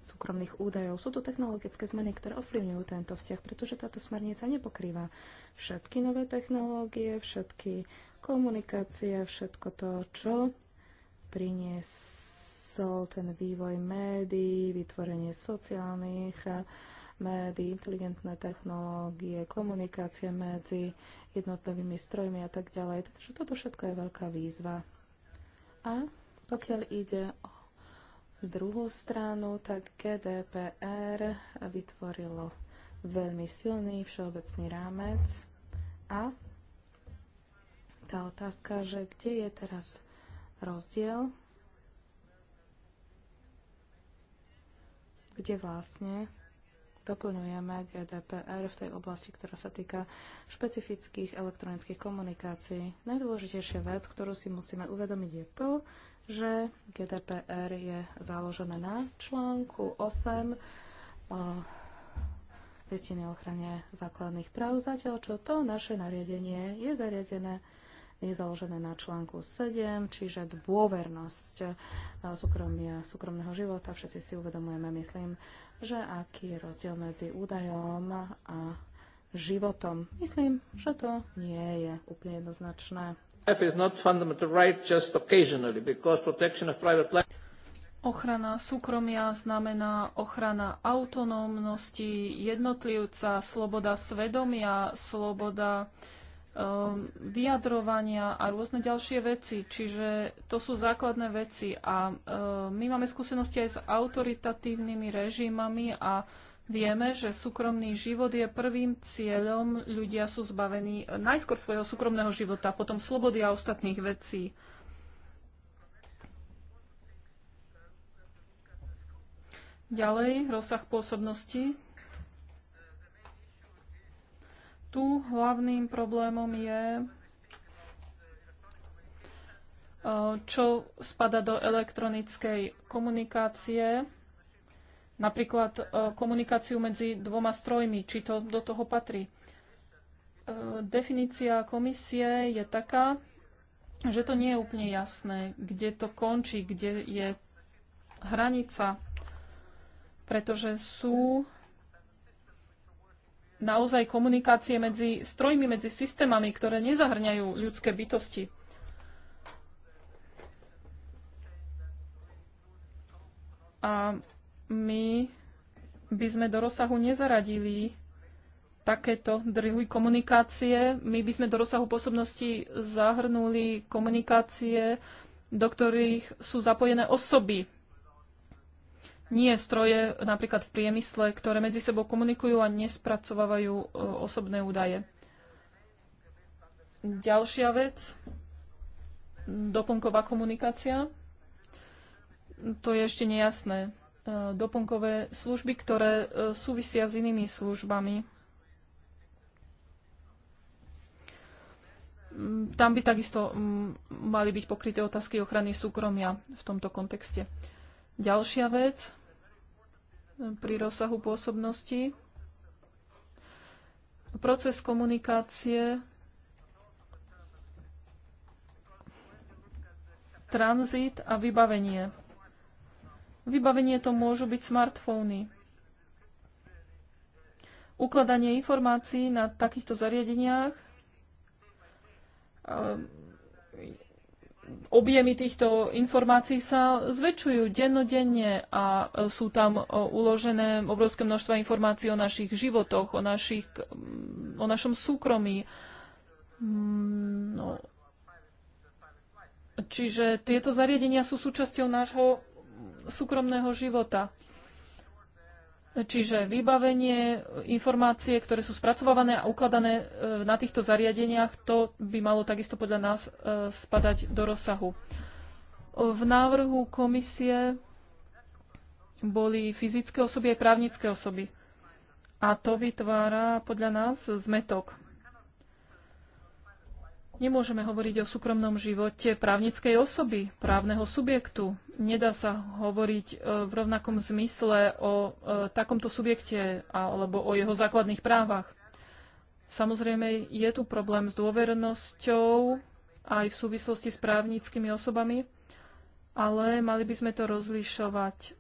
súkromných údajov. Sú tu technologické zmeny, ktoré ovplyvňujú tento vzťah, pretože táto smernica nepokrýva všetky nové technológie, všetky komunikácie, všetko to, čo priniesol ten vývoj médií, vytvorenie sociálnych eh, médií, inteligentné technológie, komunikácie medzi jednotlivými strojmi a tak ďalej. Takže toto všetko je veľká výzva. A pokiaľ ide o druhú stranu, tak GDPR vytvorilo veľmi silný všeobecný rámec a tá otázka, že kde je teraz rozdiel, kde vlastne doplňujeme GDPR v tej oblasti, ktorá sa týka špecifických elektronických komunikácií. Najdôležitejšia vec, ktorú si musíme uvedomiť, je to, že GDPR je založené na článku 8 e, listiny o ochrane základných práv, zatiaľ čo to naše nariadenie je zariadené je založené na článku 7, čiže dôvernosť e, súkromia, súkromného života. Všetci si uvedomujeme, myslím, že aký je rozdiel medzi údajom a životom. Myslím, že to nie je úplne jednoznačné. Ochrana súkromia znamená ochrana autonómnosti jednotlivca, sloboda svedomia, sloboda Ehm, vyjadrovania a rôzne ďalšie veci. Čiže to sú základné veci a ehm, my máme skúsenosti aj s autoritatívnymi režimami a vieme, že súkromný život je prvým cieľom. Ľudia sú zbavení eh, najskôr svojho súkromného života, potom slobody a ostatných vecí. Ďalej, rozsah pôsobnosti Tu hlavným problémom je, e, čo spada do elektronickej komunikácie, napríklad e, komunikáciu medzi dvoma strojmi, či to do toho patrí. E, definícia komisie je taká, že to nie je úplne jasné, kde to končí, kde je hranica, pretože sú naozaj komunikácie medzi strojmi, medzi systémami, ktoré nezahrňajú ľudské bytosti. A my by sme do rozsahu nezaradili takéto druhy komunikácie. My by sme do rozsahu pôsobnosti zahrnuli komunikácie, do ktorých sú zapojené osoby, nie stroje napríklad v priemysle, ktoré medzi sebou komunikujú a nespracovávajú e, osobné údaje. Ďalšia vec, doplnková komunikácia. To je ešte nejasné. E, doplnkové služby, ktoré e, súvisia s inými službami. Mm, tam by takisto mm, mali byť pokryté otázky ochrany súkromia v tomto kontexte. Ďalšia vec, pri rozsahu pôsobnosti. Proces komunikácie, tranzit a vybavenie. Vybavenie to môžu byť smartfóny. Ukladanie informácií na takýchto zariadeniach objemy týchto informácií sa zväčšujú dennodenne a e, sú tam e, uložené obrovské množstva informácií o našich životoch, o, našich, o našom súkromí. Mm, no. Čiže tieto zariadenia sú súčasťou nášho súkromného života. Čiže vybavenie, informácie, ktoré sú spracovávané a ukladané e, na týchto zariadeniach, to by malo takisto podľa nás e, spadať do rozsahu. V návrhu komisie boli fyzické osoby aj právnické osoby. A to vytvára podľa nás zmetok. Nemôžeme hovoriť o súkromnom živote právnickej osoby, právneho subjektu. Nedá sa hovoriť e, v rovnakom zmysle o e, takomto subjekte alebo o jeho základných právach. Samozrejme, je tu problém s dôvernosťou aj v súvislosti s právnickými osobami, ale mali by sme to rozlišovať e,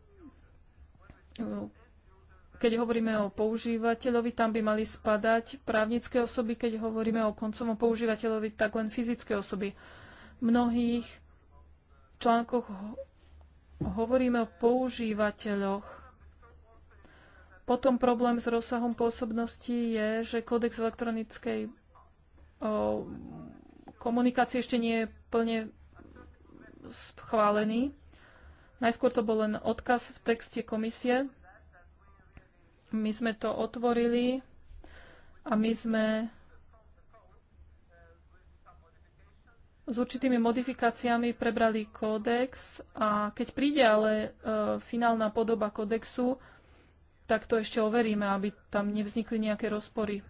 keď hovoríme o používateľovi, tam by mali spadať právnické osoby, keď hovoríme o koncovom používateľovi, tak len fyzické osoby. V mnohých článkoch hovoríme o používateľoch. Potom problém s rozsahom pôsobnosti je, že kódex elektronickej o, komunikácie ešte nie je plne schválený. Najskôr to bol len odkaz v texte komisie. My sme to otvorili a my sme s určitými modifikáciami prebrali kódex a keď príde ale e, finálna podoba kódexu, tak to ešte overíme, aby tam nevznikli nejaké rozpory.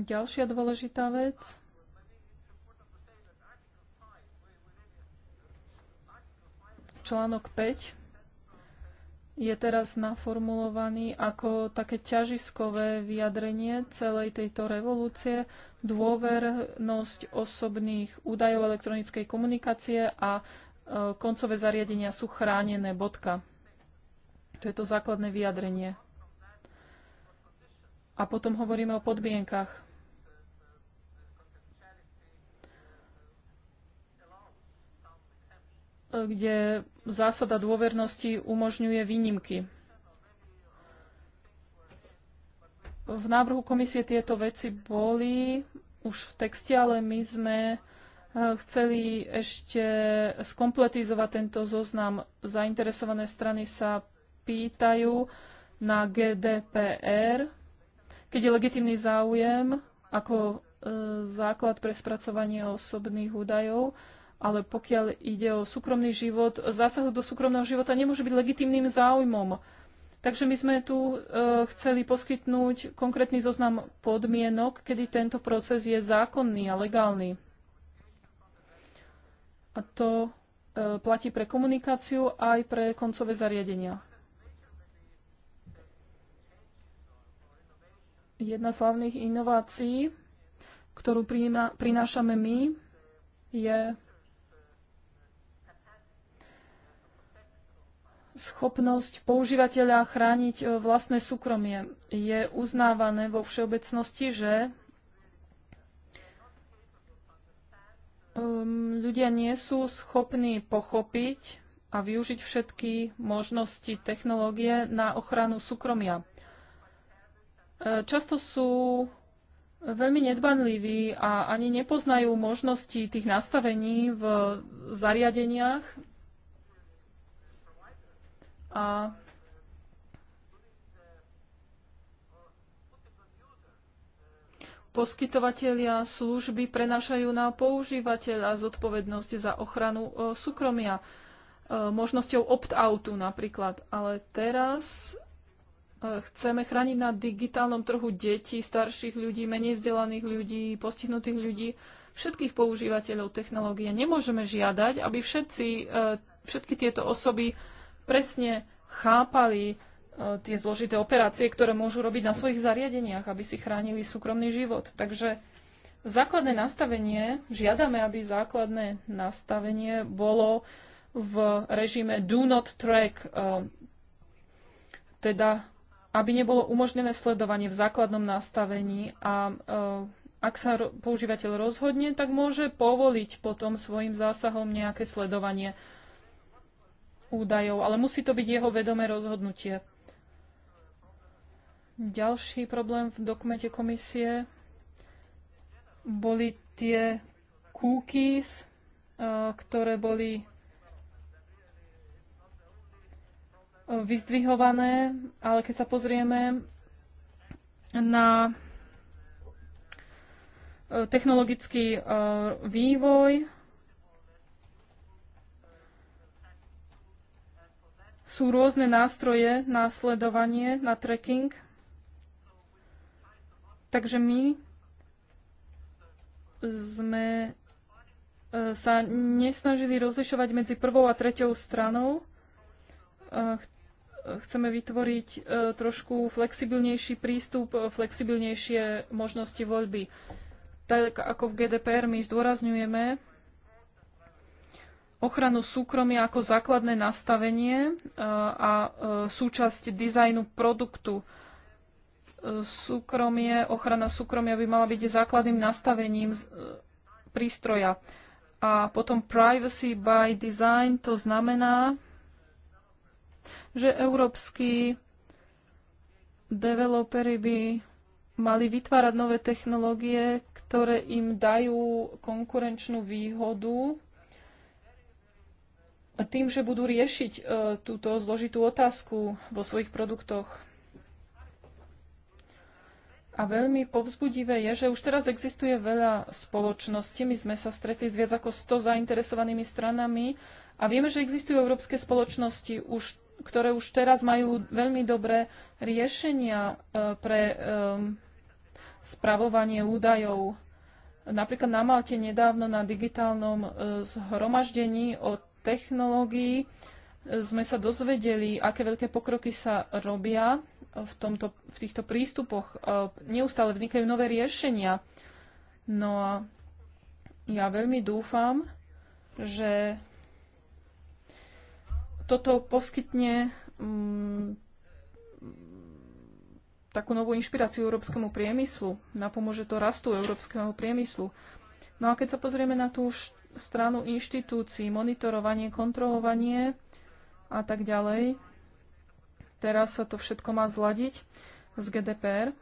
Ďalšia dôležitá vec. Článok 5 je teraz naformulovaný ako také ťažiskové vyjadrenie celej tejto revolúcie, dôvernosť osobných údajov elektronickej komunikácie a e, koncové zariadenia sú chránené bodka. To je to základné vyjadrenie. A potom hovoríme o podmienkach. E, kde zásada dôvernosti umožňuje výnimky. V návrhu komisie tieto veci boli už v texte, ale my sme e, chceli ešte skompletizovať tento zoznam. Zainteresované strany sa pýtajú na GDPR, keď je legitimný záujem ako e, základ pre spracovanie osobných údajov ale pokiaľ ide o súkromný život, zásah do súkromného života nemôže byť legitimným záujmom. Takže my sme tu e, chceli poskytnúť konkrétny zoznam podmienok, kedy tento proces je zákonný a legálny. A to e, platí pre komunikáciu aj pre koncové zariadenia. Jedna z hlavných inovácií, ktorú prinášame my, je schopnosť používateľa chrániť e, vlastné súkromie. Je uznávané vo všeobecnosti, že ľudia nie sú schopní pochopiť a využiť všetky možnosti technológie na ochranu súkromia. E, často sú veľmi nedbanliví a ani nepoznajú možnosti tých nastavení v zariadeniach, a poskytovatelia služby prenášajú na používateľa zodpovednosť za ochranu e, súkromia e, možnosťou opt-outu napríklad. Ale teraz e, chceme chrániť na digitálnom trhu detí, starších ľudí, menej vzdelaných ľudí, postihnutých ľudí, všetkých používateľov technológie. Nemôžeme žiadať, aby všetci, všetky tieto osoby presne chápali e, tie zložité operácie, ktoré môžu robiť na svojich zariadeniach, aby si chránili súkromný život. Takže základné nastavenie, žiadame, aby základné nastavenie bolo v režime do not track, e, teda aby nebolo umožnené sledovanie v základnom nastavení a e, ak sa používateľ rozhodne, tak môže povoliť potom svojim zásahom nejaké sledovanie údajov, ale musí to byť jeho vedomé rozhodnutie. Ďalší problém v dokumente komisie boli tie cookies, e, ktoré boli e, vyzdvihované, ale keď sa pozrieme na e, technologický vývoj, Sú rôzne nástroje na sledovanie, na tracking. Takže my sme e, sa nesnažili rozlišovať medzi prvou a treťou stranou. E, chceme vytvoriť e, trošku flexibilnejší prístup, flexibilnejšie možnosti voľby. Tak ako v GDPR my zdôrazňujeme, ochranu súkromia ako základné nastavenie e, a e, súčasť dizajnu produktu. E, súkromie, ochrana súkromia by mala byť základným nastavením prístroja. A potom privacy by design, to znamená, že európsky developery by mali vytvárať nové technológie, ktoré im dajú konkurenčnú výhodu tým, že budú riešiť e, túto zložitú otázku vo svojich produktoch. A veľmi povzbudivé je, že už teraz existuje veľa spoločností. My sme sa stretli s viac ako 100 zainteresovanými stranami a vieme, že existujú európske spoločnosti, už, ktoré už teraz majú veľmi dobré riešenia e, pre e, spravovanie údajov. Napríklad na Malte nedávno na digitálnom e, zhromaždení od technológií sme sa dozvedeli, aké veľké pokroky sa robia v, tomto, v týchto prístupoch. E, neustále vznikajú nové riešenia. No a ja veľmi dúfam, že toto poskytne mm, takú novú inšpiráciu európskemu priemyslu. Napomôže to rastu európskeho priemyslu. No a keď sa pozrieme na tú št- stranu inštitúcií, monitorovanie, kontrolovanie a tak ďalej. Teraz sa to všetko má zladiť z GDPR.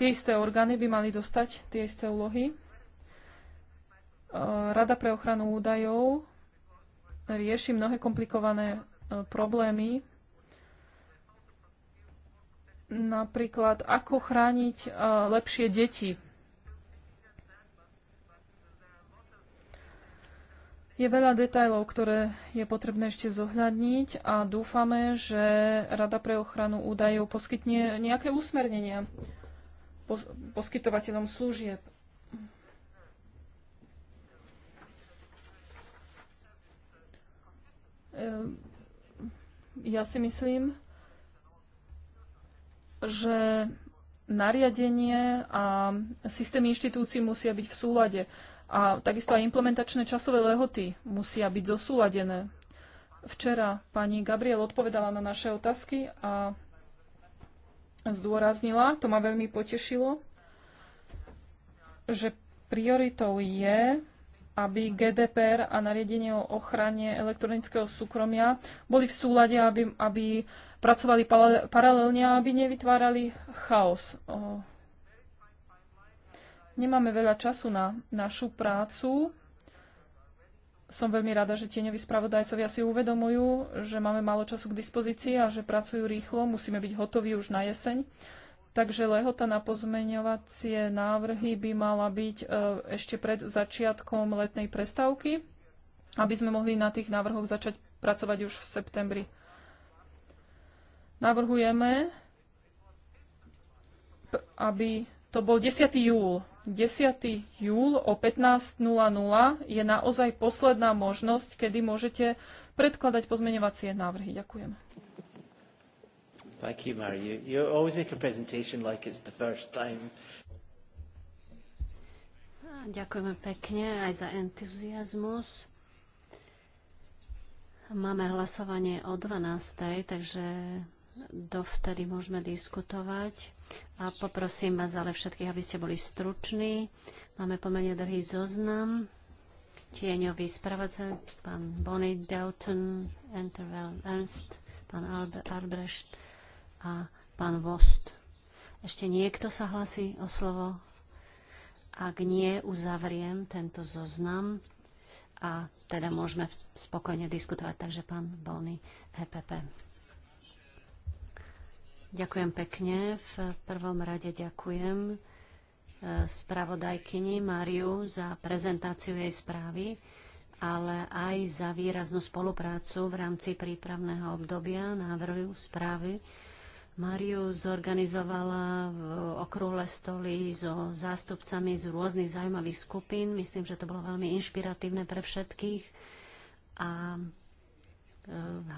Tie isté orgány by mali dostať tie isté úlohy. E, Rada pre ochranu údajov rieši mnohé komplikované e, problémy. Napríklad, ako chrániť e, lepšie deti Je veľa detajlov, ktoré je potrebné ešte zohľadniť a dúfame, že Rada pre ochranu údajov poskytne nejaké usmernenia poskytovateľom služieb. Ehm, ja si myslím, že nariadenie a systém inštitúcií musia byť v súlade. A takisto aj implementačné časové lehoty musia byť zosúladené. Včera pani Gabriel odpovedala na naše otázky a zdôraznila, to ma veľmi potešilo, že prioritou je, aby GDPR a nariadenie o ochrane elektronického súkromia boli v súlade, aby, aby pracovali paralelne a aby nevytvárali chaos. Nemáme veľa času na našu prácu. Som veľmi rada, že tieňoví spravodajcovia si uvedomujú, že máme málo času k dispozícii a že pracujú rýchlo. Musíme byť hotoví už na jeseň. Takže lehota na pozmeňovacie návrhy by mala byť e, ešte pred začiatkom letnej prestávky, aby sme mohli na tých návrhoch začať pracovať už v septembri. Navrhujeme, aby to bol 10. júl, 10. júl o 15.00 je naozaj posledná možnosť, kedy môžete predkladať pozmeňovacie návrhy. Ďakujem. Thank you, You always make a presentation like it's the first time. Ďakujeme pekne aj za entuziasmus. Máme hlasovanie o 12.00, takže dovtedy môžeme diskutovať a poprosím vás ale všetkých, aby ste boli struční. Máme pomerne dlhý zoznam. Tieňový spravodca, pán Bonnie Delton, Enterwell Ernst, pán Albrecht a pán Vost. Ešte niekto sa hlasí o slovo? Ak nie, uzavriem tento zoznam a teda môžeme spokojne diskutovať. Takže pán Bonny, EPP. Ďakujem pekne. V prvom rade ďakujem e, spravodajkyni Máriu za prezentáciu jej správy, ale aj za výraznú spoluprácu v rámci prípravného obdobia návrhu správy. Máriu zorganizovala v okrúhle stoli so zástupcami z rôznych zaujímavých skupín. Myslím, že to bolo veľmi inšpiratívne pre všetkých. A e,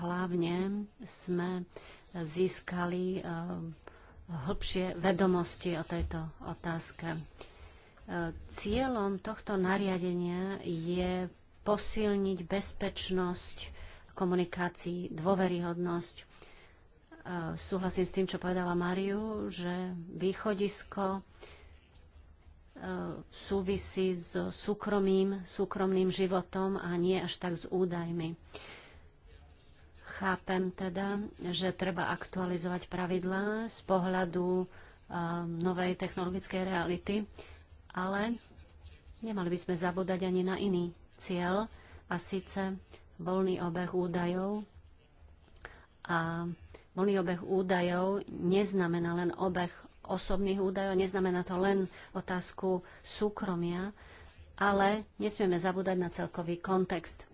hlavne sme získali hĺbšie eh, vedomosti o tejto otázke. Eh, cieľom tohto nariadenia je posilniť bezpečnosť komunikácií, dôveryhodnosť. Eh, súhlasím s tým, čo povedala Mariu, že východisko súvisí s súkromým, súkromným životom a nie až tak s údajmi. Chápem teda, že treba aktualizovať pravidlá z pohľadu uh, novej technologickej reality, ale nemali by sme zabúdať ani na iný cieľ, a síce voľný obeh údajov. A voľný obeh údajov neznamená len obeh osobných údajov, neznamená to len otázku súkromia, ale nesmieme zabúdať na celkový kontext.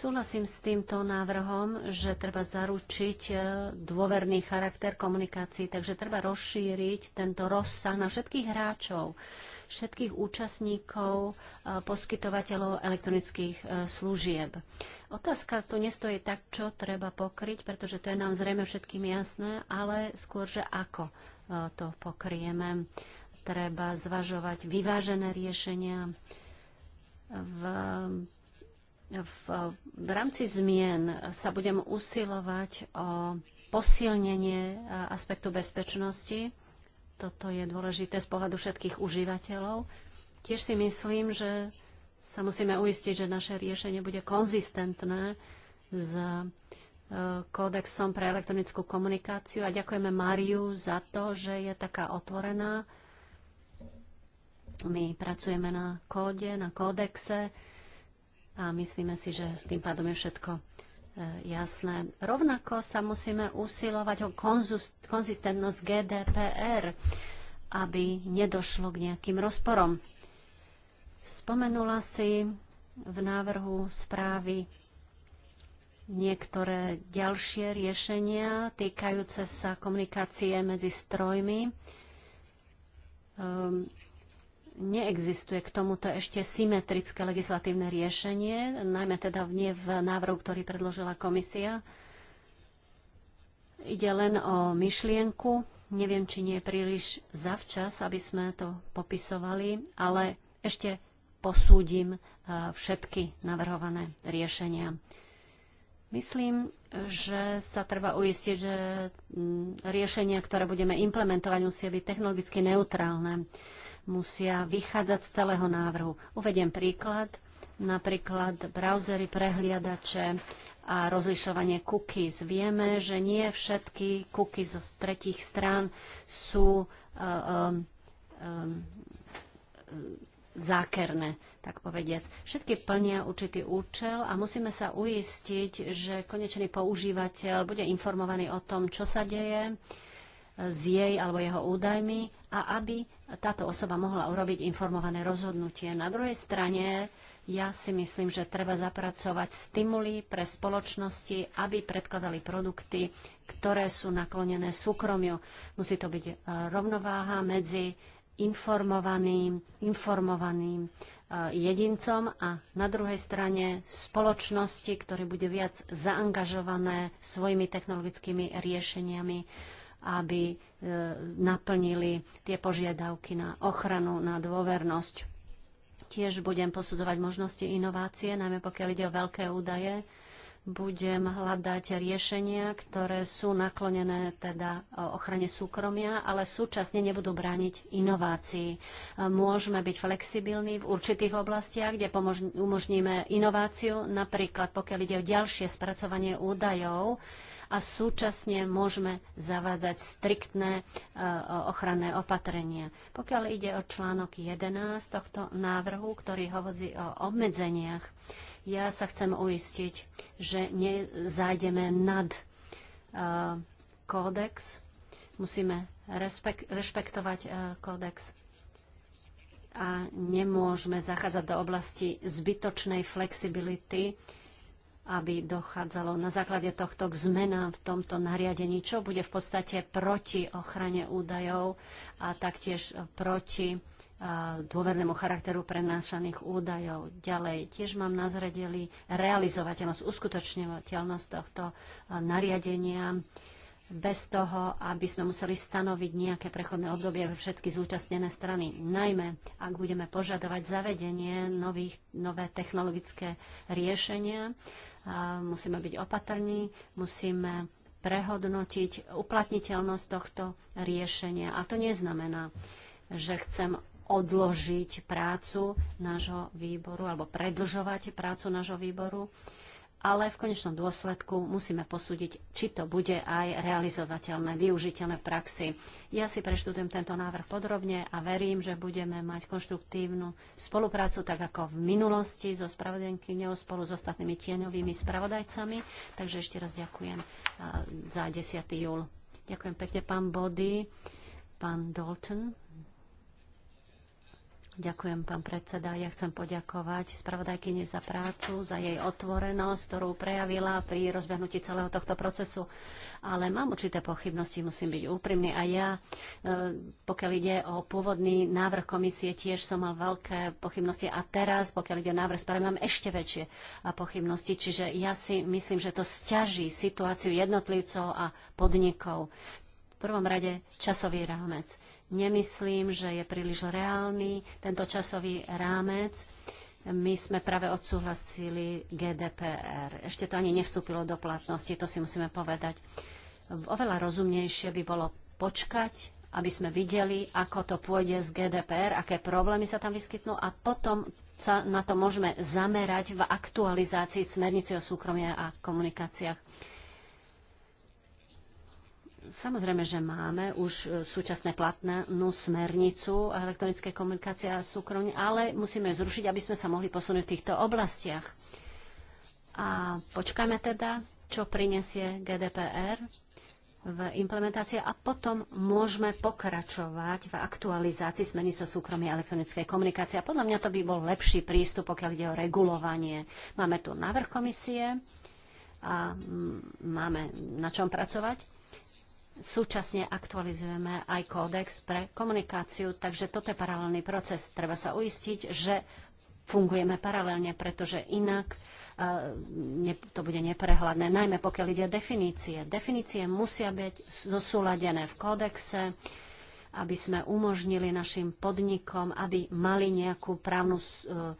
Súhlasím s týmto návrhom, že treba zaručiť e, dôverný charakter komunikácií, takže treba rozšíriť tento rozsah na všetkých hráčov, všetkých účastníkov, e, poskytovateľov elektronických e, služieb. Otázka tu nestojí tak, čo treba pokryť, pretože to je nám zrejme všetkým jasné, ale skôr, že ako to pokrieme. Treba zvažovať vyvážené riešenia v v, v rámci zmien sa budem usilovať o posilnenie e, aspektu bezpečnosti. Toto je dôležité z pohľadu všetkých užívateľov. Tiež si myslím, že sa musíme uistiť, že naše riešenie bude konzistentné s e, kódexom pre elektronickú komunikáciu a ďakujeme Mariu za to, že je taká otvorená. My pracujeme na kóde, na kódexe a myslíme si, že tým pádom je všetko e, jasné. Rovnako sa musíme usilovať o konzistentnosť GDPR, aby nedošlo k nejakým rozporom. Spomenula si v návrhu správy niektoré ďalšie riešenia týkajúce sa komunikácie medzi strojmi. Ehm, neexistuje k tomuto ešte symetrické legislatívne riešenie, najmä teda nie v návrhu, ktorý predložila komisia. Ide len o myšlienku. Neviem, či nie je príliš zavčas, aby sme to popisovali, ale ešte posúdim e, všetky navrhované riešenia. Myslím, že sa treba uistiť, že mm, riešenia, ktoré budeme implementovať, musia byť technologicky neutrálne musia vychádzať z celého návrhu. Uvediem príklad, napríklad browsery, prehliadače a rozlišovanie cookies. Vieme, že nie všetky cookies zo tretich strán sú um, um, zákerné, tak povediať. Všetky plnia určitý účel a musíme sa uistiť, že konečný používateľ bude informovaný o tom, čo sa deje, s jej alebo jeho údajmi a aby táto osoba mohla urobiť informované rozhodnutie. Na druhej strane ja si myslím, že treba zapracovať stimuly pre spoločnosti, aby predkladali produkty, ktoré sú naklonené súkromiu. Musí to byť e, rovnováha medzi informovaným, informovaným e, jedincom a na druhej strane spoločnosti, ktoré bude viac zaangažované svojimi technologickými riešeniami aby e, naplnili tie požiadavky na ochranu, na dôvernosť. Tiež budem posudzovať možnosti inovácie, najmä pokiaľ ide o veľké údaje. Budem hľadať riešenia, ktoré sú naklonené teda ochrane súkromia, ale súčasne nebudú brániť inovácii. E, môžeme byť flexibilní v určitých oblastiach, kde umožníme inováciu, napríklad pokiaľ ide o ďalšie spracovanie údajov, a súčasne môžeme zavádzať striktné e, ochranné opatrenia. Pokiaľ ide o článok 11 tohto návrhu, ktorý hovorí o obmedzeniach, ja sa chcem uistiť, že nezájdeme nad e, kódex. Musíme rešpektovať e, kódex a nemôžeme zachádzať do oblasti zbytočnej flexibility, aby dochádzalo na základe tohto k zmenám v tomto nariadení, čo bude v podstate proti ochrane údajov a taktiež proti dôvernému charakteru prenášaných údajov. Ďalej, tiež mám na realizovateľnosť, uskutočňovateľnosť tohto nariadenia bez toho, aby sme museli stanoviť nejaké prechodné obdobie pre všetky zúčastnené strany. Najmä, ak budeme požadovať zavedenie nových, nové technologické riešenia, musíme byť opatrní, musíme prehodnotiť uplatniteľnosť tohto riešenia. A to neznamená, že chcem odložiť prácu nášho výboru alebo predlžovať prácu nášho výboru ale v konečnom dôsledku musíme posúdiť, či to bude aj realizovateľné, využiteľné v praxi. Ja si preštudujem tento návrh podrobne a verím, že budeme mať konštruktívnu spoluprácu, tak ako v minulosti so spravodajkyňou spolu s ostatnými tieňovými spravodajcami. Takže ešte raz ďakujem za 10. júl. Ďakujem pekne, pán Body, pán Dalton. Ďakujem, pán predseda. Ja chcem poďakovať spravodajkyni za prácu, za jej otvorenosť, ktorú prejavila pri rozbehnutí celého tohto procesu. Ale mám určité pochybnosti, musím byť úprimný. A ja, e, pokiaľ ide o pôvodný návrh komisie, tiež som mal veľké pochybnosti. A teraz, pokiaľ ide o návrh správy, mám ešte väčšie pochybnosti. Čiže ja si myslím, že to stiaží situáciu jednotlivcov a podnikov. V prvom rade časový rámec nemyslím, že je príliš reálny tento časový rámec. My sme práve odsúhlasili GDPR. Ešte to ani nevstúpilo do platnosti, to si musíme povedať. Oveľa rozumnejšie by bolo počkať, aby sme videli, ako to pôjde z GDPR, aké problémy sa tam vyskytnú a potom sa na to môžeme zamerať v aktualizácii smernice o súkromie a komunikáciách. Samozrejme, že máme už e, súčasné platnú smernicu elektronické komunikácie a súkromne, ale musíme ju zrušiť, aby sme sa mohli posunúť v týchto oblastiach. A počkajme teda, čo prinesie GDPR v implementácii a potom môžeme pokračovať v aktualizácii smerníc o súkromí elektronickej komunikácie. A podľa mňa to by bol lepší prístup, pokiaľ ide o regulovanie. Máme tu návrh komisie a máme na čom pracovať súčasne aktualizujeme aj kódex pre komunikáciu, takže toto je paralelný proces. Treba sa uistiť, že fungujeme paralelne, pretože inak uh, ne, to bude neprehľadné, najmä pokiaľ ide definície. Definície musia byť zosúladené v kódexe, aby sme umožnili našim podnikom, aby mali nejakú právnu uh, uh,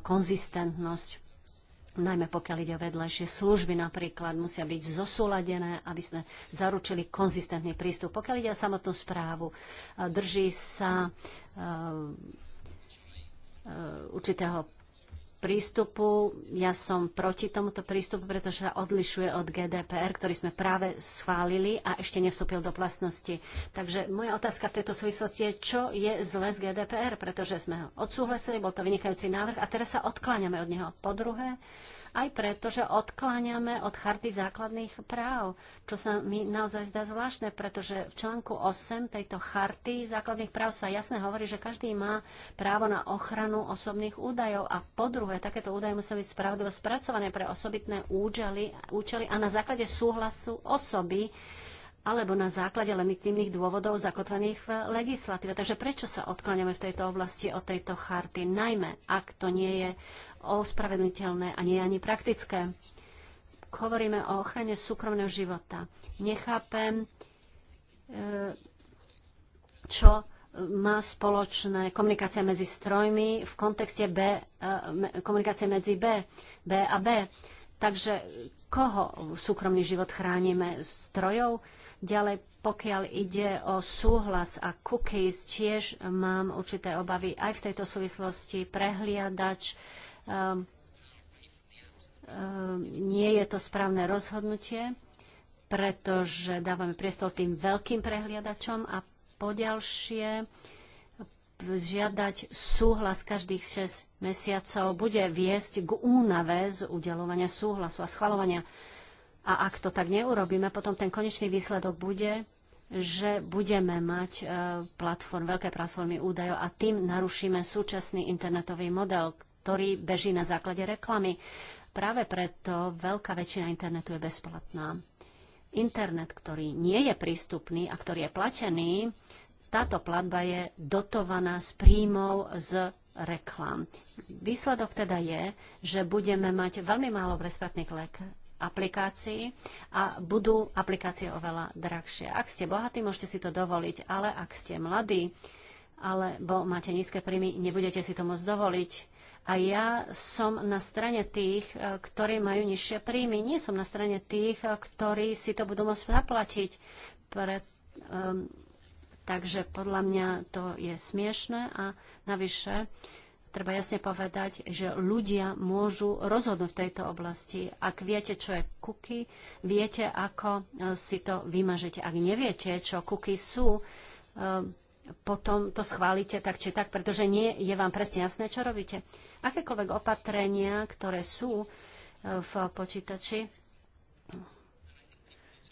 konzistentnosť najmä pokiaľ ide o vedľajšie služby napríklad, musia byť zosúladené, aby sme zaručili konzistentný prístup. Pokiaľ ide o samotnú správu, e, drží sa e, e, určitého prístupu. Ja som proti tomuto prístupu, pretože sa odlišuje od GDPR, ktorý sme práve schválili a ešte nevstúpil do platnosti. Takže moja otázka v tejto súvislosti je, čo je zle z GDPR, pretože sme ho odsúhlasili, bol to vynikajúci návrh a teraz sa odkláňame od neho. Po druhé, aj preto, že odkláňame od charty základných práv, čo sa mi naozaj zdá zvláštne, pretože v článku 8 tejto charty základných práv sa jasne hovorí, že každý má právo na ochranu osobných údajov a po druhé, takéto údaje musia byť spravodlivo spracované pre osobitné účely, účely a na základe súhlasu osoby, alebo na základe legitimných dôvodov zakotvených v legislatíve. Takže prečo sa odkláňame v tejto oblasti od tejto charty, najmä ak to nie je ospravedlniteľné a nie ani praktické. Hovoríme o ochrane súkromného života. Nechápem, e, čo má spoločné komunikácia medzi strojmi v kontexte B, e, komunikácie medzi B, B a B. Takže koho súkromný život chránime? Strojov? Ďalej, pokiaľ ide o súhlas a cookies, tiež mám určité obavy aj v tejto súvislosti. Prehliadač Ehm, ehm, nie je to správne rozhodnutie, pretože dávame priestor tým veľkým prehliadačom a poďalšie žiadať súhlas každých 6 mesiacov bude viesť k únave z udelovania súhlasu a schvalovania. A ak to tak neurobíme, potom ten konečný výsledok bude, že budeme mať e, platform, veľké platformy údajov a tým narušíme súčasný internetový model, ktorý beží na základe reklamy. Práve preto veľká väčšina internetu je bezplatná. Internet, ktorý nie je prístupný a ktorý je platený, táto platba je dotovaná z príjmov z reklam. Výsledok teda je, že budeme mať veľmi málo bezplatných aplikácií a budú aplikácie oveľa drahšie. Ak ste bohatí, môžete si to dovoliť, ale ak ste mladí alebo máte nízke príjmy, nebudete si to môcť dovoliť. A ja som na strane tých, e, ktorí majú nižšie príjmy. Nie som na strane tých, e, ktorí si to budú môcť zaplatiť. Pre, um, takže podľa mňa to je smiešné a navyše treba jasne povedať, že ľudia môžu rozhodnúť v tejto oblasti. Ak viete, čo je kuky, viete, ako e, si to vymažete. Ak neviete, čo kuky sú, um, potom to schválite tak či tak, pretože nie je vám presne jasné, čo robíte. Akékoľvek opatrenia, ktoré sú e, v počítači,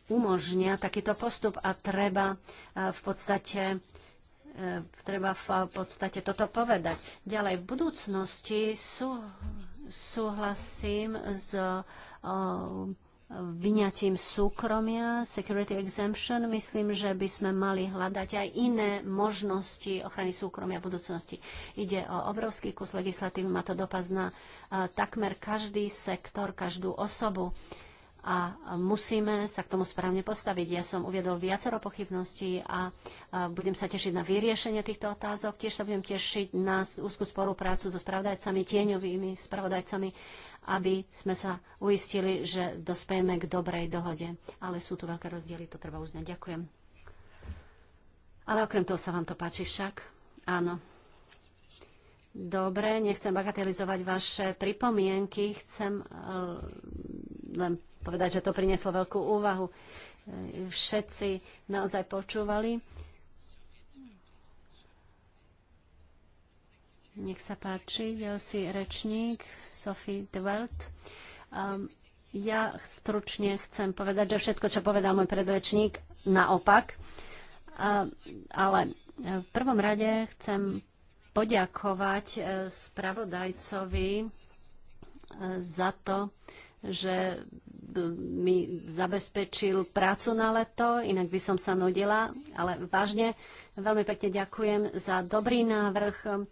umožnia takýto postup a treba e, v podstate e, treba v podstate toto povedať. Ďalej, v budúcnosti sú, súhlasím s vyňatím súkromia, security exemption, myslím, že by sme mali hľadať aj iné možnosti ochrany súkromia v budúcnosti. Ide o obrovský kus legislatívy, má to dopad na uh, takmer každý sektor, každú osobu. Uh, a musíme sa k tomu správne postaviť. Ja som uviedol viacero pochybností a budem sa tešiť na vyriešenie týchto otázok. Tiež sa budem tešiť na úzkú spoluprácu so spravodajcami, tieňovými spravodajcami, aby sme sa uistili, že dospejeme k dobrej dohode. Ale sú tu veľké rozdiely, to treba uznať. Ďakujem. Ale okrem toho sa vám to páči však? Áno. Dobre, nechcem bagatelizovať vaše pripomienky, chcem eh, len povedať, že to prinieslo veľkú úvahu. Všetci naozaj počúvali. Nech sa páči, si rečník, Sophie Dewelt. Um, ja stručne chcem povedať, že všetko, čo povedal môj predrečník, naopak. Um, ale v prvom rade chcem poďakovať e, spravodajcovi e, za to, že mi zabezpečil prácu na leto, inak by som sa nudila, ale vážne veľmi pekne ďakujem za dobrý návrh.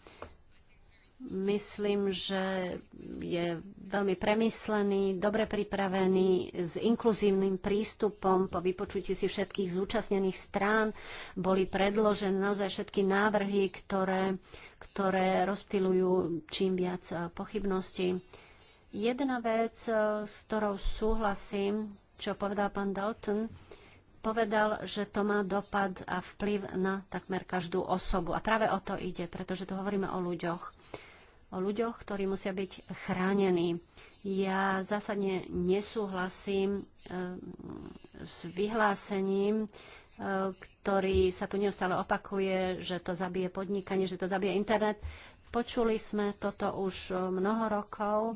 Myslím, že je veľmi premyslený, dobre pripravený, s inkluzívnym prístupom. Po vypočutí si všetkých zúčastnených strán boli predložené naozaj všetky návrhy, ktoré, ktoré rozptilujú čím viac pochybností. Jedna vec, e, s ktorou súhlasím, čo povedal pán Dalton, povedal, že to má dopad a vplyv na takmer každú osobu. A práve o to ide, pretože tu hovoríme o ľuďoch. O ľuďoch, ktorí musia byť chránení. Ja zásadne nesúhlasím e, s vyhlásením, e, ktorý sa tu neustále opakuje, že to zabije podnikanie, že to zabije internet. Počuli sme toto už e, mnoho rokov.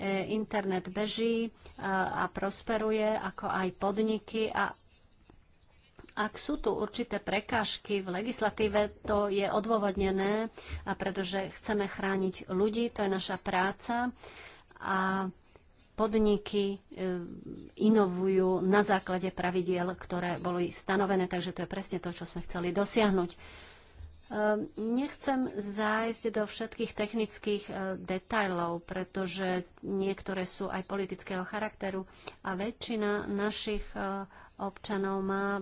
E, internet beží e, a prosperuje, ako aj podniky a ak sú tu určité prekážky v legislatíve, to je odôvodnené, a pretože chceme chrániť ľudí, to je naša práca a podniky e, inovujú na základe pravidiel, ktoré boli stanovené, takže to je presne to, čo sme chceli dosiahnuť. Ehm, nechcem zájsť do všetkých technických e, detajlov, pretože niektoré sú aj politického charakteru a väčšina našich e, občanov má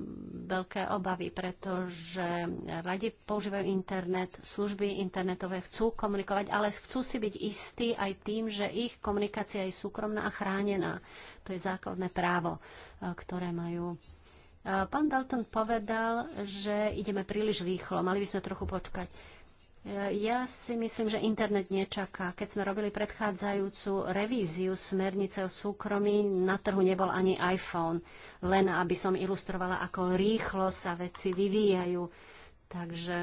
veľké obavy, pretože radi používajú internet, služby internetové chcú komunikovať, ale chcú si byť istí aj tým, že ich komunikácia je súkromná a chránená. To je základné právo, e, ktoré majú Eh, pán Dalton povedal, že ideme príliš rýchlo, mali by sme trochu počkať. Eh, ja si myslím, že internet nečaká. Keď sme robili predchádzajúcu revíziu smernice o súkromí, na trhu nebol ani iPhone. Len aby som ilustrovala, ako rýchlo sa veci vyvíjajú. Takže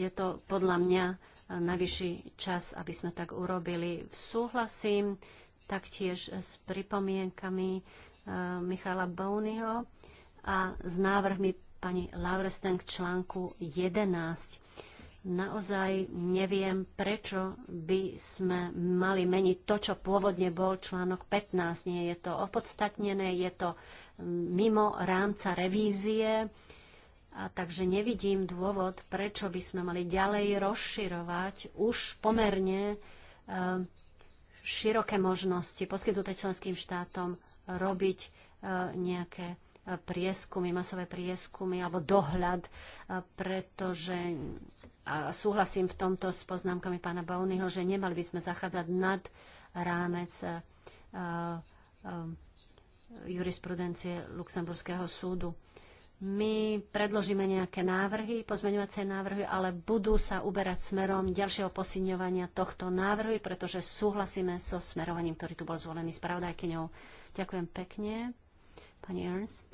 je to podľa mňa najvyšší čas, aby sme tak urobili. Súhlasím taktiež s pripomienkami Eh, Michala Bonyho a s návrhmi pani Lauresten k článku 11. Naozaj neviem, prečo by sme mali meniť to, čo pôvodne bol článok 15. Nie je to opodstatnené, je to mm, mimo rámca revízie, a takže nevidím dôvod, prečo by sme mali ďalej rozširovať už pomerne eh, široké možnosti poskytnuté členským štátom robiť e, nejaké e, prieskumy, masové prieskumy alebo dohľad, e, pretože a súhlasím v tomto s poznámkami pána Baunyho, že nemali by sme zachádzať nad rámec jurisprudencie Luxemburského súdu. My predložíme nejaké návrhy, pozmeňovacie návrhy, ale budú sa uberať smerom ďalšieho posilňovania tohto návrhu, pretože súhlasíme so smerovaním, ktorý tu bol zvolený spravodajkyňou. Ďakujem pekne. Pani Ernst.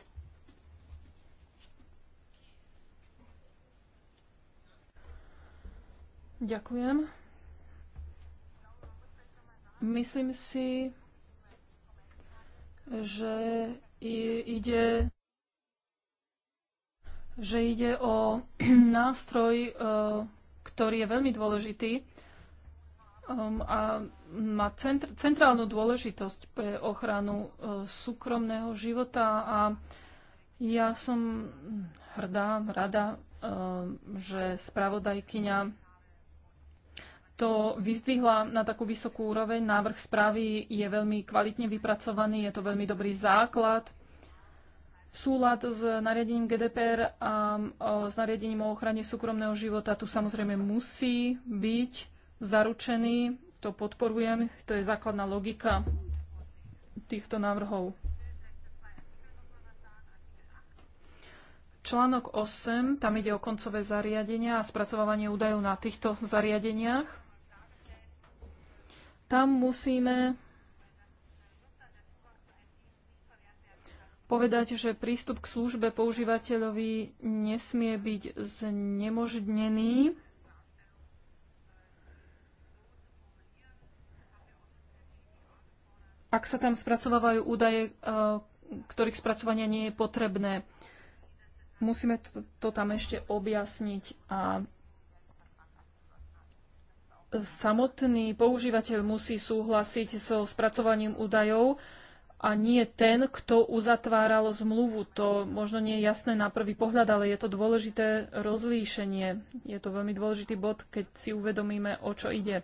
Ďakujem. Myslím si, že ide že ide o *clears throat* nástroj, eh, ktorý je veľmi dôležitý um, a má centr- centrálnu dôležitosť pre ochranu e, súkromného života a ja som hrdá, rada, e, že spravodajkyňa to vyzdvihla na takú vysokú úroveň. Návrh správy je veľmi kvalitne vypracovaný, je to veľmi dobrý základ. V súlad s nariadením GDPR a s nariadením o ochrane súkromného života tu samozrejme musí byť zaručený to podporujem, to je základná logika týchto návrhov. Článok 8, tam ide o koncové zariadenia a spracovávanie údajov na týchto zariadeniach. Tam musíme povedať, že prístup k službe používateľovi nesmie byť znemožnený ak sa tam spracovávajú údaje, eh, ktorých spracovania nie je potrebné. Musíme to, to tam ešte objasniť a samotný používateľ musí súhlasiť so spracovaním údajov a nie ten, kto uzatváral zmluvu. To možno nie je jasné na prvý pohľad, ale je to dôležité rozlíšenie. Je to veľmi dôležitý bod, keď si uvedomíme, o čo ide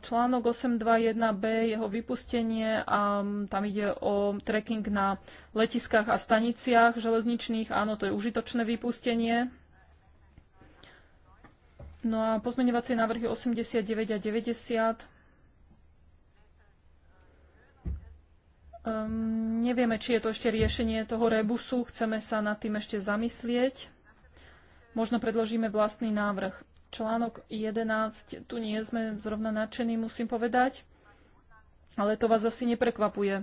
článok 821b, jeho vypustenie a tam ide o trekking na letiskách a staniciach železničných. Áno, to je užitočné vypustenie. No a pozmeňovacie návrhy 89 a 90. Um, ehm, nevieme, či je to ešte riešenie toho rebusu. Chceme sa nad tým ešte zamyslieť. Možno predložíme vlastný návrh článok 11, tu nie sme zrovna nadšení, musím povedať, ale to vás asi neprekvapuje.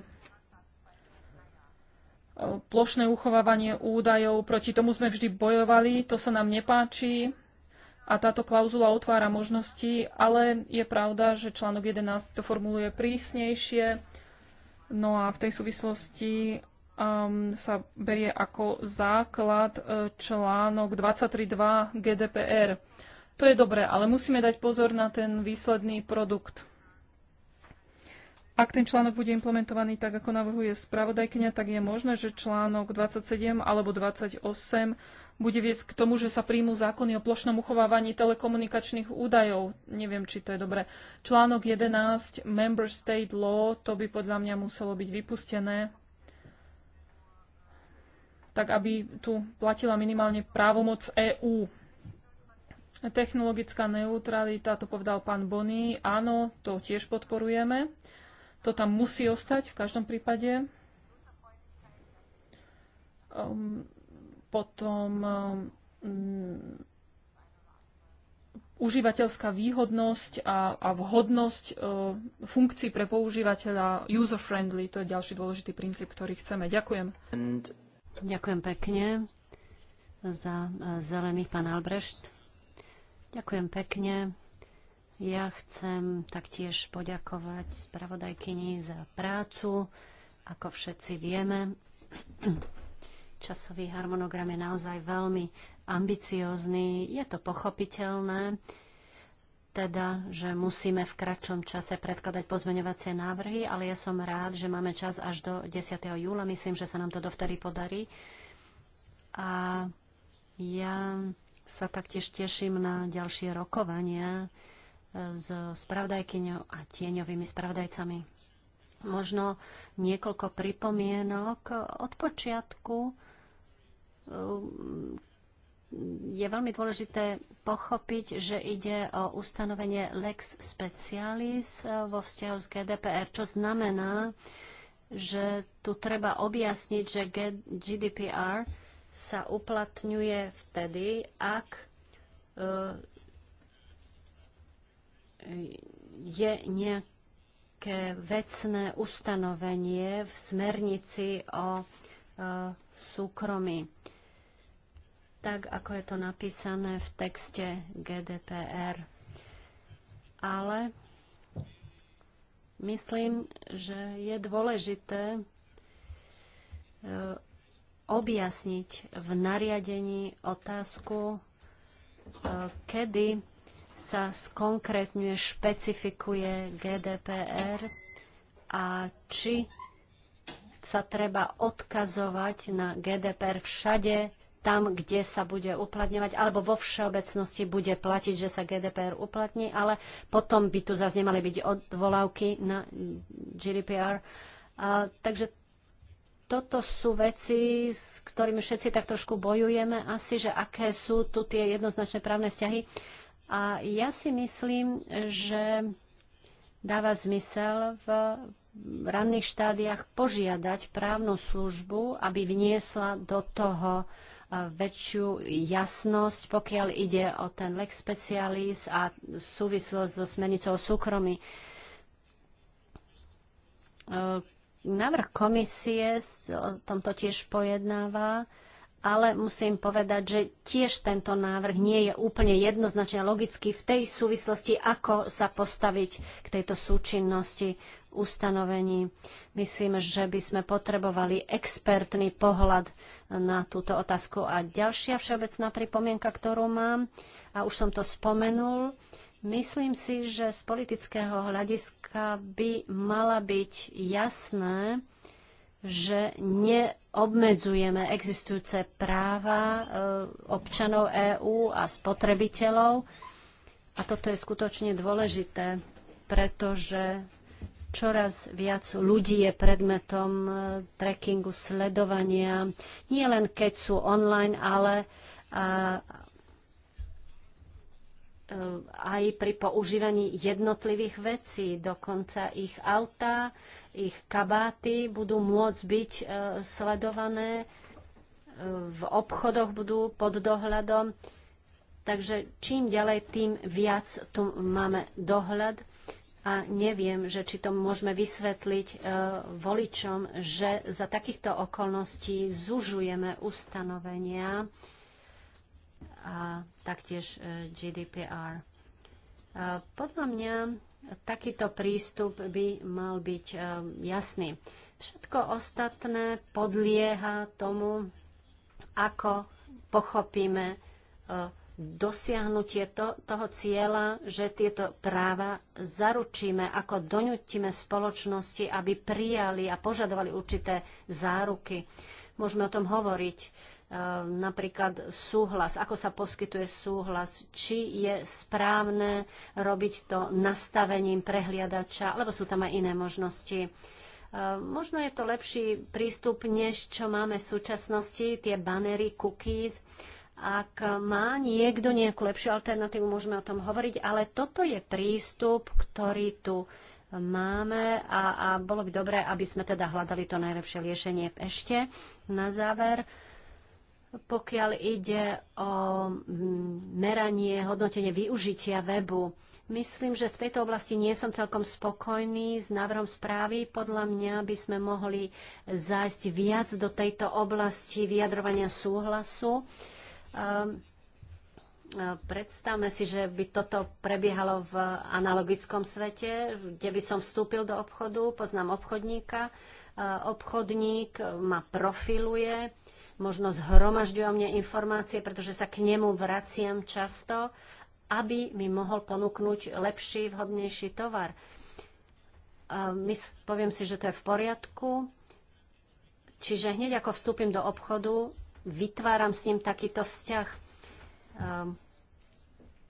Plošné uchovávanie údajov, proti tomu sme vždy bojovali, to sa nám nepáči a táto klauzula otvára možnosti, ale je pravda, že článok 11 to formuluje prísnejšie, no a v tej súvislosti um, sa berie ako základ eh, článok 23.2 GDPR. To je dobré, ale musíme dať pozor na ten výsledný produkt. Ak ten článok bude implementovaný tak, ako navrhuje spravodajkňa, tak je možné, že článok 27 alebo 28 bude viesť k tomu, že sa príjmú zákony o plošnom uchovávaní telekomunikačných údajov. Neviem, či to je dobré. Článok 11, Member State Law, to by podľa mňa muselo byť vypustené, tak aby tu platila minimálne právomoc EÚ Technologická neutralita, to povedal pán Bonny, áno, to tiež podporujeme. To tam musí ostať v každom prípade. Um, potom um, užívateľská výhodnosť a, a vhodnosť uh, funkcií pre používateľa user-friendly, to je ďalší dôležitý princíp, ktorý chceme. Ďakujem. Ďakujem pekne za e, zelených, pán Albrecht. Ďakujem pekne. Ja chcem taktiež poďakovať spravodajkyni za prácu. Ako všetci vieme, časový harmonogram je naozaj veľmi ambiciózny. Je to pochopiteľné, teda, že musíme v kratšom čase predkladať pozmeňovacie návrhy, ale ja som rád, že máme čas až do 10. júla. Myslím, že sa nám to dovtedy podarí. A ja sa taktiež teším na ďalšie rokovania e, s spravdajkyňou a tieňovými spravdajcami. Možno niekoľko pripomienok od počiatku e, je veľmi dôležité pochopiť, že ide o ustanovenie lex specialis e, vo vzťahu s GDPR, čo znamená, že tu treba objasniť, že GDPR sa uplatňuje vtedy, ak e, je nejaké vecné ustanovenie v smernici o e, súkromí. Tak, ako je to napísané v texte GDPR. Ale myslím, že je dôležité e, objasniť v nariadení otázku, e, kedy sa skonkrétňuje, špecifikuje GDPR a či sa treba odkazovať na GDPR všade tam, kde sa bude uplatňovať, alebo vo všeobecnosti bude platiť, že sa GDPR uplatní, ale potom by tu zase nemali byť odvolávky na GDPR. A, takže toto sú veci, s ktorými všetci tak trošku bojujeme asi, že aké sú tu tie jednoznačné právne vzťahy. A ja si myslím, že dáva zmysel v ranných štádiách požiadať právnu službu, aby vniesla do toho väčšiu jasnosť, pokiaľ ide o ten lex specialis a súvislosť so smernicou súkromí e, Návrh komisie o tomto tiež pojednáva, ale musím povedať, že tiež tento návrh nie je úplne jednoznačne logický v tej súvislosti, ako sa postaviť k tejto súčinnosti ustanovení. Myslím, že by sme potrebovali expertný pohľad na túto otázku. A ďalšia všeobecná pripomienka, ktorú mám, a už som to spomenul, Myslím si, že z politického hľadiska by mala byť jasné, že neobmedzujeme existujúce práva e, občanov EÚ a spotrebiteľov. A toto je skutočne dôležité, pretože čoraz viac ľudí je predmetom e, trackingu, sledovania. Nie len keď sú online, ale Eh, aj pri používaní jednotlivých vecí, dokonca ich autá, ich kabáty budú môcť byť eh, sledované, eh, v obchodoch budú pod dohľadom. Takže čím ďalej, tým viac tu máme dohľad a neviem, že či to môžeme vysvetliť voličom, že za takýchto okolností zužujeme ustanovenia, a taktiež e, GDPR. E, podľa mňa takýto prístup by mal byť e, jasný. Všetko ostatné podlieha tomu, ako pochopíme dosiahnutie to, toho cieľa, že tieto práva zaručíme, ako donutíme spoločnosti, aby prijali a požadovali určité záruky. Môžeme o tom hovoriť Ehm, napríklad súhlas, ako sa poskytuje súhlas, či je správne robiť to nastavením prehliadača, alebo sú tam aj iné možnosti. Ehm, možno je to lepší prístup, než čo máme v súčasnosti, tie banery, cookies. Ak má niekto nejakú lepšiu alternatívu, môžeme o tom hovoriť, ale toto je prístup, ktorý tu máme a, a bolo by dobré, aby sme teda hľadali to najlepšie riešenie. Ešte na záver pokiaľ ide o mm, meranie, hodnotenie využitia webu. Myslím, že v tejto oblasti nie som celkom spokojný s návrhom správy. Podľa mňa by sme mohli zájsť viac do tejto oblasti vyjadrovania súhlasu. Ehm, e, predstavme si, že by toto prebiehalo v analogickom svete, kde by som vstúpil do obchodu, poznám obchodníka, e, obchodník ma profiluje, možno zhromažďuje o mne informácie, pretože sa k nemu vraciam často, aby mi mohol ponúknuť lepší, vhodnejší tovar. A my, poviem si, že to je v poriadku, čiže hneď ako vstúpim do obchodu, vytváram s ním takýto vzťah.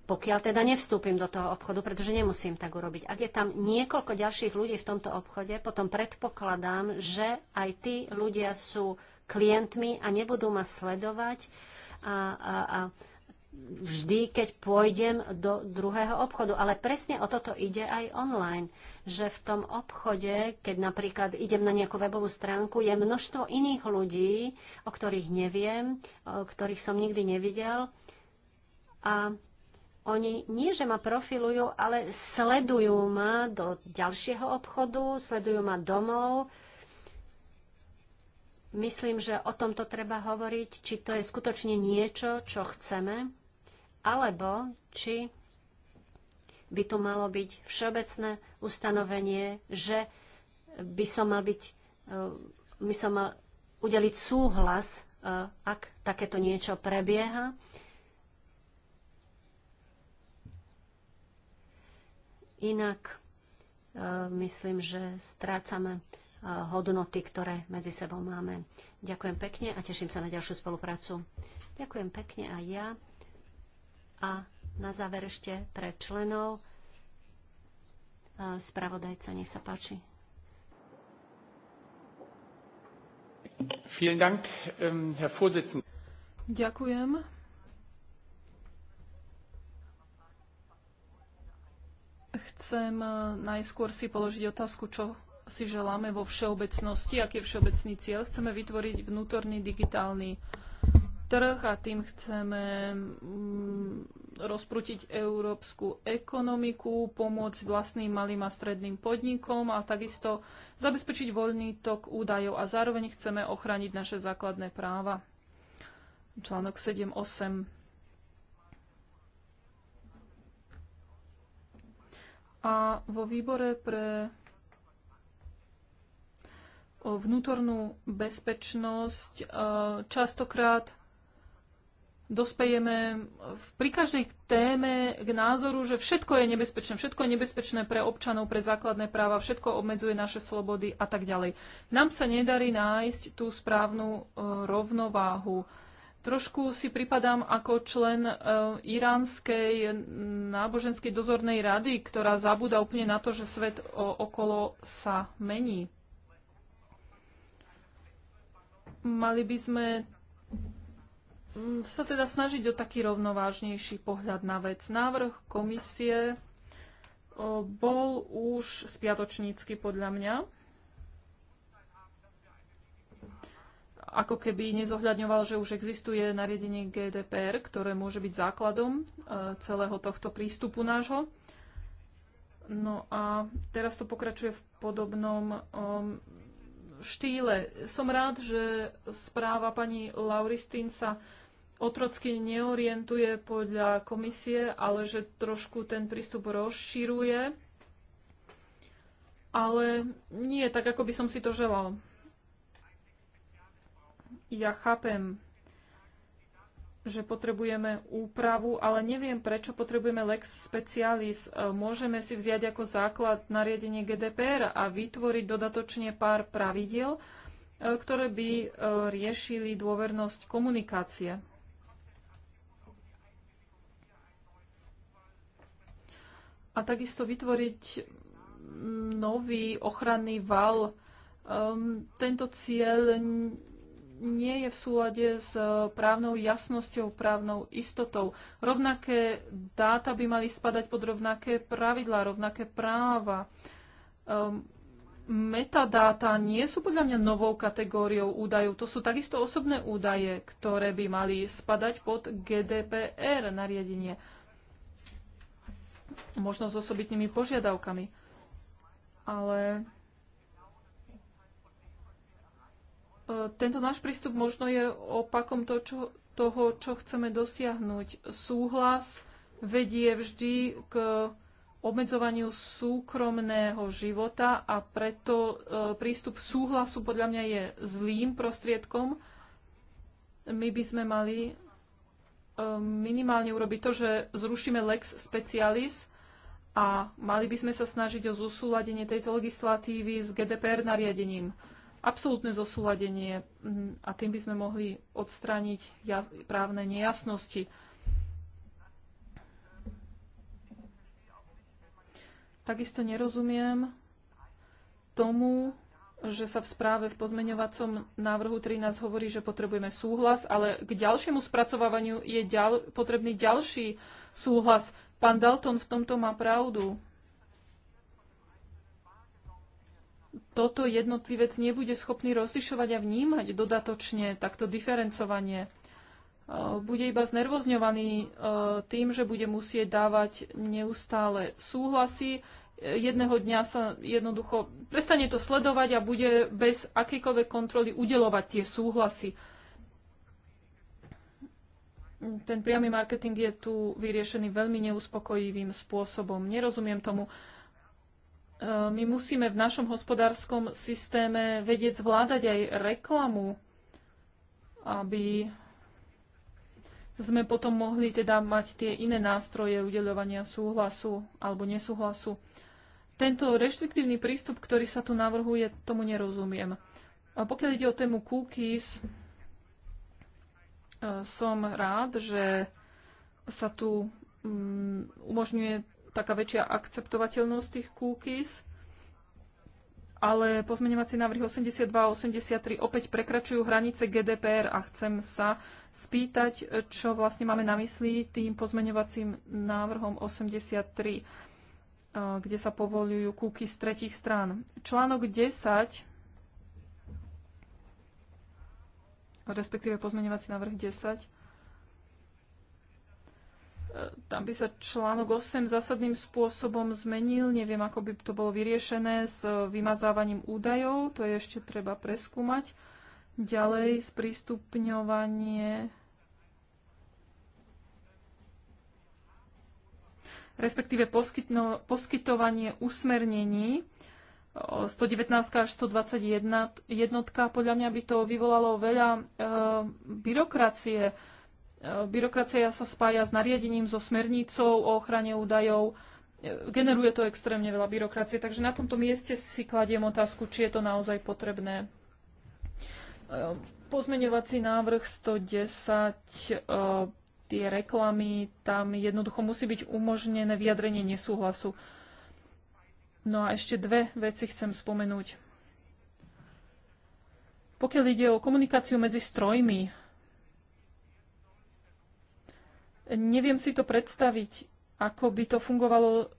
pokiaľ teda nevstúpim do toho obchodu, pretože nemusím tak urobiť. Ak je tam niekoľko ďalších ľudí v tomto obchode, potom predpokladám, že aj tí ľudia sú klientmi a nebudú ma sledovať a, a, a vždy, keď pôjdem do druhého obchodu. Ale presne o toto ide aj online, že v tom obchode, keď napríklad idem na nejakú webovú stránku, je množstvo iných ľudí, o ktorých neviem, o ktorých som nikdy nevidel. A oni nie, že ma profilujú, ale sledujú ma do ďalšieho obchodu, sledujú ma domov, Myslím, že o tomto treba hovoriť, či to je skutočne niečo, čo chceme, alebo či by tu malo byť všeobecné ustanovenie, že by som mal byť, e, by som mal udeliť súhlas, e, ak takéto niečo prebieha. Inak e, myslím, že strácame hodnoty, ktoré medzi sebou máme. Ďakujem pekne a teším sa na ďalšiu spoluprácu. Ďakujem pekne aj ja. A na záver ešte pre členov spravodajca, nech sa páči. Ähm, Ďakujem. Chcem äh, najskôr si položiť otázku, čo si želáme vo všeobecnosti, aký je všeobecný cieľ. Chceme vytvoriť vnútorný digitálny trh a tým chceme mm, rozprútiť európsku ekonomiku, pomôcť vlastným malým a stredným podnikom a takisto zabezpečiť voľný tok údajov a zároveň chceme ochrániť naše základné práva. Článok 7.8. A vo výbore pre vnútornú bezpečnosť e, častokrát dospejeme pri každej téme k názoru, že všetko je nebezpečné, všetko je nebezpečné pre občanov, pre základné práva, všetko obmedzuje naše slobody a tak ďalej. Nám sa nedarí nájsť tú správnu e, rovnováhu. Trošku si pripadám ako člen e, iránskej náboženskej dozornej rady, ktorá zabúda úplne na to, že svet okolo sa mení. Mali by sme mm, sa teda snažiť o taký rovnovážnejší pohľad na vec. Návrh komisie e, bol už spiatočnícky podľa mňa. Ako keby nezohľadňoval, že už existuje nariadenie GDPR, ktoré môže byť základom e, celého tohto prístupu nášho. No a teraz to pokračuje v podobnom e, štýle. Som rád, že správa pani Lauristín sa otrocky neorientuje podľa komisie, ale že trošku ten prístup rozširuje. Ale nie tak, ako by som si to želal. Ja chápem že potrebujeme úpravu, ale neviem, prečo potrebujeme lex specialis. E, môžeme si vziať ako základ nariadenie GDPR a vytvoriť dodatočne pár pravidiel, e, ktoré by e, riešili dôvernosť komunikácie. A takisto vytvoriť mm, nový ochranný val. Ehm, tento cieľ nie je v súlade s eh, právnou jasnosťou, právnou istotou. Rovnaké dáta by mali spadať pod rovnaké pravidlá, rovnaké práva. Um, metadáta nie sú podľa mňa novou kategóriou údajov. To sú takisto osobné údaje, ktoré by mali spadať pod GDPR nariadenie. Možno s osobitnými požiadavkami. Ale tento náš prístup možno je opakom to, čo, toho, čo chceme dosiahnuť. Súhlas vedie vždy k obmedzovaniu súkromného života a preto e, prístup súhlasu podľa mňa je zlým prostriedkom. My by sme mali e, minimálne urobiť to, že zrušíme lex specialis a mali by sme sa snažiť o zúsúladenie tejto legislatívy s GDPR nariadením absolútne zosúladenie mm, a tým by sme mohli odstrániť právne nejasnosti. Takisto nerozumiem tomu, že sa v správe v pozmeňovacom návrhu 13 hovorí, že potrebujeme súhlas, ale k ďalšiemu spracovávaniu je ďal, potrebný ďalší súhlas. Pán Dalton v tomto má pravdu. toto jednotlivec nebude schopný rozlišovať a vnímať dodatočne takto diferencovanie. E, bude iba znervozňovaný e, tým, že bude musieť dávať neustále súhlasy. E, jedného dňa sa jednoducho prestane to sledovať a bude bez akejkoľvek kontroly udelovať tie súhlasy. Ten priamy marketing je tu vyriešený veľmi neuspokojivým spôsobom. Nerozumiem tomu, Eh, my musíme v našom hospodárskom systéme vedieť zvládať aj reklamu, aby sme potom mohli teda mať tie iné nástroje udeľovania súhlasu alebo nesúhlasu. Tento reštriktívny prístup, ktorý sa tu navrhuje, tomu nerozumiem. A pokiaľ ide o tému cookies, eh, som rád, že sa tu mm, umožňuje taká väčšia akceptovateľnosť tých cookies, ale pozmeňovací návrh 82 a 83 opäť prekračujú hranice GDPR a chcem sa spýtať, čo vlastne máme na mysli tým pozmeňovacím návrhom 83, eh, kde sa povolujú kúky z tretich strán. Článok 10, respektíve pozmeňovací návrh 10, tam by sa článok 8 zásadným spôsobom zmenil. Neviem, ako by to bolo vyriešené s vymazávaním údajov. To je ešte treba preskúmať. Ďalej sprístupňovanie respektíve poskytno, poskytovanie usmernení 119 až 121 jednotka. Podľa mňa by to vyvolalo veľa e, byrokracie Byrokracia sa spája s nariadením, so smernicou o ochrane údajov. Generuje to extrémne veľa byrokracie, takže na tomto mieste si kladiem otázku, či je to naozaj potrebné. Ehm, pozmeňovací návrh 110, ehm, tie reklamy, tam jednoducho musí byť umožnené vyjadrenie nesúhlasu. No a ešte dve veci chcem spomenúť. Pokiaľ ide o komunikáciu medzi strojmi, Neviem si to predstaviť, ako by to fungovalo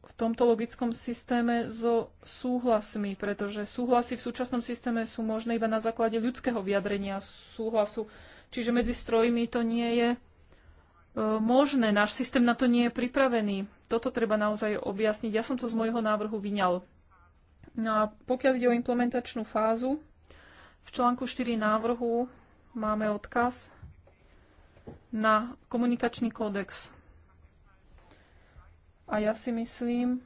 v tomto logickom systéme so súhlasmi, pretože súhlasy v súčasnom systéme sú možné iba na základe ľudského vyjadrenia súhlasu. Čiže medzi strojmi to nie je e, možné. Náš systém na to nie je pripravený. Toto treba naozaj objasniť. Ja som to z môjho návrhu vyňal. No a pokiaľ ide o implementačnú fázu, v článku 4 návrhu máme odkaz na komunikačný kódex. A ja si myslím,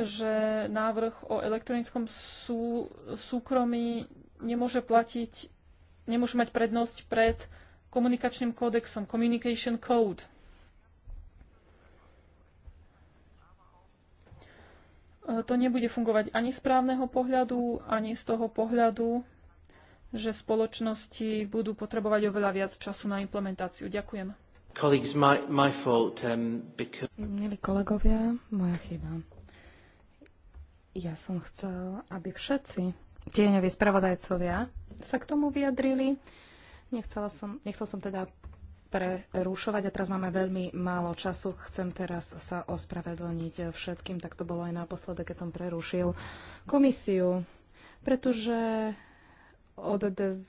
že návrh o elektronickom sú, súkromí nemôže platiť, nemôže mať prednosť pred komunikačným kódexom, Communication Code. E, to nebude fungovať ani z právneho pohľadu, ani z toho pohľadu, že spoločnosti budú potrebovať oveľa viac času na implementáciu. Ďakujem. My, my fault, um, because... Milí kolegovia, moja chyba. Ja som chcel, aby všetci tieňoví spravodajcovia sa k tomu vyjadrili. Nechcela som, nechcel som teda prerušovať a teraz máme veľmi málo času. Chcem teraz sa ospravedlniť všetkým, tak to bolo aj naposledy, keď som prerušil komisiu, pretože od 12.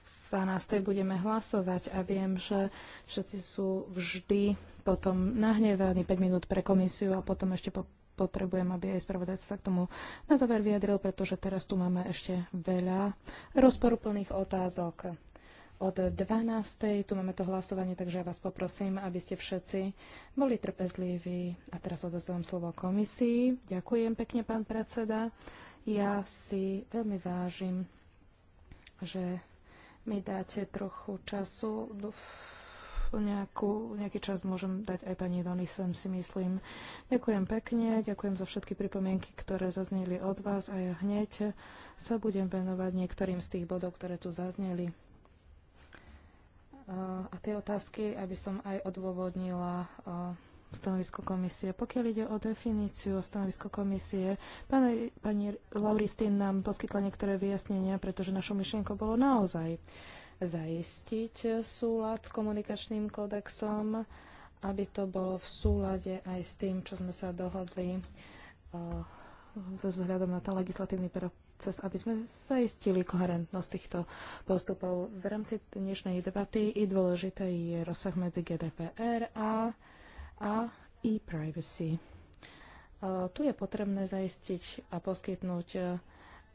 budeme hlasovať a viem, že všetci sú vždy potom nahnevaní 5 minút pre komisiu a potom ešte po potrebujem, aby aj spravodajca sa k tomu na záver vyjadril, pretože teraz tu máme ešte veľa rozporuplných otázok. Od 12. tu máme to hlasovanie, takže ja vás poprosím, aby ste všetci boli trpezliví. A teraz odozvám slovo komisii. Ďakujem pekne, pán predseda. Ja si veľmi vážim že mi dáte trochu času. Nejakú, nejaký čas môžem dať aj pani Donisen, si myslím. Ďakujem pekne, ďakujem za všetky pripomienky, ktoré zazneli od vás a ja hneď sa budem venovať niektorým z tých bodov, ktoré tu zazneli. A tie otázky, aby som aj odôvodnila stanovisko komisie. Pokiaľ ide o definíciu stanovisko komisie, pani, pani Lauristín nám poskytla niektoré vyjasnenia, pretože našou myšlienkou bolo naozaj zaistiť súlad s komunikačným kodexom, aby to bolo v súlade aj s tým, čo sme sa dohodli eh, vzhľadom na ten legislatívny proces, aby sme zaistili koherentnosť týchto postupov. V rámci dnešnej debaty i dôležité je rozsah medzi GDPR a a e-privacy. E, tu je potrebné zaistiť a poskytnúť e,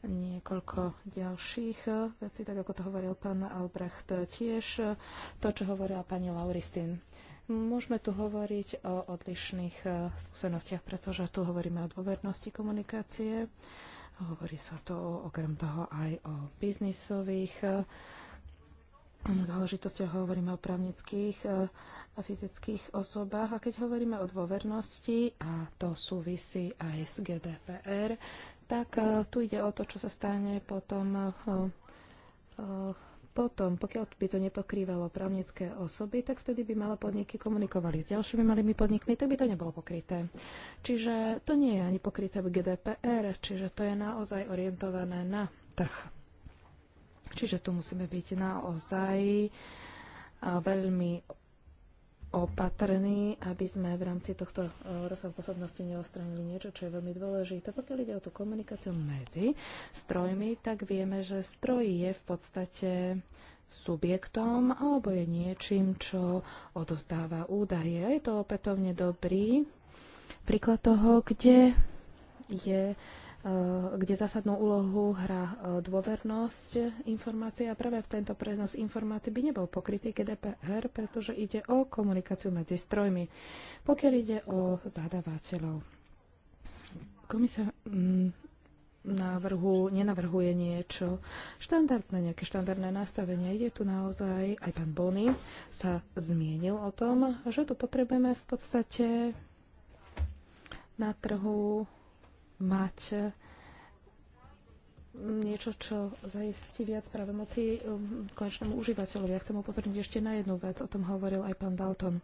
niekoľko ďalších e, vecí, tak ako to hovoril pán Albrecht tiež, to, čo hovorila pani Lauristin. Môžeme tu hovoriť o odlišných skúsenostiach, pretože tu hovoríme o dôvernosti komunikácie, hovorí sa to, okrem toho aj o biznisových záležitostiach, hovoríme o právnických a fyzických osobách. A keď hovoríme o dôvernosti, a to súvisí aj s GDPR, tak e, tu ide o to, čo sa stane potom e, e, potom, pokiaľ by to nepokrývalo právnické osoby, tak vtedy by malé podniky komunikovali s ďalšími malými podnikmi, tak by to nebolo pokryté. Čiže to nie je ani pokryté v GDPR, čiže to je naozaj orientované na trh. Čiže tu musíme byť naozaj veľmi opatrní, aby sme v rámci tohto e, rozsahu posobnosti neostranili niečo, čo je veľmi dôležité. Pokiaľ ide o tú komunikáciu medzi strojmi, tak vieme, že stroj je v podstate subjektom alebo je niečím, čo odostáva údaje. Je to opätovne dobrý príklad toho, kde je Eh, kde zásadnú úlohu hrá eh, dôvernosť informácií a práve tento prenos informácií by nebol pokrytý GDPR, pretože ide o komunikáciu medzi strojmi, pokiaľ ide o zadávateľov. Komisia mm, návrhu nenavrhuje niečo štandardné, nejaké štandardné nastavenie. Ide tu naozaj, aj pán Bony sa zmienil o tom, že tu potrebujeme v podstate na trhu mať eh, niečo, čo zajistí viac právomocí um, konečnému užívateľovi. Ja chcem upozorniť ešte na jednu vec, o tom hovoril aj pán Dalton.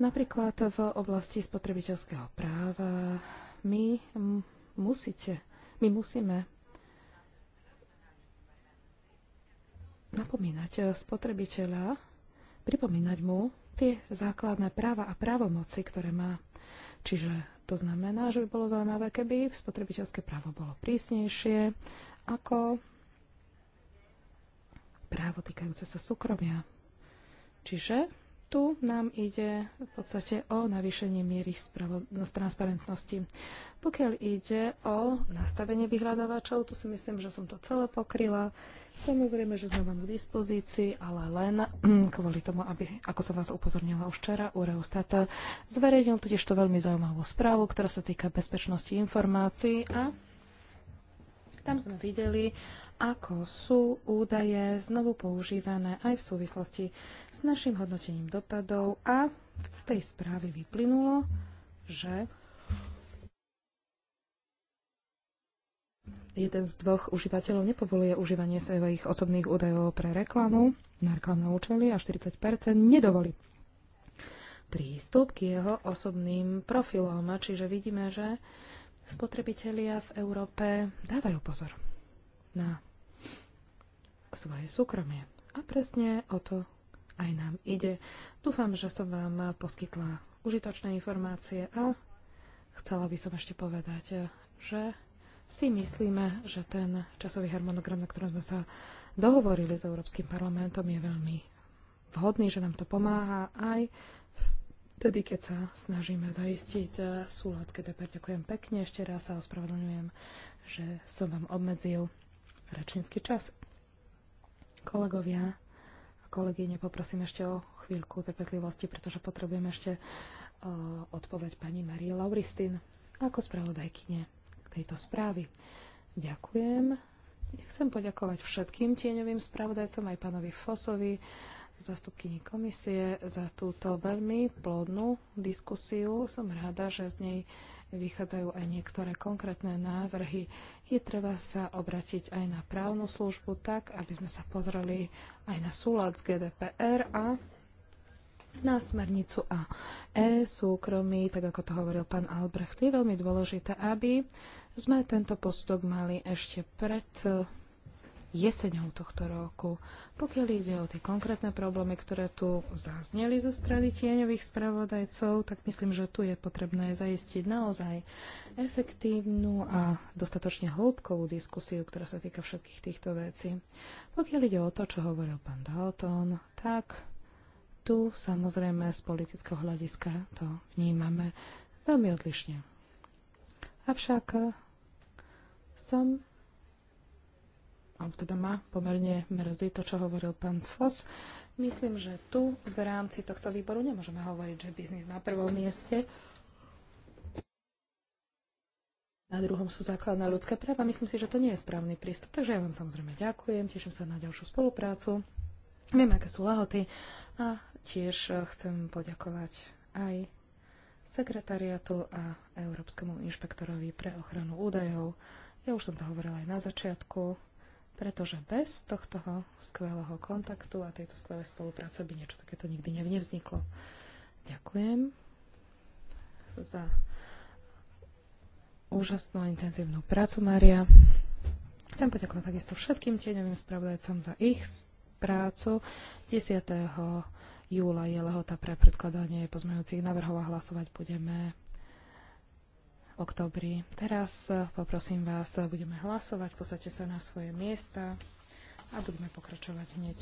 Napríklad v oblasti spotrebiteľského práva my musíte, my musíme napomínať eh, spotrebiteľa, pripomínať mu tie základné práva a právomoci, ktoré má. Čiže to znamená, že by bolo zaujímavé, keby spotrebiteľské právo bolo prísnejšie ako právo týkajúce sa súkromia. Čiže tu nám ide v podstate o navýšenie miery no, transparentnosti. Pokiaľ ide o nastavenie vyhľadávačov, tu si myslím, že som to celé pokryla. Samozrejme, že sme vám k dispozícii, ale len *clears throat* kvôli tomu, aby, ako som vás upozornila už včera, Eurostat zverejnil totiž to veľmi zaujímavú správu, ktorá sa týka bezpečnosti informácií a tam sme videli, ako sú údaje znovu používané aj v súvislosti s našim hodnotením dopadov a z tej správy vyplynulo, že jeden z dvoch užívateľov nepovoluje užívanie svojich osobných údajov pre reklamu na reklamné účely a 40 nedovolí prístup k jeho osobným profilom. Čiže vidíme, že spotrebitelia v Európe dávajú pozor na svoje súkromie. A presne o to aj nám ide. Dúfam, že som vám poskytla užitočné informácie a chcela by som ešte povedať, že si myslíme, že ten časový harmonogram, na ktorom sme sa dohovorili s Európskym parlamentom, je veľmi vhodný, že nám to pomáha aj vtedy, keď sa snažíme zaistiť eh, súlad GDPR. Ďakujem pekne, ešte raz sa ospravedlňujem, že som vám obmedzil rečnícky čas. Kolegovia a kolegyne, poprosím ešte o chvíľku trpezlivosti, pretože potrebujem ešte uh, odpoveď pani Marie Lauristin ako spravodajkyne tejto správy. Ďakujem. Chcem poďakovať všetkým tieňovým spravodajcom, aj pánovi Fosovi, zastupkyni komisie, za túto veľmi plodnú diskusiu. Som rada, že z nej vychádzajú aj niektoré konkrétne návrhy. Je treba sa obratiť aj na právnu službu tak, aby sme sa pozreli aj na súlad s GDPR a na smernicu a e-súkromí, tak ako to hovoril pán Albrecht. Je veľmi dôležité, aby sme tento postup mali ešte pred e, jeseňou tohto roku. Pokiaľ ide o tie konkrétne problémy, ktoré tu zazneli zo strany tieňových spravodajcov, tak myslím, že tu je potrebné zaistiť naozaj efektívnu a dostatočne hĺbkovú diskusiu, ktorá sa týka všetkých týchto vecí. Pokiaľ ide o to, čo hovoril pán Dalton, tak tu samozrejme z politického hľadiska to vnímame veľmi odlišne. Avšak eh, som alebo teda ma pomerne mrzí to, čo hovoril pán Foss. Myslím, že tu v rámci tohto výboru nemôžeme hovoriť, že biznis na prvom mieste. Na druhom sú základné ľudské práva. Myslím si, že to nie je správny prístup. Takže ja vám samozrejme ďakujem, teším sa na ďalšiu spoluprácu. Viem, aké sú lahoty. a Tiež e, chcem poďakovať aj sekretariatu a Európskemu inšpektorovi pre ochranu údajov. Ja už som to hovorila aj na začiatku, pretože bez tohto skvelého kontaktu a tejto skvelej spolupráce by niečo takéto nikdy nevzniklo. Ďakujem za úžasnú a intenzívnu prácu, Mária. Chcem poďakovať takisto všetkým tieňovým spravodajcom za ich prácu. 10 júla je lehota pre predkladanie pozmeňujúcich návrhov a hlasovať budeme v oktobri. Teraz e, poprosím vás, e, budeme hlasovať, posaďte sa na svoje miesta a budeme pokračovať hneď.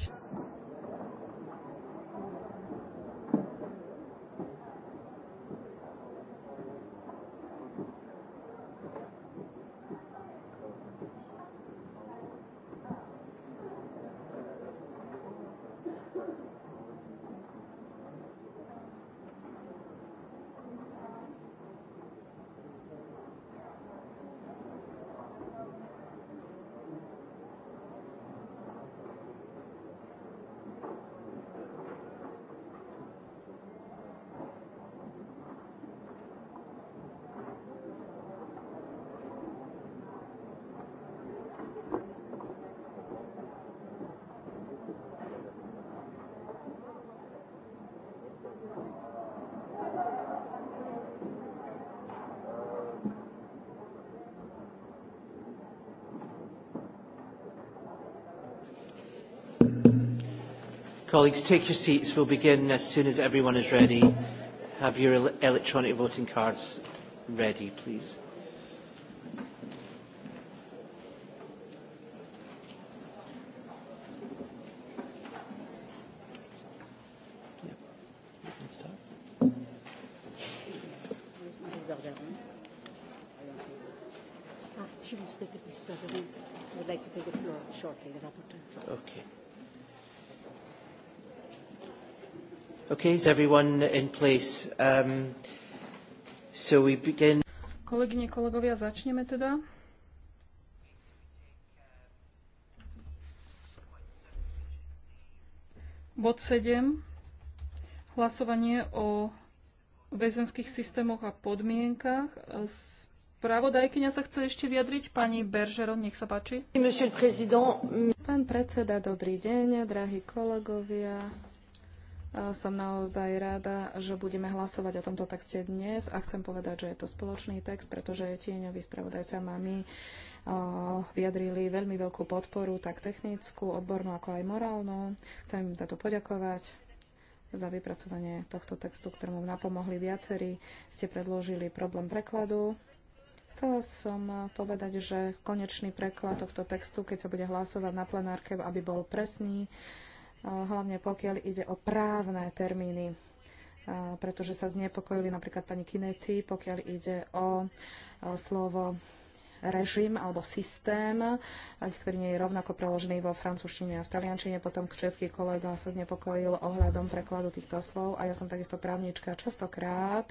Colleagues, take your seats. We'll begin as soon as everyone is ready. Have your electronic voting cards ready, please. is everyone in place? Um, so we begin. Kolegyne, kolegovia, začneme teda. Bod 7. Hlasovanie o väzenských systémoch a podmienkach. Spravodajkyňa sa chce ešte vyjadriť. Pani Beržero, nech sa páči. Pán predseda, dobrý deň, drahí kolegovia. Som naozaj rada, že budeme hlasovať o tomto texte dnes a chcem povedať, že je to spoločný text, pretože tieňový spravodajca mami vyjadrili veľmi veľkú podporu, tak technickú, odbornú, ako aj morálnu. Chcem im za to poďakovať za vypracovanie tohto textu, ktorému napomohli viacerí. Ste predložili problém prekladu. Chcela som e, povedať, že konečný preklad tohto textu, keď sa bude hlasovať na plenárke, aby bol presný, hlavne pokiaľ ide o právne termíny, pretože sa znepokojili napríklad pani Kinety, pokiaľ ide o slovo režim alebo systém, ktorý nie je rovnako preložený vo francúzštine a v taliančine. Potom k český kolega sa znepokojil ohľadom prekladu týchto slov a ja som takisto právnička častokrát.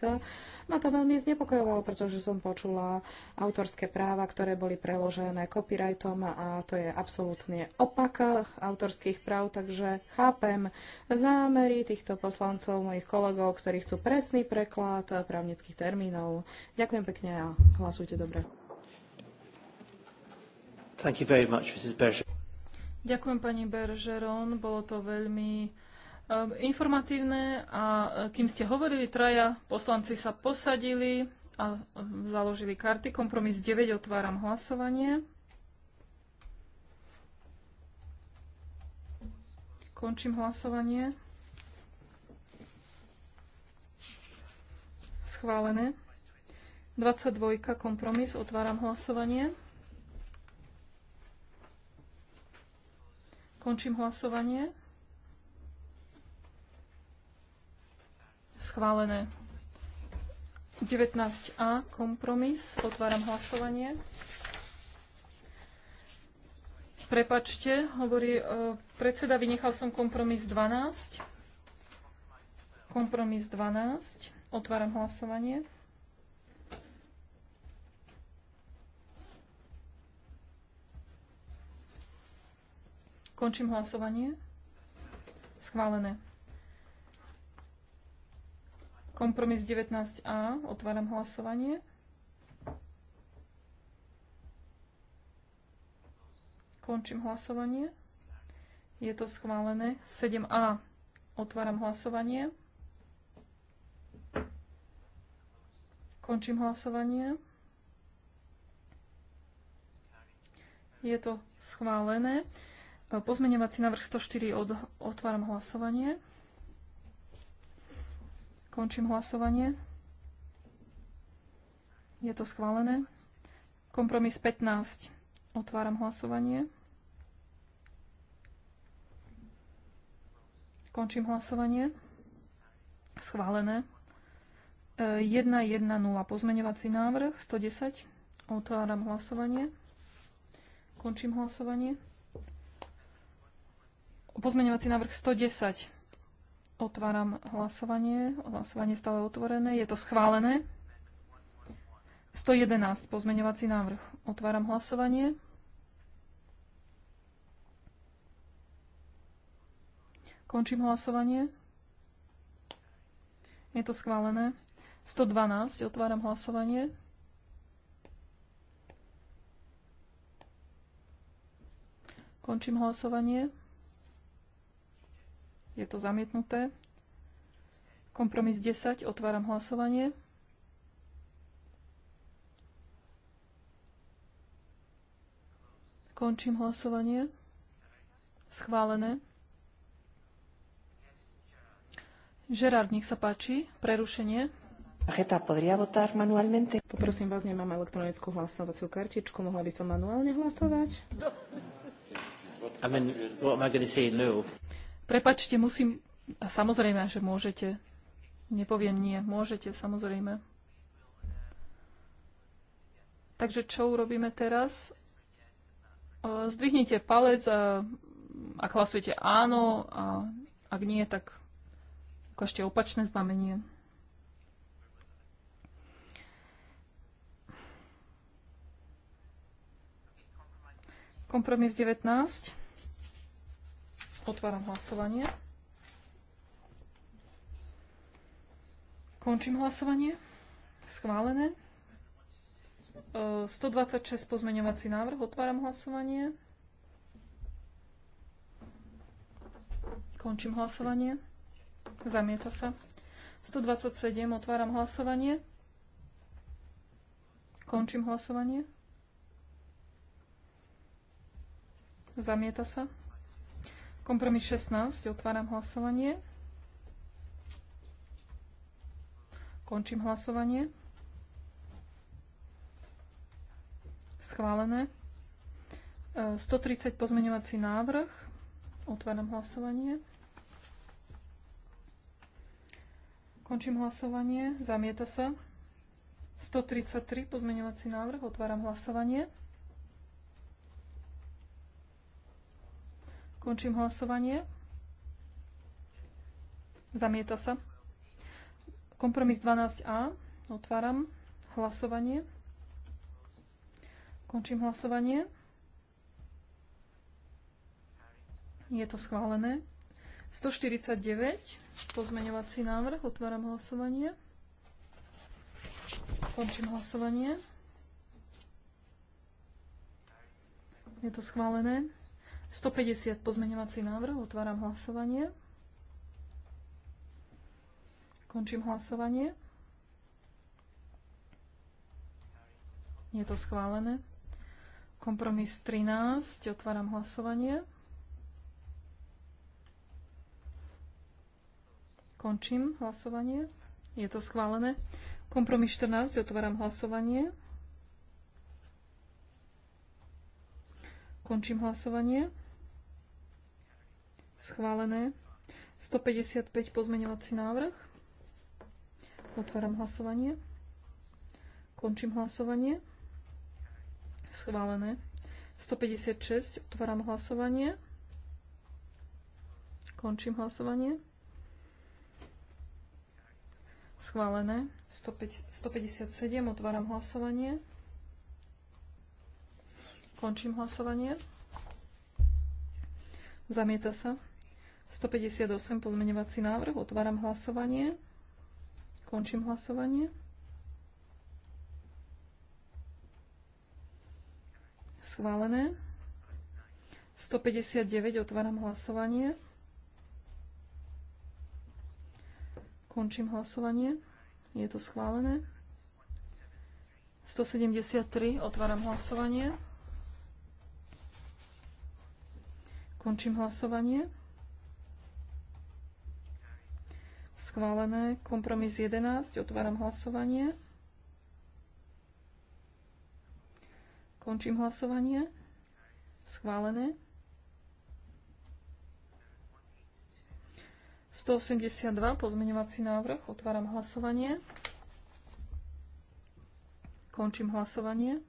Ma to veľmi znepokojovalo, pretože som počula autorské práva, ktoré boli preložené copyrightom a to je absolútne opak autorských práv, takže chápem zámery týchto poslancov, mojich kolegov, ktorí chcú presný preklad právnických termínov. Ďakujem pekne a hlasujte dobre. Thank you very much, Mrs. Ďakujem pani Bergeron, bolo to veľmi um, informatívne a e, kým ste hovorili, traja poslanci sa posadili a um, založili karty. Kompromis 9, otváram hlasovanie. Končím hlasovanie. Schválené. 22. kompromis. Otváram hlasovanie. Končím hlasovanie. Schválené. 19a kompromis. Otváram hlasovanie. Prepačte, hovorí e, predseda, vynechal som kompromis 12. Kompromis 12. Otváram hlasovanie. Končím hlasovanie. Schválené. Kompromis 19a. Otváram hlasovanie. Končím hlasovanie. Je to schválené. 7a. Otváram hlasovanie. Končím hlasovanie. Je to schválené. Pozmeňovací návrh 104 od, otváram hlasovanie. Končím hlasovanie. Je to schválené. Kompromis 15. Otváram hlasovanie. Končím hlasovanie. Schválené. 1.1.0 e, pozmeňovací návrh 110. Otváram hlasovanie. Končím hlasovanie. Pozmeňovací návrh 110. Otváram hlasovanie. Hlasovanie stále otvorené. Je to schválené. 111. Pozmeňovací návrh. Otváram hlasovanie. Končím hlasovanie. Je to schválené. 112. Otváram hlasovanie. Končím hlasovanie. Je to zamietnuté. Kompromis 10. Otváram hlasovanie. Končím hlasovanie. Schválené. Gerard, nech sa páči. Prerušenie. Reta, podria votar manualmente? Poprosím vás, nemám elektronickú hlasovaciu kartičku. Mohla by som manuálne hlasovať? I mean, what am I going to say? No. Prepačte, musím... A samozrejme, že môžete. Nepoviem nie. Môžete, samozrejme. Takže čo urobíme teraz? E, zdvihnite palec a ak hlasujete áno a ak nie, tak ukážte opačné znamenie. Kompromis 19. Otváram hlasovanie. Končím hlasovanie. Schválené. 126 e, pozmeňovací návrh. Otváram hlasovanie. Končím hlasovanie. Zamieta sa. 127. Otváram hlasovanie. Končím hlasovanie. Zamieta sa. Kompromis 16. Otváram hlasovanie. Končím hlasovanie. Schválené. 130 e, pozmeňovací návrh. Otváram hlasovanie. Končím hlasovanie. Zamieta sa. 133 pozmeňovací návrh. Otváram hlasovanie. Končím hlasovanie. Zamieta sa. Kompromis 12a. Otváram hlasovanie. Končím hlasovanie. Je to schválené. 149, pozmeňovací návrh. Otváram hlasovanie. Končím hlasovanie. Je to schválené. 150 pozmeňovací návrh, otváram hlasovanie. Končím hlasovanie. Je to schválené. Kompromis 13. Otváram hlasovanie. Končím hlasovanie. Je to schválené. Kompromis 14. Otváram hlasovanie. Končím hlasovanie. Schválené. 155 pozmeňovací návrh. Otváram hlasovanie. Končím hlasovanie. Schválené. 156. Otváram hlasovanie. Končím hlasovanie. Schválené. 157. Otváram hlasovanie. Končím hlasovanie. Zamieta sa. 158 pozmeňovací návrh. Otváram hlasovanie. Končím hlasovanie. Schválené. 159. Otváram hlasovanie. Končím hlasovanie. Je to schválené. 173. Otváram hlasovanie. Končím hlasovanie. Schválené. Kompromis 11. Otváram hlasovanie. Končím hlasovanie. Schválené. 182. Pozmeňovací návrh. Otváram hlasovanie. Končím hlasovanie.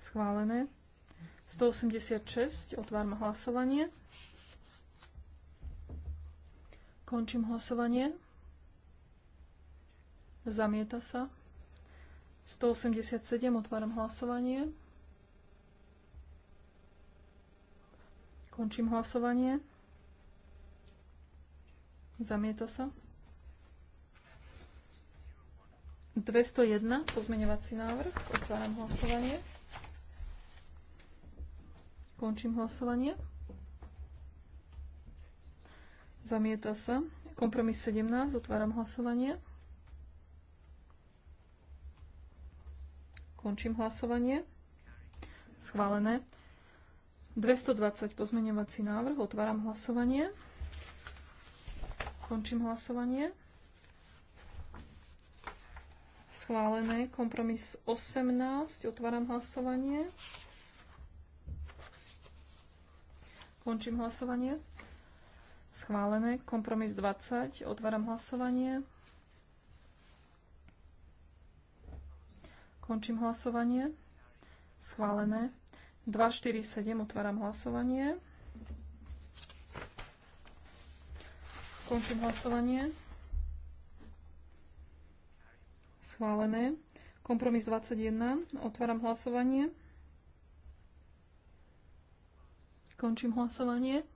Schválené. 186. Otváram hlasovanie. Končím hlasovanie. Zamieta sa. 187. Otváram hlasovanie. Končím hlasovanie. Zamieta sa. 201. Pozmeňovací návrh. Otváram hlasovanie. Končím hlasovanie. Zamieta sa. Kompromis 17. Otváram hlasovanie. Končím hlasovanie. Schválené. 220 pozmeňovací návrh. Otváram hlasovanie. Končím hlasovanie. Schválené. Kompromis 18. Otváram hlasovanie. Končím hlasovanie. Schválené. Kompromis 20. Otváram hlasovanie. Končím hlasovanie. Schválené. 247. Otváram hlasovanie. Končím hlasovanie. Schválené. Kompromis 21. Otváram hlasovanie. Končím hlasovanie.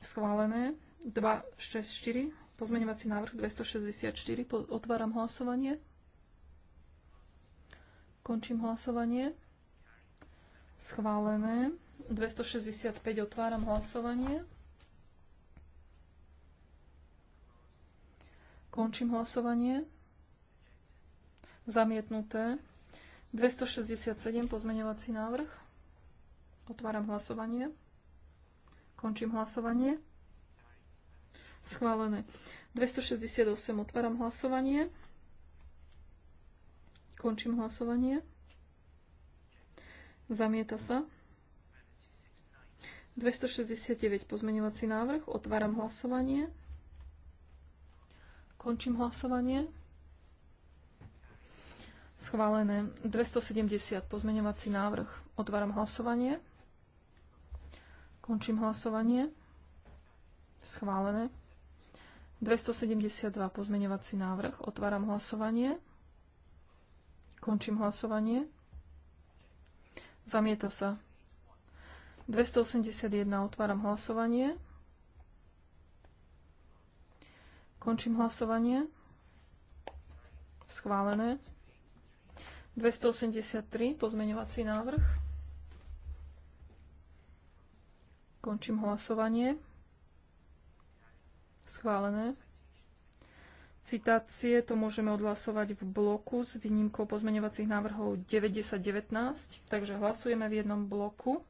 Schválené. 264. Pozmeňovací návrh 264. otváram hlasovanie. Končím hlasovanie. Schválené. 265. Otváram hlasovanie. Končím hlasovanie. Zamietnuté. 267. Pozmeňovací návrh. Otváram hlasovanie. Končím hlasovanie. Schválené. 268 otváram hlasovanie. Končím hlasovanie. Zamieta sa. 269 pozmeňovací návrh. Otváram hlasovanie. Končím hlasovanie. Schválené. 270 pozmeňovací návrh. Otváram hlasovanie. Končím hlasovanie. Schválené. 272 pozmeňovací návrh. Otváram hlasovanie. Končím hlasovanie. Zamieta sa. 281 otváram hlasovanie. Končím hlasovanie. Schválené. 283 pozmeňovací návrh. Končím hlasovanie. Schválené. Citácie to môžeme odhlasovať v bloku s výnimkou pozmeňovacích návrhov 9019, takže hlasujeme v jednom bloku.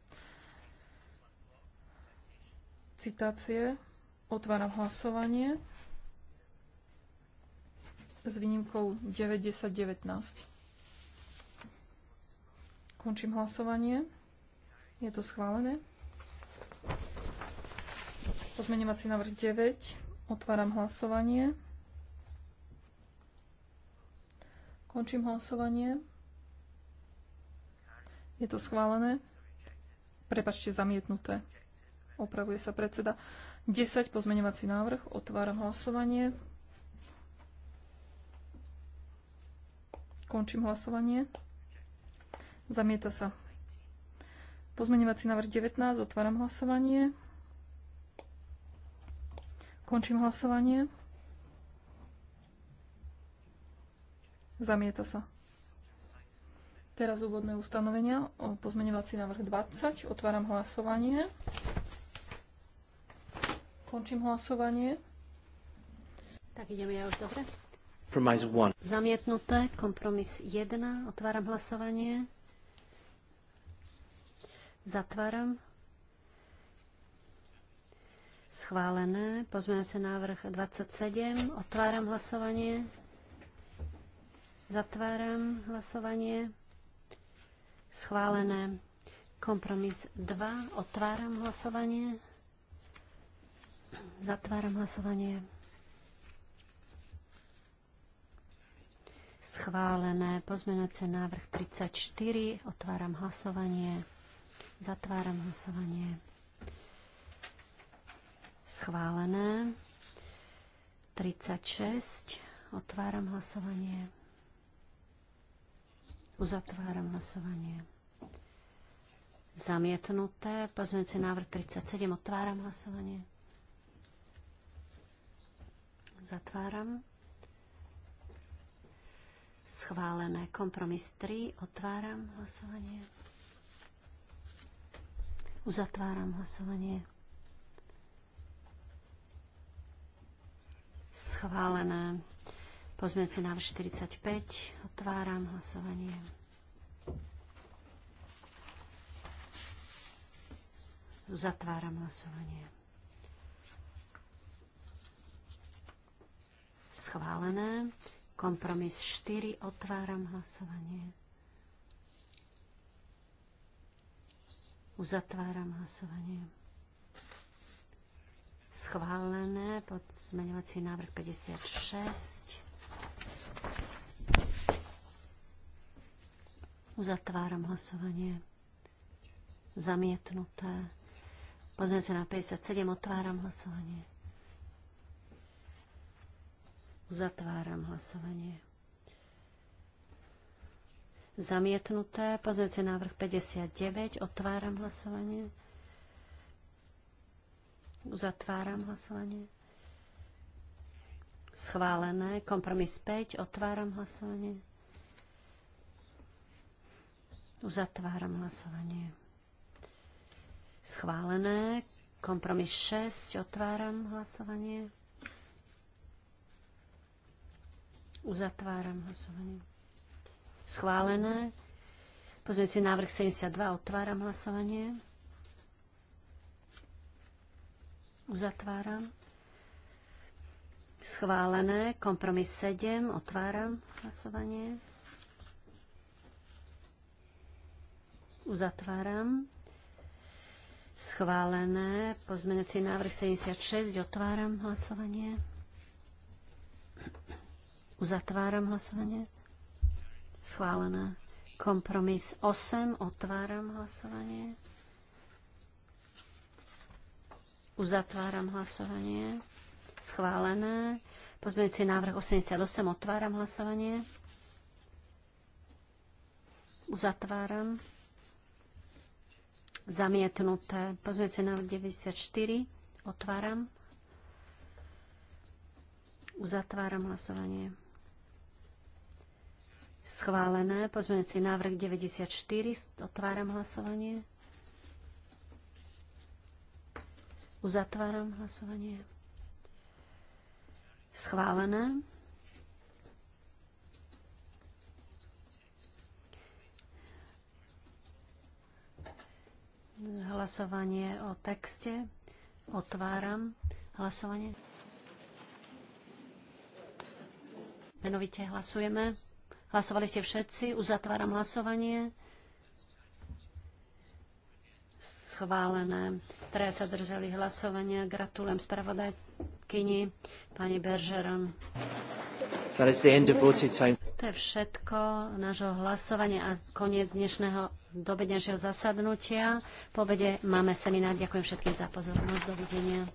Citácie. Otváram hlasovanie s výnimkou 9019. Končím hlasovanie. Je to schválené. Pozmeňovací návrh 9. Otváram hlasovanie. Končím hlasovanie. Je to schválené. Prepačte, zamietnuté. Opravuje sa predseda. 10. Pozmeňovací návrh. Otváram hlasovanie. Končím hlasovanie. Zamieta sa. Pozmeňovací návrh 19. Otváram hlasovanie. Končím hlasovanie. Zamieta sa. Teraz úvodné ustanovenia o pozmeňovací návrh 20. Otváram hlasovanie. Končím hlasovanie. Tak ideme ja už dobre. Zamietnuté. Kompromis 1. Otváram hlasovanie. Zatváram Schválené. Pozmeňujúci návrh 27. Otváram hlasovanie. Zatváram hlasovanie. Schválené. Kompromis 2. Otváram hlasovanie. Zatváram hlasovanie. Schválené pozmeňujúce návrh 34. Otváram hlasovanie. Zatváram hlasovanie. Schválené. 36. Otváram hlasovanie. Uzatváram hlasovanie. Zamietnuté. Pozmeňujúci návrh 37. Otváram hlasovanie. Zatváram. Schválené. Kompromis 3. Otváram hlasovanie. Uzatváram hlasovanie. schválené. Pozmeňujúci návrh 45. Otváram hlasovanie. Zatváram hlasovanie. Schválené. Kompromis 4. Otváram hlasovanie. Uzatváram hlasovanie schválené, zmeňovací návrh 56. Uzatváram hlasovanie. Zamietnuté. sa na 57. Otváram hlasovanie. Uzatváram hlasovanie. Zamietnuté. Pozmeňovací návrh 59. Otváram hlasovanie. Uzatváram hlasovanie. Schválené. Kompromis 5. Otváram hlasovanie. Uzatváram hlasovanie. Schválené. Kompromis 6. Otváram hlasovanie. Uzatváram hlasovanie. Schválené. si návrh 72. Otváram hlasovanie. Uzatváram. Schválené. Kompromis 7. Otváram hlasovanie. Uzatváram. Schválené. Pozmeňací návrh 76. Otváram hlasovanie. Uzatváram hlasovanie. Schválené. Kompromis 8. Otváram hlasovanie. Uzatváram hlasovanie. Schválené. Pozmeňujúci návrh 88. Otváram hlasovanie. Uzatváram. Zamietnuté. Pozmeňujúci návrh 94. Otváram. Uzatváram hlasovanie. Schválené. Pozmeňujúci návrh 94. Otváram hlasovanie. Uzatváram hlasovanie. Schválené. Hlasovanie o texte. Otváram hlasovanie. Menovite hlasujeme. Hlasovali ste všetci. Uzatváram hlasovanie. Schválené traja sa držali hlasovania. Gratulujem spravodajkyni, pani Beržeron. To je všetko nášho hlasovania a koniec dnešného dobednejšieho zasadnutia. Po obede máme seminár. Ďakujem všetkým za pozornosť. Dovidenia.